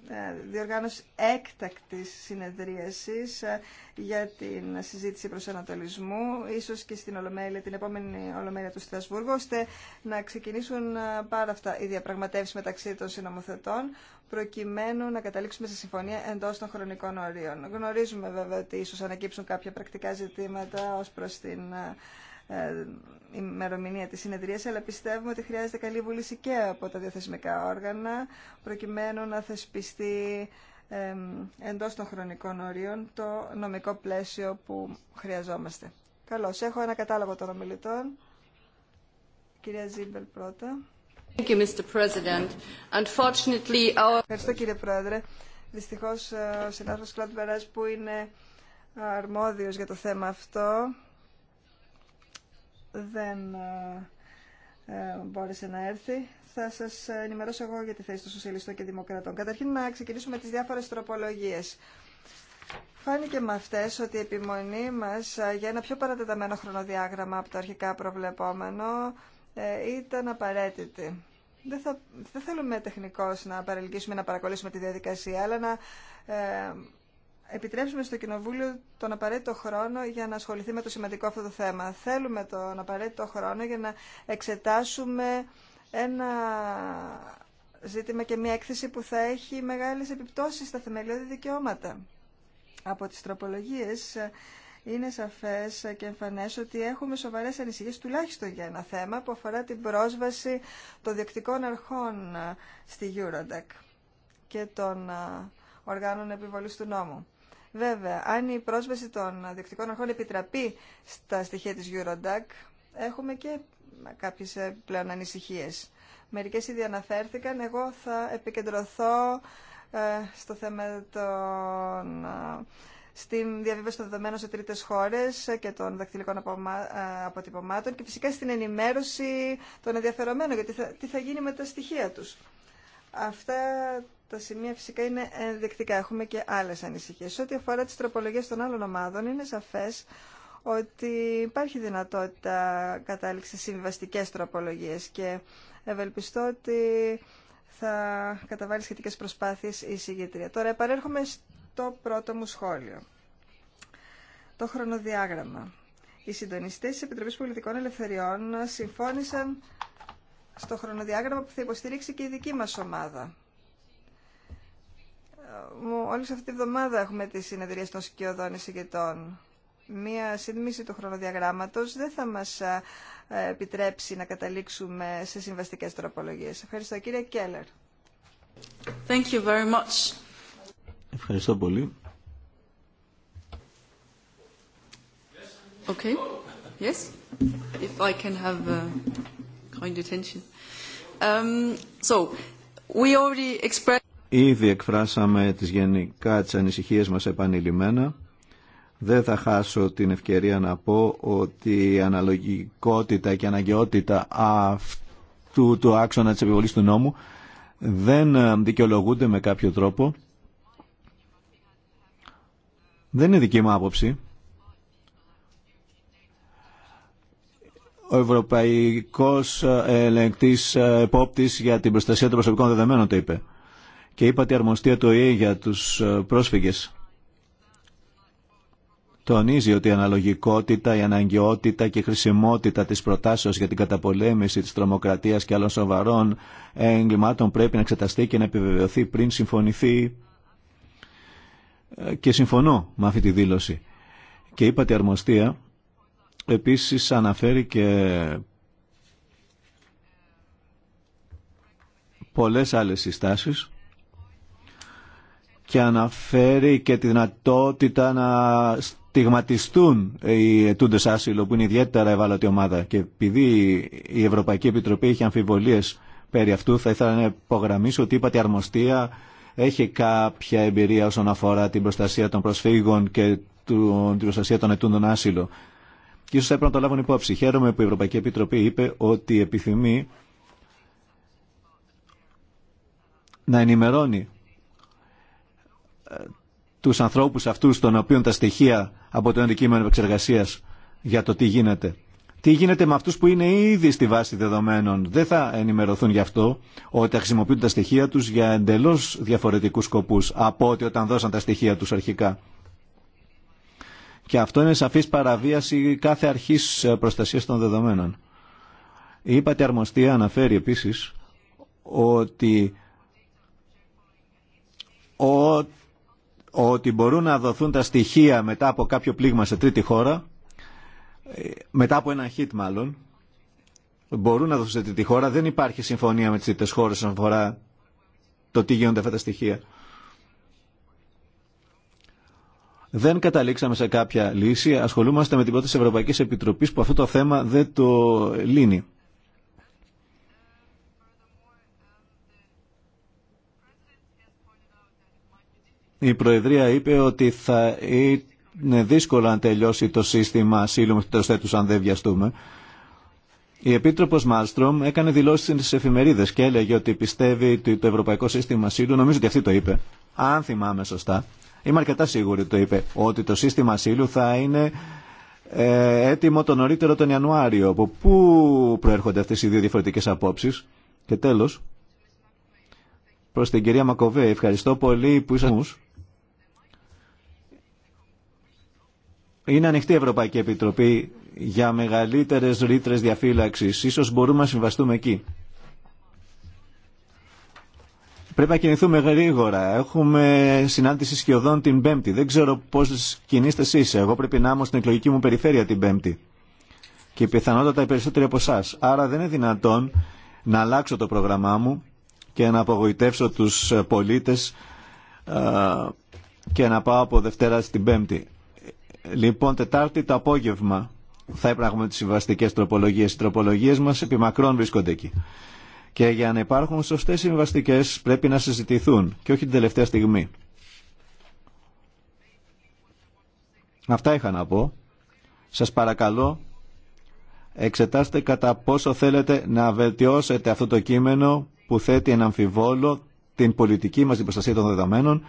ε, διοργάνωση έκτακτης συνεδρίασης ε, για την συζήτηση ανατολισμού, ίσως και στην Ολομέλεια, την επόμενη Ολομέλεια του Στρασβούργου, ώστε να ξεκινήσουν ε, πάρα αυτά οι διαπραγματεύσεις μεταξύ των συνομοθετών, προκειμένου να καταλήξουμε σε συμφωνία εντός των χρονικών ορίων. Γνωρίζουμε βέβαια ότι ίσως ανακύψουν κάποια πρακτικά ζητήματα ως προς την ε, ημερομηνία της συνεδρίας, αλλά πιστεύουμε ότι χρειάζεται καλή βούληση και από τα διαθεσμικά όργανα, προκειμένου να θεσπιστεί εντός των χρονικών ορίων το νομικό πλαίσιο που χρειαζόμαστε. Καλώς, έχω ένα κατάλογο των ομιλητών. Κυρία Ζίμπελ πρώτα. Thank you, Mr. President. Unfortunately, our... Ευχαριστώ κύριε Πρόεδρε. Δυστυχώς ε, ο συνάδελφος Κλοντ Μπεράς που είναι αρμόδιος για το θέμα αυτό δεν ε, ε, μπόρεσε να έρθει. Θα σας ενημερώσω εγώ για τη θέση των Σοσιαλιστών και Δημοκρατών. Καταρχήν να ξεκινήσουμε τις διάφορες τροπολογίες. Φάνηκε με αυτέ ότι η επιμονή μας ε, για ένα πιο παρατεταμένο χρονοδιάγραμμα από το αρχικά προβλεπόμενο ήταν απαραίτητη. Δεν, θα, θέλουμε τεχνικώς να παρελκύσουμε, να παρακολουθήσουμε τη διαδικασία, αλλά να ε, επιτρέψουμε στο Κοινοβούλιο τον απαραίτητο χρόνο για να ασχοληθεί με το σημαντικό αυτό το θέμα. Θέλουμε τον απαραίτητο χρόνο για να εξετάσουμε ένα ζήτημα και μια έκθεση που θα έχει μεγάλες επιπτώσεις στα θεμελιώδη δικαιώματα. Από τις τροπολογίες είναι σαφές και εμφανές ότι έχουμε σοβαρές ανησυχίες τουλάχιστον για ένα θέμα που αφορά την πρόσβαση των διοκτικών αρχών στη Eurodac και των οργάνων επιβολής του νόμου. Βέβαια, αν η πρόσβαση των διεκτικών αρχών επιτραπεί στα στοιχεία της Eurodac, έχουμε και κάποιες ε, πλέον ανησυχίες. Μερικές ήδη αναφέρθηκαν, εγώ θα επικεντρωθώ ε, στο θέμα των ε, στην διαβίβαση των δεδομένων σε τρίτες χώρες και των δακτυλικών αποτυπωμάτων και φυσικά στην ενημέρωση των ενδιαφερομένων, γιατί τι θα γίνει με τα στοιχεία τους. Αυτά τα σημεία φυσικά είναι ενδεικτικά. Έχουμε και άλλες ανησυχίες. Σε ό,τι αφορά τις τροπολογίες των άλλων ομάδων, είναι σαφές ότι υπάρχει δυνατότητα κατάληξη συμβαστικές τροπολογίες και ευελπιστώ ότι θα καταβάλει σχετικέ προσπάθειες η συγκεντρία. Τώρα επανέρχομαι στο πρώτο μου σχόλιο. Το χρονοδιάγραμμα. Οι συντονιστέ τη Επιτροπή Πολιτικών Ελευθεριών συμφώνησαν στο χρονοδιάγραμμα που θα υποστηρίξει και η δική μα ομάδα μου όλη αυτή τη βδομάδα έχουμε τις συνεδρίες των σκιωδών εισηγητών. Μία συντμίση του χρονοδιαγράμματος δεν θα μας ε, επιτρέψει να καταλήξουμε σε συμβαστικές τροπολογίες. Ευχαριστώ κύριε Κέλλερ. Thank you very much. Ευχαριστώ πολύ. Okay. Yes. If I can have uh, kind attention. Um, so, we already expressed. Ήδη εκφράσαμε τις γενικά τις ανησυχίες μας επανειλημμένα. Δεν θα χάσω την ευκαιρία να πω ότι η αναλογικότητα και αναγκαιότητα αυτού του άξονα της επιβολής του νόμου δεν ε, δικαιολογούνται με κάποιο τρόπο. Δεν είναι δική μου άποψη. Ο Ευρωπαϊκός Ελεγκτής ε, Επόπτης για την Προστασία των Προσωπικών Δεδομένων το είπε και είπατε αρμοστία το για τους ε, πρόσφυγες. Τονίζει ότι η αναλογικότητα, η αναγκαιότητα και η χρησιμότητα της προτάσεως για την καταπολέμηση της τρομοκρατίας και άλλων σοβαρών εγκλημάτων πρέπει να εξεταστεί και να επιβεβαιωθεί πριν συμφωνηθεί ε, και συμφωνώ με αυτή τη δήλωση. Και είπατε αρμοστία επίσης αναφέρει και πολλές άλλες συστάσεις και αναφέρει και τη δυνατότητα να στιγματιστούν οι ετούντε άσυλο που είναι ιδιαίτερα ευάλωτη ομάδα και επειδή η Ευρωπαϊκή Επιτροπή είχε αμφιβολίες περί αυτού θα ήθελα να υπογραμμίσω ότι η αρμοστία έχει κάποια εμπειρία όσον αφορά την προστασία των προσφύγων και την προστασία των ετούντων άσυλο. Και ίσω έπρεπε να το λάβουν υπόψη. Χαίρομαι που η Ευρωπαϊκή Επιτροπή είπε ότι επιθυμεί να ενημερώνει τους ανθρώπους αυτούς των οποίων τα στοιχεία από το αντικείμενο επεξεργασία για το τι γίνεται. Τι γίνεται με αυτούς που είναι ήδη στη βάση δεδομένων. Δεν θα ενημερωθούν γι' αυτό ότι χρησιμοποιούν τα στοιχεία τους για εντελώς διαφορετικούς σκοπούς από ότι όταν δώσαν τα στοιχεία τους αρχικά. Και αυτό είναι σαφής παραβίαση κάθε αρχής προστασίας των δεδομένων. Η Αρμοστία αναφέρει επίσης ότι ότι μπορούν να δοθούν τα στοιχεία μετά από κάποιο πλήγμα σε τρίτη χώρα, μετά από ένα hit μάλλον, μπορούν να δοθούν σε τρίτη χώρα. Δεν υπάρχει συμφωνία με τις τρίτες χώρες όσον αφορά το τι γίνονται αυτά τα στοιχεία. Δεν καταλήξαμε σε κάποια λύση. Ασχολούμαστε με την πρόταση Ευρωπαϊκής Επιτροπής που αυτό το θέμα δεν το λύνει. Η Προεδρία είπε ότι θα είναι δύσκολο να τελειώσει το σύστημα ασύλου μέχρι το θέτους αν δεν βιαστούμε. Η Επίτροπο Μάλστρομ έκανε δηλώσει στι εφημερίδε και έλεγε ότι πιστεύει ότι το Ευρωπαϊκό Σύστημα Ασύλου, νομίζω ότι αυτή το είπε, αν θυμάμαι σωστά, είμαι αρκετά σίγουρη ότι το είπε, ότι το σύστημα ασύλου θα είναι ε, έτοιμο το νωρίτερο τον Ιανουάριο. Από πού προέρχονται αυτέ οι δύο διαφορετικέ απόψει. Και τέλο, προ την κυρία Μακοβέ, ευχαριστώ πολύ που ήσασταν Είναι ανοιχτή η Ευρωπαϊκή Επιτροπή για μεγαλύτερες ρήτρες διαφύλαξης. Ίσως μπορούμε να συμβαστούμε εκεί. Πρέπει να κινηθούμε γρήγορα. Έχουμε συνάντηση σχεδόν την Πέμπτη. Δεν ξέρω πώ κινείστε εσεί. Εγώ πρέπει να είμαι στην εκλογική μου περιφέρεια την Πέμπτη. Και πιθανότατα οι περισσότεροι από εσά. Άρα δεν είναι δυνατόν να αλλάξω το πρόγραμμά μου και να απογοητεύσω του πολίτε ε, και να πάω από Δευτέρα στην Πέμπτη. Λοιπόν, Τετάρτη το απόγευμα θα έπραγουμε τις συμβαστικές τροπολογίες. Οι τροπολογίες μας επί μακρόν βρίσκονται εκεί. Και για να υπάρχουν σωστές συμβαστικές πρέπει να συζητηθούν και όχι την τελευταία στιγμή. Αυτά είχα να πω. Σας παρακαλώ εξετάστε κατά πόσο θέλετε να βελτιώσετε αυτό το κείμενο που θέτει ένα αμφιβόλο την πολιτική μας την προστασία των δεδομένων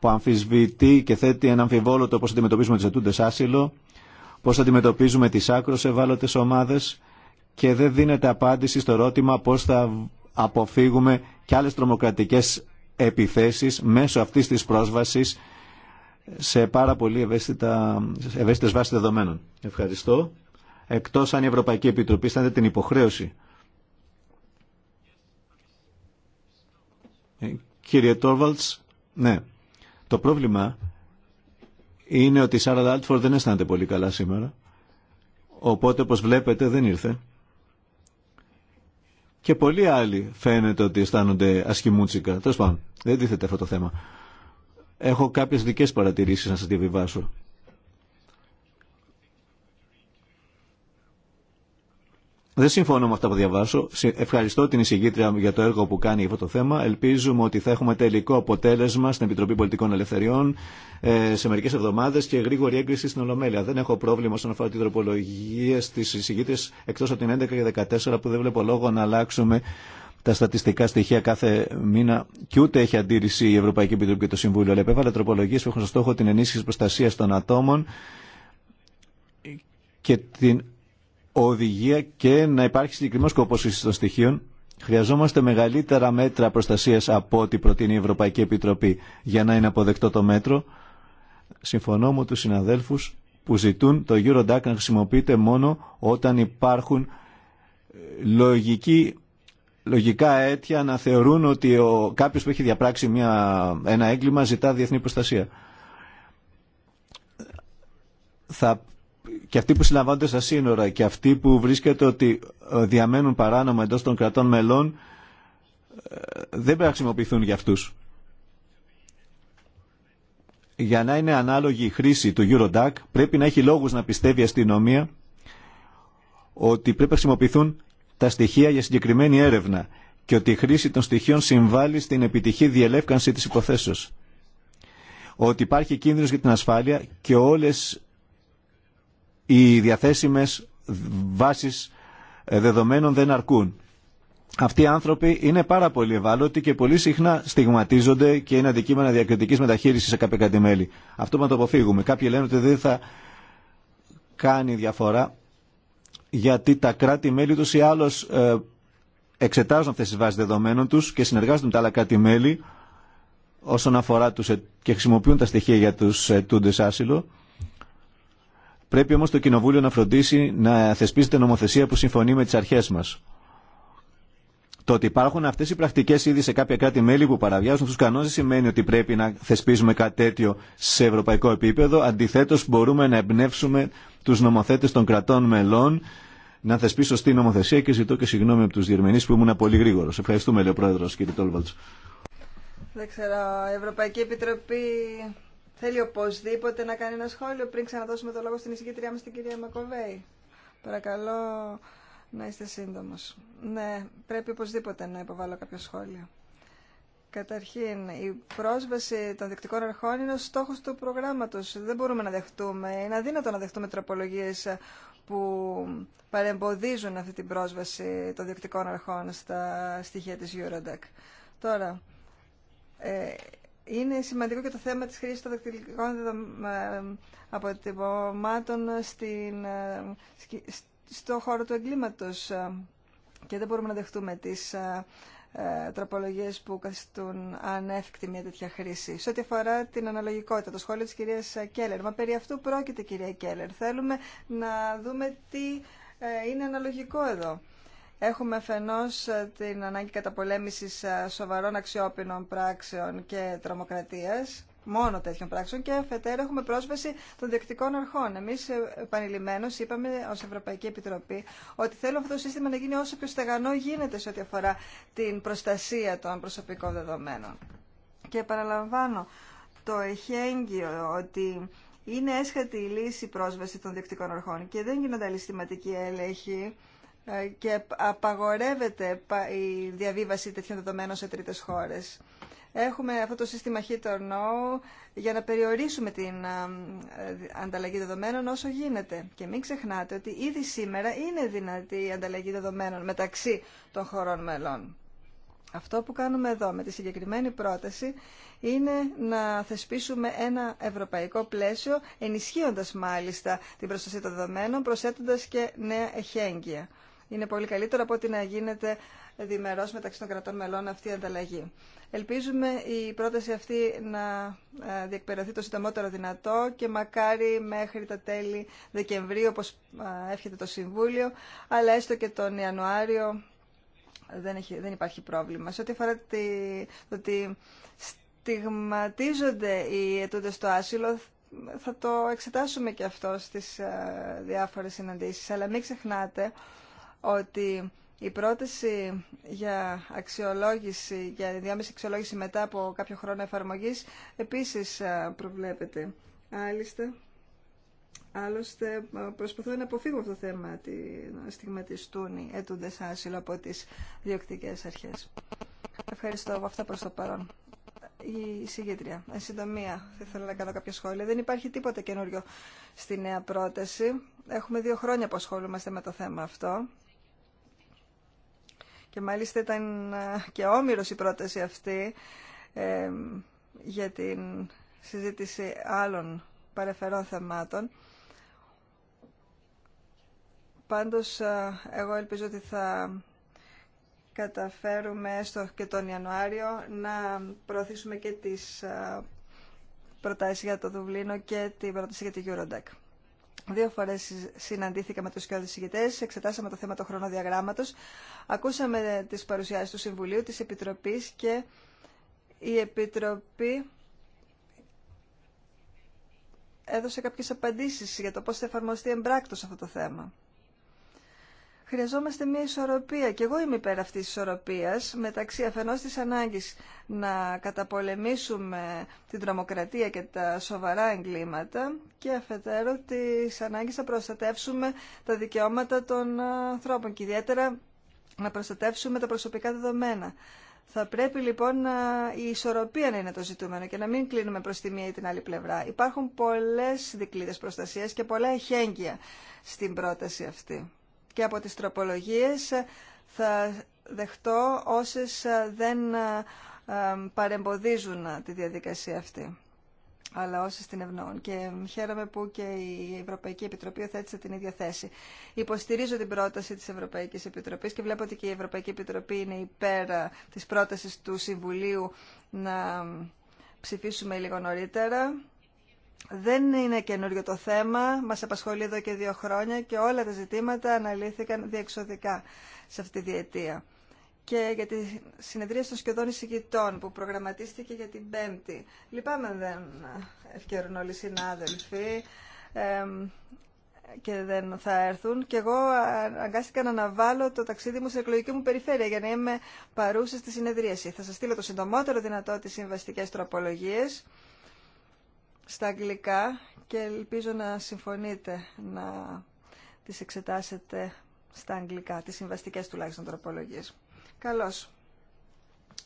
που αμφισβητεί και θέτει ένα αμφιβόλωτο το πώς αντιμετωπίζουμε τι ετούντες άσυλο, πώς αντιμετωπίζουμε τις άκρως ευάλωτες ομάδες και δεν δίνεται απάντηση στο ερώτημα πώς θα αποφύγουμε και άλλες τρομοκρατικές επιθέσεις μέσω αυτής της πρόσβασης σε πάρα πολύ ευαίσθητε βάσει δεδομένων. Ευχαριστώ. Εκτό αν η Ευρωπαϊκή Επιτροπή στάνεται την υποχρέωση. Ε, κύριε Τόρβαλτς, ναι. Το πρόβλημα είναι ότι η Σάρα Λάλτφορ δεν αισθάνεται πολύ καλά σήμερα. Οπότε, όπως βλέπετε, δεν ήρθε. Και πολλοί άλλοι φαίνεται ότι αισθάνονται ασχημούτσικα. Τέλο πάντων, δεν δίθεται αυτό το θέμα. Έχω κάποιε δικέ παρατηρήσει να σα διαβιβάσω. Δεν συμφωνώ με αυτά που διαβάσω. Ευχαριστώ την εισηγήτρια για το έργο που κάνει για αυτό το θέμα. Ελπίζουμε ότι θα έχουμε τελικό αποτέλεσμα στην Επιτροπή Πολιτικών Ελευθεριών ε, σε μερικέ εβδομάδε και γρήγορη έγκριση στην Ολομέλεια. Δεν έχω πρόβλημα όσον αφορά τι τροπολογίε, τη εισηγήτρια εκτό από την 11 και 14 που δεν βλέπω λόγο να αλλάξουμε τα στατιστικά στοιχεία κάθε μήνα και ούτε έχει αντίρρηση η Ευρωπαϊκή Επιτροπή και το Συμβούλιο. Αλλά τροπολογίε που έχουν στόχο την ενίσχυση προστασία των ατόμων και την οδηγία και να υπάρχει συγκεκριμένο σκοπό των στοιχείων. Χρειαζόμαστε μεγαλύτερα μέτρα προστασίας από ό,τι προτείνει η Ευρωπαϊκή Επιτροπή για να είναι αποδεκτό το μέτρο. Συμφωνώ με του συναδέλφους που ζητούν το Eurodac να χρησιμοποιείται μόνο όταν υπάρχουν ε, λογική, λογικά αίτια να θεωρούν ότι ο, κάποιος που έχει διαπράξει ένα έγκλημα ζητά διεθνή προστασία. Θα και αυτοί που συλλαμβάνονται στα σύνορα και αυτοί που βρίσκεται ότι ε, διαμένουν παράνομα εντός των κρατών μελών ε, δεν πρέπει να χρησιμοποιηθούν για αυτούς. Για να είναι ανάλογη η χρήση του Eurodac πρέπει να έχει λόγους να πιστεύει η αστυνομία ότι πρέπει να χρησιμοποιηθούν τα στοιχεία για συγκεκριμένη έρευνα και ότι η χρήση των στοιχείων συμβάλλει στην επιτυχή διελεύκανση της υποθέσεως. Ότι υπάρχει κίνδυνος για την ασφάλεια και όλες οι διαθέσιμες βάσεις ε, δεδομένων δεν αρκούν. Αυτοί οι άνθρωποι είναι πάρα πολύ ευάλωτοι και πολύ συχνά στιγματίζονται και είναι αντικείμενα διακριτική μεταχείριση σε κάποια κατημέλη. Αυτό που να το αποφύγουμε. Κάποιοι λένε ότι δεν θα κάνει διαφορά γιατί τα κράτη-μέλη του ή άλλω ε, εξετάζουν αυτέ τι βάσει δεδομένων του και συνεργάζονται με τα άλλα κράτη-μέλη όσον αφορά του ε, και χρησιμοποιούν τα στοιχεία για του ετούντε άσυλο Πρέπει όμως το Κοινοβούλιο να φροντίσει να θεσπίζεται νομοθεσία που συμφωνεί με τις αρχές μας. Το ότι υπάρχουν αυτέ οι πρακτικέ ήδη σε κάποια κράτη-μέλη που παραβιάζουν του κανόνε σημαίνει ότι πρέπει να θεσπίζουμε κάτι τέτοιο σε ευρωπαϊκό επίπεδο. Αντιθέτω, μπορούμε να εμπνεύσουμε του νομοθέτε των κρατών μελών να θεσπίσουν σωστή νομοθεσία και ζητώ και συγγνώμη από του διερμηνεί που ήμουν πολύ γρήγορο. Ευχαριστούμε, λέει ο πρόεδρο, κύριε Δεν ξέρω, Ευρωπαϊκή Επιτροπή Θέλει οπωσδήποτε να κάνει ένα σχόλιο πριν ξαναδώσουμε το λόγο στην εισηγήτριά μας την κυρία Μακοβέη. Παρακαλώ να είστε σύντομος. Ναι, πρέπει οπωσδήποτε να υποβάλω κάποιο σχόλιο. Καταρχήν, η πρόσβαση των δικτικών αρχών είναι ο στόχο του προγράμματος. Δεν μπορούμε να δεχτούμε, είναι αδύνατο να δεχτούμε τροπολογίε που παρεμποδίζουν αυτή την πρόσβαση των διεκτικών αρχών στα στοιχεία της Eurodac. Τώρα, ε, είναι σημαντικό και το θέμα της χρήσης των δακτυλικών ε, αποτυπωμάτων στην, ε, στο χώρο του εγκλήματος και δεν μπορούμε να δεχτούμε τις ε, τροπολογίες που καθιστούν ανέφικτη μια τέτοια χρήση. Σε ό,τι αφορά την αναλογικότητα, το σχόλιο της κυρίας Κέλλερ. Μα περί αυτού πρόκειται κυρία Κέλλερ. Θέλουμε να δούμε τι είναι αναλογικό εδώ. Έχουμε αφενό ε, την ανάγκη καταπολέμησης ε, σοβαρών αξιόπινων πράξεων και τρομοκρατία, μόνο τέτοιων πράξεων και αφετέρου έχουμε πρόσβαση των διεκτικών αρχών. Εμεί ε, επανειλημμένω είπαμε ω Ευρωπαϊκή Επιτροπή ότι θέλουμε αυτό το σύστημα να γίνει όσο πιο στεγανό γίνεται σε ό,τι αφορά την προστασία των προσωπικών δεδομένων. Και επαναλαμβάνω το εχέγγυο ότι είναι έσχατη η λύση πρόσβαση των διεκτικών αρχών και δεν γίνονται αλληστηματικοί έλεγχοι ε, και απαγορεύεται η διαβίβαση τέτοιων δεδομένων σε τρίτες χώρες. Έχουμε αυτό το σύστημα hit or για να περιορίσουμε την ε, ανταλλαγή δεδομένων όσο γίνεται. Και μην ξεχνάτε ότι ήδη σήμερα είναι δυνατή η ανταλλαγή δεδομένων μεταξύ των χωρών μελών. Αυτό που κάνουμε εδώ με τη συγκεκριμένη πρόταση είναι να θεσπίσουμε ένα ευρωπαϊκό πλαίσιο, ενισχύοντας μάλιστα την προστασία των δεδομένων, προσθέτοντας και νέα εχέγγυα είναι πολύ καλύτερο από ότι να γίνεται διμερό μεταξύ των κρατών μελών αυτή η ανταλλαγή. Ελπίζουμε η πρόταση αυτή να ε, διεκπαιρεωθεί το συντομότερο δυνατό και μακάρι μέχρι τα τέλη Δεκεμβρίου όπως ε, εύχεται το Συμβούλιο, αλλά έστω και τον Ιανουάριο δεν, έχει, δεν υπάρχει πρόβλημα. Σε ό,τι αφορά το ότι στιγματίζονται οι αιτούντες στο άσυλο, θα το εξετάσουμε και αυτό στις ε, διάφορες συναντήσεις. Αλλά μην ξεχνάτε ότι η πρόταση για αξιολόγηση, για διάμεση αξιολόγηση μετά από κάποιο χρόνο εφαρμογής επίσης ε, προβλέπεται. Άλλωστε, άλλωστε ε, προσπαθούμε να αποφύγω αυτό το θέμα, να στιγματιστούν οι έτοντες άσυλο από τις διοκτικέ αρχές. Ευχαριστώ από αυτά προς το παρόν. Η συγκέντρια. εν συντομία, θα ήθελα να κάνω κάποια σχόλια. Δεν υπάρχει τίποτα καινούριο στη νέα πρόταση. Έχουμε δύο χρόνια που ασχολούμαστε με το θέμα αυτό και μάλιστα ήταν ε, και όμοιρος η πρόταση αυτή ε, για την συζήτηση άλλων παρεφερών θεμάτων. Πάντως, ε, εγώ ελπίζω ότι θα καταφέρουμε έστω και τον Ιανουάριο να προωθήσουμε και τις προτάσεις για το Δουβλίνο και την πρόταση για την Eurodac. Δύο φορέ συναντήθηκα με του κοιόδη εξετάσαμε το θέμα του χρονοδιαγράμματο, ακούσαμε τι παρουσιάσει του Συμβουλίου, τη Επιτροπή και η Επιτροπή έδωσε κάποιες απαντήσεις για το πώς θα εφαρμοστεί εμπράκτος αυτό το θέμα χρειαζόμαστε μια ισορροπία. Και εγώ είμαι υπέρ αυτής της ισορροπίας μεταξύ αφενός της ανάγκης να καταπολεμήσουμε την τρομοκρατία και τα σοβαρά εγκλήματα και αφετέρου της ανάγκης να προστατεύσουμε τα δικαιώματα των ανθρώπων και ιδιαίτερα να προστατεύσουμε τα προσωπικά δεδομένα. Θα πρέπει λοιπόν η ισορροπία να είναι το ζητούμενο και να μην κλείνουμε προς τη μία ή την άλλη πλευρά. Υπάρχουν πολλέ δικλείδες προστασία και πολλά εχέγγυα στην πρόταση αυτή και από τις τροπολογίες θα δεχτώ όσες ε, δεν ε, ε, παρεμποδίζουν τη διαδικασία αυτή αλλά όσες την ευνοούν. Και χαίρομαι που και η Ευρωπαϊκή Επιτροπή οθέτησε την ίδια θέση. Υποστηρίζω την πρόταση της Ευρωπαϊκής Επιτροπής και βλέπω ότι και η Ευρωπαϊκή Επιτροπή είναι υπέρ της πρότασης του Συμβουλίου να ψηφίσουμε λίγο νωρίτερα δεν είναι καινούριο το θέμα, μας απασχολεί εδώ και δύο χρόνια και όλα τα ζητήματα αναλύθηκαν διεξοδικά σε αυτή τη διετία. Και για τη συνεδρία των σχεδόν εισηγητών που προγραμματίστηκε για την Πέμπτη. Λυπάμαι δεν ευκαιρούν όλοι οι συνάδελφοι ε, και δεν θα έρθουν. Και εγώ αγκάστηκα να αναβάλω το ταξίδι μου σε εκλογική μου περιφέρεια για να είμαι παρούσα στη συνεδρίαση. Θα σας στείλω το συντομότερο δυνατό τις συμβαστικές τροπολογίες στα αγγλικά και ελπίζω να συμφωνείτε να τις εξετάσετε στα αγγλικά, τις συμβαστικές τουλάχιστον τροπολογίες. Καλώς.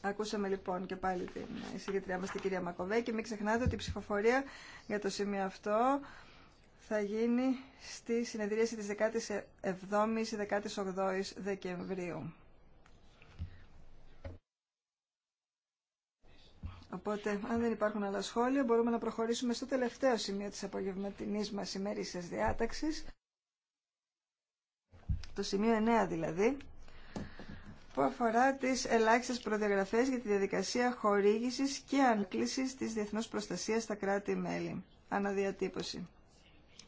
Ακούσαμε λοιπόν και πάλι την εισηγητριά μας την κυρία Μακοβέ και μην ξεχνάτε ότι η ψηφοφορία για το σημείο αυτό θα γίνει στη συνεδρίαση της 17ης ή 18ης Δεκεμβρίου. Οπότε, αν δεν υπάρχουν άλλα σχόλια, μπορούμε να προχωρήσουμε στο τελευταίο σημείο της απογευματινής μας σημερινής διάταξης, το σημείο 9 δηλαδή, που αφορά τις ελάχιστες προδιαγραφές για τη διαδικασία χορήγησης και ανκλήσης της διεθνούς προστασίας στα κράτη-μέλη. Αναδιατύπωση.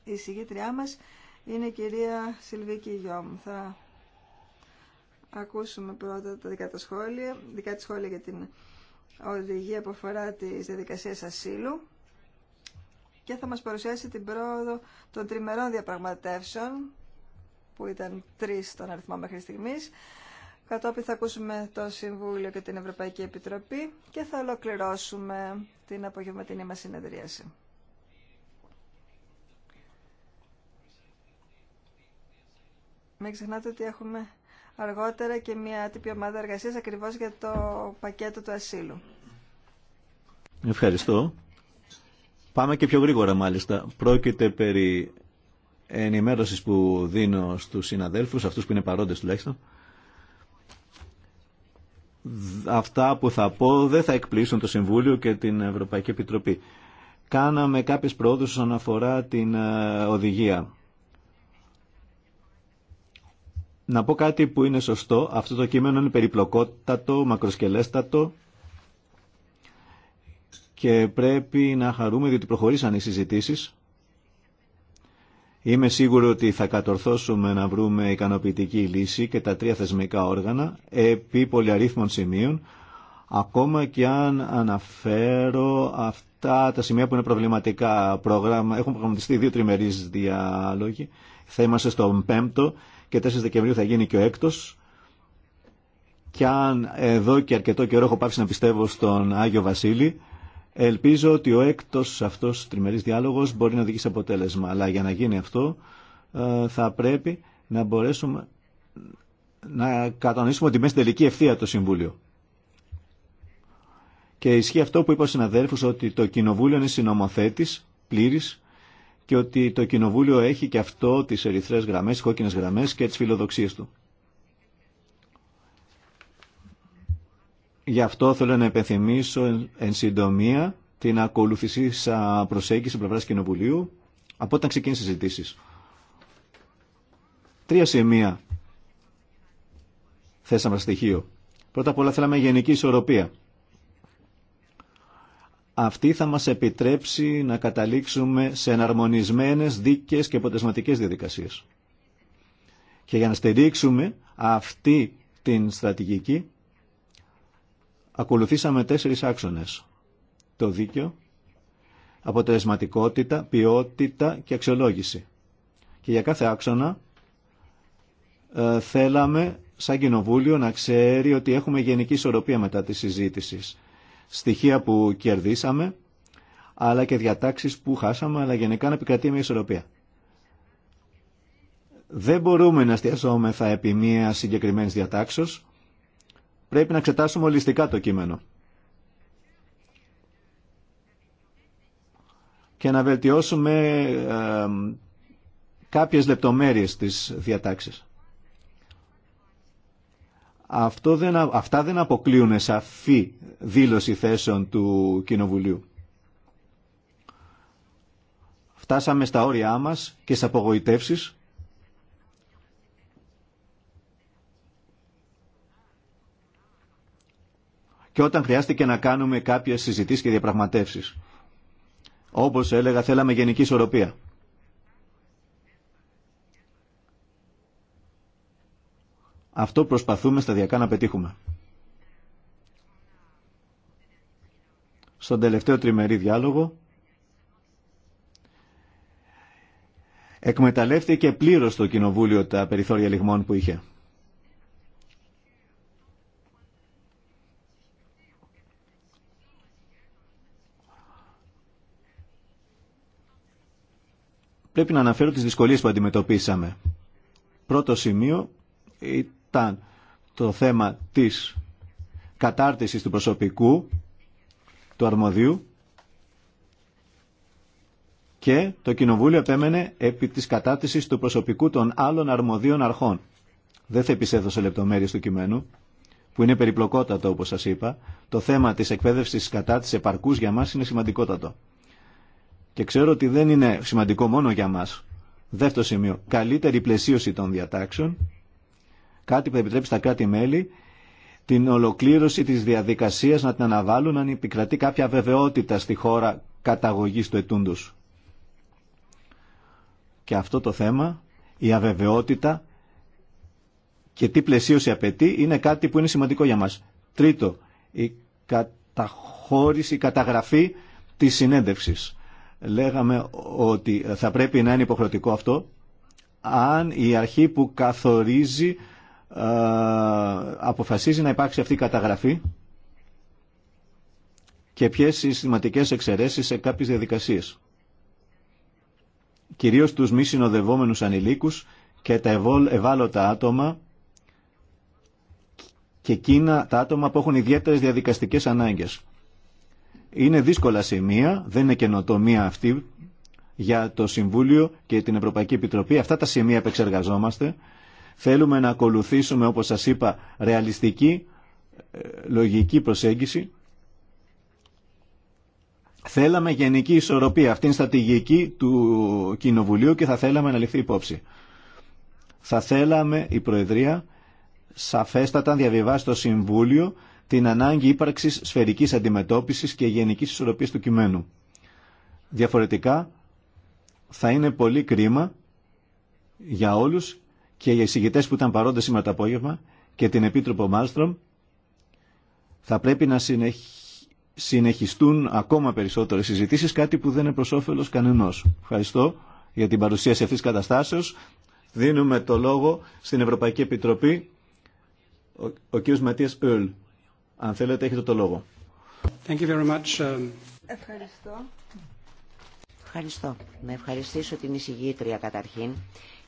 Η συγγήτριά μας είναι η κυρία Σιλβίκη Γιώμ. Θα ακούσουμε πρώτα τα δικά τα σχόλια, δικά της σχόλια για την οδηγία που αφορά τις διαδικασίες ασύλου και θα μας παρουσιάσει την πρόοδο των τριμερών διαπραγματεύσεων που ήταν τρεις στον αριθμό μέχρι στιγμής. Κατόπιν θα ακούσουμε το Συμβούλιο και την Ευρωπαϊκή Επιτροπή και θα ολοκληρώσουμε την απογευματινή μα συνεδρίαση. Μην ξεχνάτε ότι έχουμε αργότερα και μια άτυπη ομάδα εργασία ακριβώ για το πακέτο του ασύλου. Ευχαριστώ. Πάμε και πιο γρήγορα μάλιστα. Πρόκειται περί ενημέρωσης που δίνω στους συναδέλφους, αυτούς που είναι παρόντες τουλάχιστον. Αυτά που θα πω δεν θα εκπλήσουν το Συμβούλιο και την Ευρωπαϊκή Επιτροπή. Κάναμε κάποιες πρόοδους όσον αφορά την ε, οδηγία να πω κάτι που είναι σωστό. Αυτό το κείμενο είναι περιπλοκότατο, μακροσκελέστατο και πρέπει να χαρούμε διότι προχωρήσαν οι συζητήσεις. Είμαι σίγουρο ότι θα κατορθώσουμε να βρούμε ικανοποιητική λύση και τα τρία θεσμικά όργανα επί πολυαρίθμων σημείων, ακόμα και αν αναφέρω αυτά τα σημεία που είναι προβληματικά πρόγραμμα. Έχουν προγραμματιστεί δύο τριμερείς διάλογοι. Θα είμαστε στον πέμπτο και 4 Δεκεμβρίου θα γίνει και ο έκτος. Και αν εδώ και αρκετό καιρό έχω πάψει να πιστεύω στον Άγιο Βασίλη, ελπίζω ότι ο έκτος αυτός τριμερής διάλογος μπορεί να οδηγήσει αποτέλεσμα. Αλλά για να γίνει αυτό ε, θα πρέπει να μπορέσουμε να κατανοήσουμε ότι μέσα στην τελική ευθεία το Συμβούλιο. Και ισχύει αυτό που είπα ο συναδέλφος ότι το Κοινοβούλιο είναι συνομοθέτης πλήρης και ότι το Κοινοβούλιο έχει και αυτό τις ερυθρές γραμμές, τις κόκκινες γραμμές και τις φιλοδοξίες του. Γι' αυτό θέλω να επενθυμίσω εν συντομία την ακολουθησή σα προσέγγιση Πλευράς Κοινοβουλίου από όταν ξεκίνησε συζητήσεις. Τρία σημεία θέσαμε στοιχείο. Πρώτα απ' όλα θέλαμε γενική ισορροπία αυτή θα μας επιτρέψει να καταλήξουμε σε εναρμονισμένες, δίκαιες και αποτελεσματικές διαδικασίες. Και για να στηρίξουμε αυτή την στρατηγική, ακολουθήσαμε τέσσερις άξονες. Το δίκαιο, αποτελεσματικότητα, ποιότητα και αξιολόγηση. Και για κάθε άξονα ε, θέλαμε σαν κοινοβούλιο να ξέρει ότι έχουμε γενική ισορροπία μετά τη συζήτηση στοιχεία που κερδίσαμε, αλλά και διατάξεις που χάσαμε, αλλά γενικά να επικρατεί μια ισορροπία. Δεν μπορούμε να εστιαζόμεθα επί μια συγκεκριμένη διατάξεω. Πρέπει να εξετάσουμε ολιστικά το κείμενο. και να βελτιώσουμε ε, κάποιες λεπτομέρειες της διατάξης. Αυτό δεν, αυτά δεν αποκλείουν σαφή δήλωση θέσεων του Κοινοβουλίου. Φτάσαμε στα όρια μας και στις απογοητεύσεις. Και όταν χρειάστηκε να κάνουμε κάποιες συζητήσεις και διαπραγματεύσεις. Όπως έλεγα θέλαμε γενική ισορροπία. Αυτό προσπαθούμε σταδιακά να πετύχουμε. Στον τελευταίο τριμερή διάλογο εκμεταλλεύτηκε πλήρως το Κοινοβούλιο τα περιθώρια λιγμών που είχε. Πρέπει να αναφέρω τις δυσκολίες που αντιμετωπίσαμε. Πρώτο σημείο το θέμα της κατάρτισης του προσωπικού του αρμοδίου και το Κοινοβούλιο επέμενε επί της κατάρτισης του προσωπικού των άλλων αρμοδίων αρχών. Δεν θα επισέδω σε λεπτομέρειες του κειμένου, που είναι περιπλοκότατο όπως σας είπα. Το θέμα της εκπαίδευσης κατά της επαρκούς για μας είναι σημαντικότατο. Και ξέρω ότι δεν είναι σημαντικό μόνο για μας. Δεύτερο σημείο, καλύτερη πλαισίωση των διατάξεων Κάτι που επιτρέπει στα κράτη-μέλη την ολοκλήρωση της διαδικασίας να την αναβάλουν αν επικρατεί κάποια βεβαιότητα στη χώρα καταγωγής του ετούντος. Και αυτό το θέμα, η αβεβαιότητα και τι πλαισίωση απαιτεί είναι κάτι που είναι σημαντικό για μας. Τρίτο, η καταχώρηση, η καταγραφή της συνέντευξης. Λέγαμε ότι θα πρέπει να είναι υποχρεωτικό αυτό αν η αρχή που καθορίζει ε, αποφασίζει να υπάρξει αυτή η καταγραφή και ποιες οι σημαντικές εξαιρέσεις σε κάποιες διαδικασίες. Κυρίως τους μη συνοδευόμενους ανηλίκους και τα ευάλωτα άτομα και εκείνα τα άτομα που έχουν ιδιαίτερες διαδικαστικές ανάγκες. Είναι δύσκολα σημεία, δεν είναι καινοτομία αυτή για το Συμβούλιο και την Ευρωπαϊκή Επιτροπή. Αυτά τα σημεία επεξεργαζόμαστε Θέλουμε να ακολουθήσουμε, όπως σας είπα, ρεαλιστική, ε, λογική προσέγγιση. Θέλαμε γενική ισορροπία. Αυτή είναι η του Κοινοβουλίου και θα θέλαμε να ληφθεί υπόψη. Θα θέλαμε η Προεδρία σαφέστατα να διαβιβάσει στο Συμβούλιο την ανάγκη ύπαρξης σφαιρικής αντιμετώπισης και γενικής ισορροπίας του κειμένου. Διαφορετικά, θα είναι πολύ κρίμα για όλους και οι εισηγητέ που ήταν παρόντες σήμερα το απόγευμα και την Επίτροπο Μάλστρομ θα πρέπει να συνεχιστούν ακόμα περισσότερε συζητήσεις, κάτι που δεν είναι προ όφελο κανενό. Ευχαριστώ για την παρουσίαση αυτής τη καταστάσεω. Δίνουμε το λόγο στην Ευρωπαϊκή Επιτροπή. Ο, ο κ. Ματίας Ουλ, αν θέλετε έχετε το λόγο. Thank you very much. Um, Ευχαριστώ. Ευχαριστώ. Να ευχαριστήσω την εισηγήτρια καταρχήν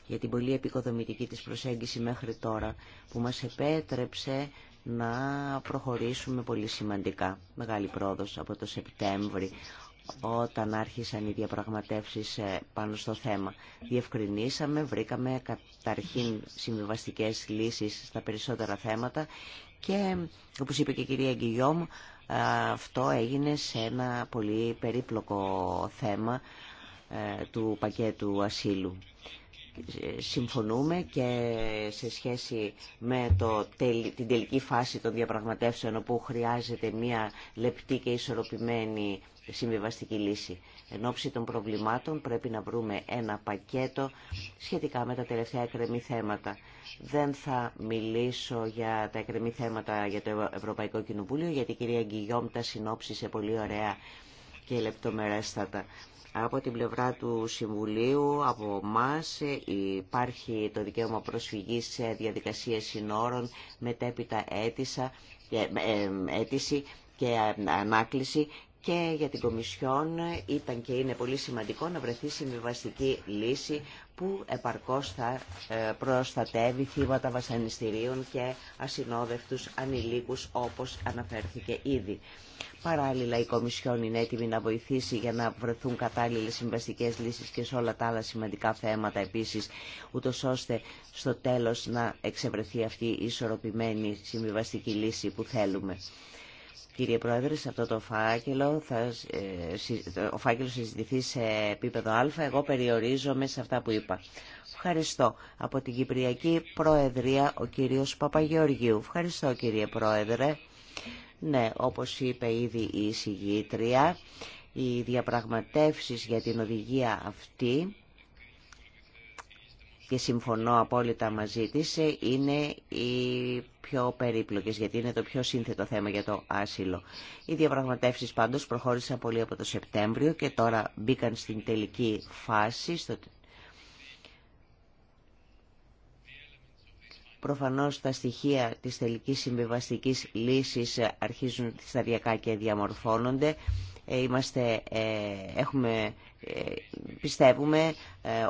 για την πολύ επικοδομητική της προσέγγιση μέχρι τώρα που μας επέτρεψε να προχωρήσουμε πολύ σημαντικά. Μεγάλη πρόοδος από το Σεπτέμβρη όταν άρχισαν οι διαπραγματεύσεις ε, πάνω στο θέμα. Διευκρινήσαμε, βρήκαμε καταρχήν συμβιβαστικές λύσεις στα περισσότερα θέματα και όπως είπε και η κυρία Γκυλιόμ... αυτό έγινε σε ένα πολύ περίπλοκο θέμα ε, του πακέτου ασύλου συμφωνούμε και σε σχέση με το, την τελική φάση των διαπραγματεύσεων όπου χρειάζεται μια λεπτή και ισορροπημένη συμβιβαστική λύση. Εν ώψη των προβλημάτων πρέπει να βρούμε ένα πακέτο σχετικά με τα τελευταία εκρεμή θέματα. Δεν θα μιλήσω για τα εκρεμή θέματα για το Ευρωπαϊκό Κοινοβούλιο γιατί η κυρία Γκυγιόμ τα συνόψησε πολύ ωραία και λεπτομερέστατα. Από την πλευρά του Συμβουλίου, από εμά υπάρχει το δικαίωμα προσφυγής σε διαδικασίε συνόρων, μετέπειτα αίτησα, ε, ε, αίτηση και ανάκληση και για την Κομισιόν ήταν και είναι πολύ σημαντικό να βρεθεί συμβιβαστική λύση που επαρκώς θα ε, προστατεύει θύματα βασανιστήριων και ασυνόδευτους ανηλίκους όπως αναφέρθηκε ήδη. Παράλληλα η Κομισιόν είναι έτοιμη να βοηθήσει για να βρεθούν κατάλληλες συμβαστικές λύσεις και σε όλα τα άλλα σημαντικά θέματα επίσης, ούτω ώστε στο τέλος να εξευρεθεί αυτή η ισορροπημένη συμβιβαστική λύση που θέλουμε. Κύριε Πρόεδρε, σε αυτό το φάκελο, θα, ε, ο φάκελος συζητηθεί σε επίπεδο Α, εγώ περιορίζομαι σε αυτά που είπα. Ευχαριστώ. Από την Κυπριακή Προεδρία, ο κύριος Παπαγεωργίου. Ευχαριστώ κύριε Πρόεδρε. Ναι, όπως είπε ήδη η εισηγήτρια, οι διαπραγματεύσεις για την οδηγία αυτή και συμφωνώ απόλυτα μαζί της, είναι οι πιο περίπλοκες, γιατί είναι το πιο σύνθετο θέμα για το άσυλο. Οι διαπραγματεύσεις πάντως προχώρησαν πολύ από το Σεπτέμβριο και τώρα μπήκαν στην τελική φάση, στο Προφανώς τα στοιχεία της τελικής συμβιβαστικής λύσης αρχίζουν σταδιακά και διαμορφώνονται. Ε, είμαστε, ε, έχουμε, ε, πιστεύουμε,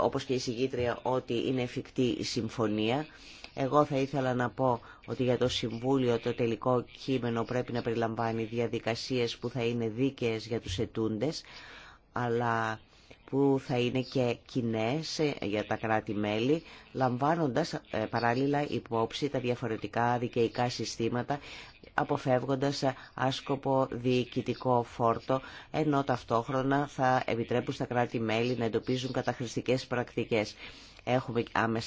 όπως και η συγκήτρια, ότι είναι εφικτή η συμφωνία. Εγώ θα ήθελα να πω ότι για το Συμβούλιο το τελικό κείμενο πρέπει να περιλαμβάνει διαδικασίες που θα είναι δίκαιες για τους ετούντες, αλλά που θα είναι και κοινέ ε, για τα κράτη-μέλη, λαμβάνοντας ε, παράλληλα υπόψη τα διαφορετικά δικαιικά συστήματα, αποφεύγοντας ε, άσκοπο διοικητικό φόρτο, ενώ ταυτόχρονα θα επιτρέπουν στα κράτη-μέλη να εντοπίζουν καταχρηστικές πρακτικές. Έχουμε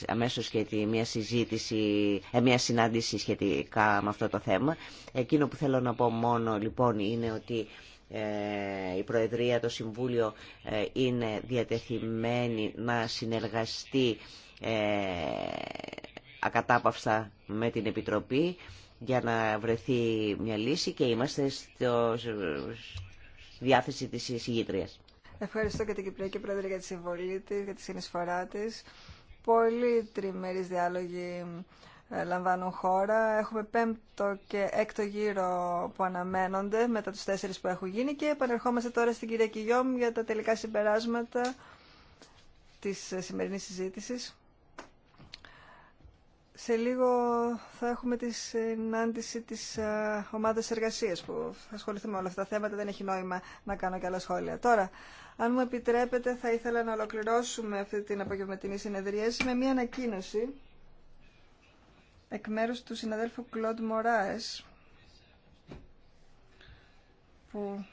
αμέσως και μια, συζήτηση, μια συνάντηση σχετικά με αυτό το θέμα. Εκείνο που θέλω να πω μόνο λοιπόν είναι ότι ε, η Προεδρία, το Συμβούλιο ε, είναι διατεθειμένη να συνεργαστεί ε, ακατάπαυστα με την Επιτροπή για να βρεθεί μια λύση και είμαστε στο διάθεση της εισηγήτριας. Ευχαριστώ και την Κυπριακή Πρόεδρε για τη συμβολή τη, για τη συνεισφορά τη. Πολύ τριμερείς διάλογοι ε, λαμβάνουν χώρα. Έχουμε πέμπτο και έκτο γύρο που αναμένονται μετά τους τέσσερις που έχουν γίνει και επανερχόμαστε τώρα στην κυρία Κιγιόμ για τα τελικά συμπεράσματα της ε, σημερινής συζήτησης. Σε λίγο θα έχουμε τη συνάντηση της ε, ομάδας εργασίας που θα ασχοληθούμε με όλα αυτά τα θέματα. Δεν έχει νόημα να κάνω και άλλα σχόλια. Τώρα, αν μου επιτρέπετε, θα ήθελα να ολοκληρώσουμε αυτή την απογευματινή συνεδρίαση με μια ανακοίνωση εκ μέρους του συναδέλφου Κλοντ Μοράες, που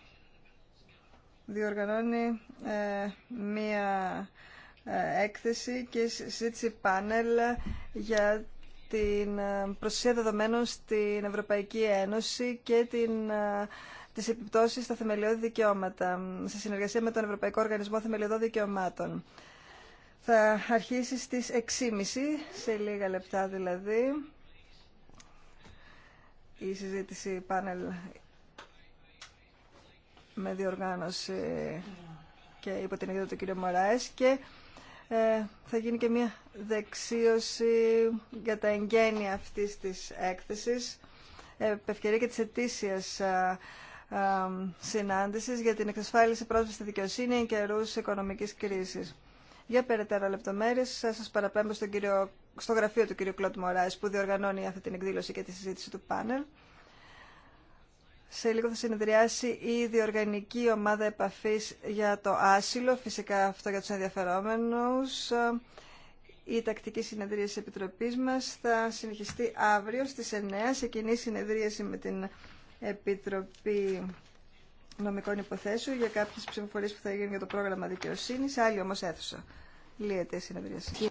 διοργανώνει ε, μία ε, έκθεση και συζήτηση πάνελ για την ε, προστασία δεδομένων στην Ευρωπαϊκή Ένωση και την, τις επιπτώσεις στα θεμελιώδη δικαιώματα σε συνεργασία με τον Ευρωπαϊκό Οργανισμό Θεμελιωδών Δικαιωμάτων θα αρχίσει στις 6.30, σε λίγα λεπτά δηλαδή, η συζήτηση πάνελ με διοργάνωση και υπό την του κ. Μωράες και ε, θα γίνει και μια δεξίωση για τα εγγένεια αυτής της έκθεσης ευκαιρία και της ετήσιας συνάντησης για την εξασφάλιση πρόσβασης στη δικαιοσύνη και καιρούς οικονομικής κρίσης. Για περαιτέρα λεπτομέρειε, ε, σα παραπέμπω στο γραφείο του κ. Κλοντ Μωράη που διοργανώνει αυτή την εκδήλωση και τη συζήτηση του πάνελ. Σε λίγο θα συνεδριάσει η διοργανική ομάδα επαφής για το άσυλο, φυσικά αυτό για τους ενδιαφερόμενους. Η τακτική συνεδρίαση τη Επιτροπής μας θα συνεχιστεί αύριο στι 9 σε κοινή συνεδρίαση με την Επιτροπή νομικών υποθέσεων για κάποιες ψηφοφορίες που θα γίνουν για το πρόγραμμα δικαιοσύνης, άλλη όμως αίθουσα. Λύεται η συνεδρίαση.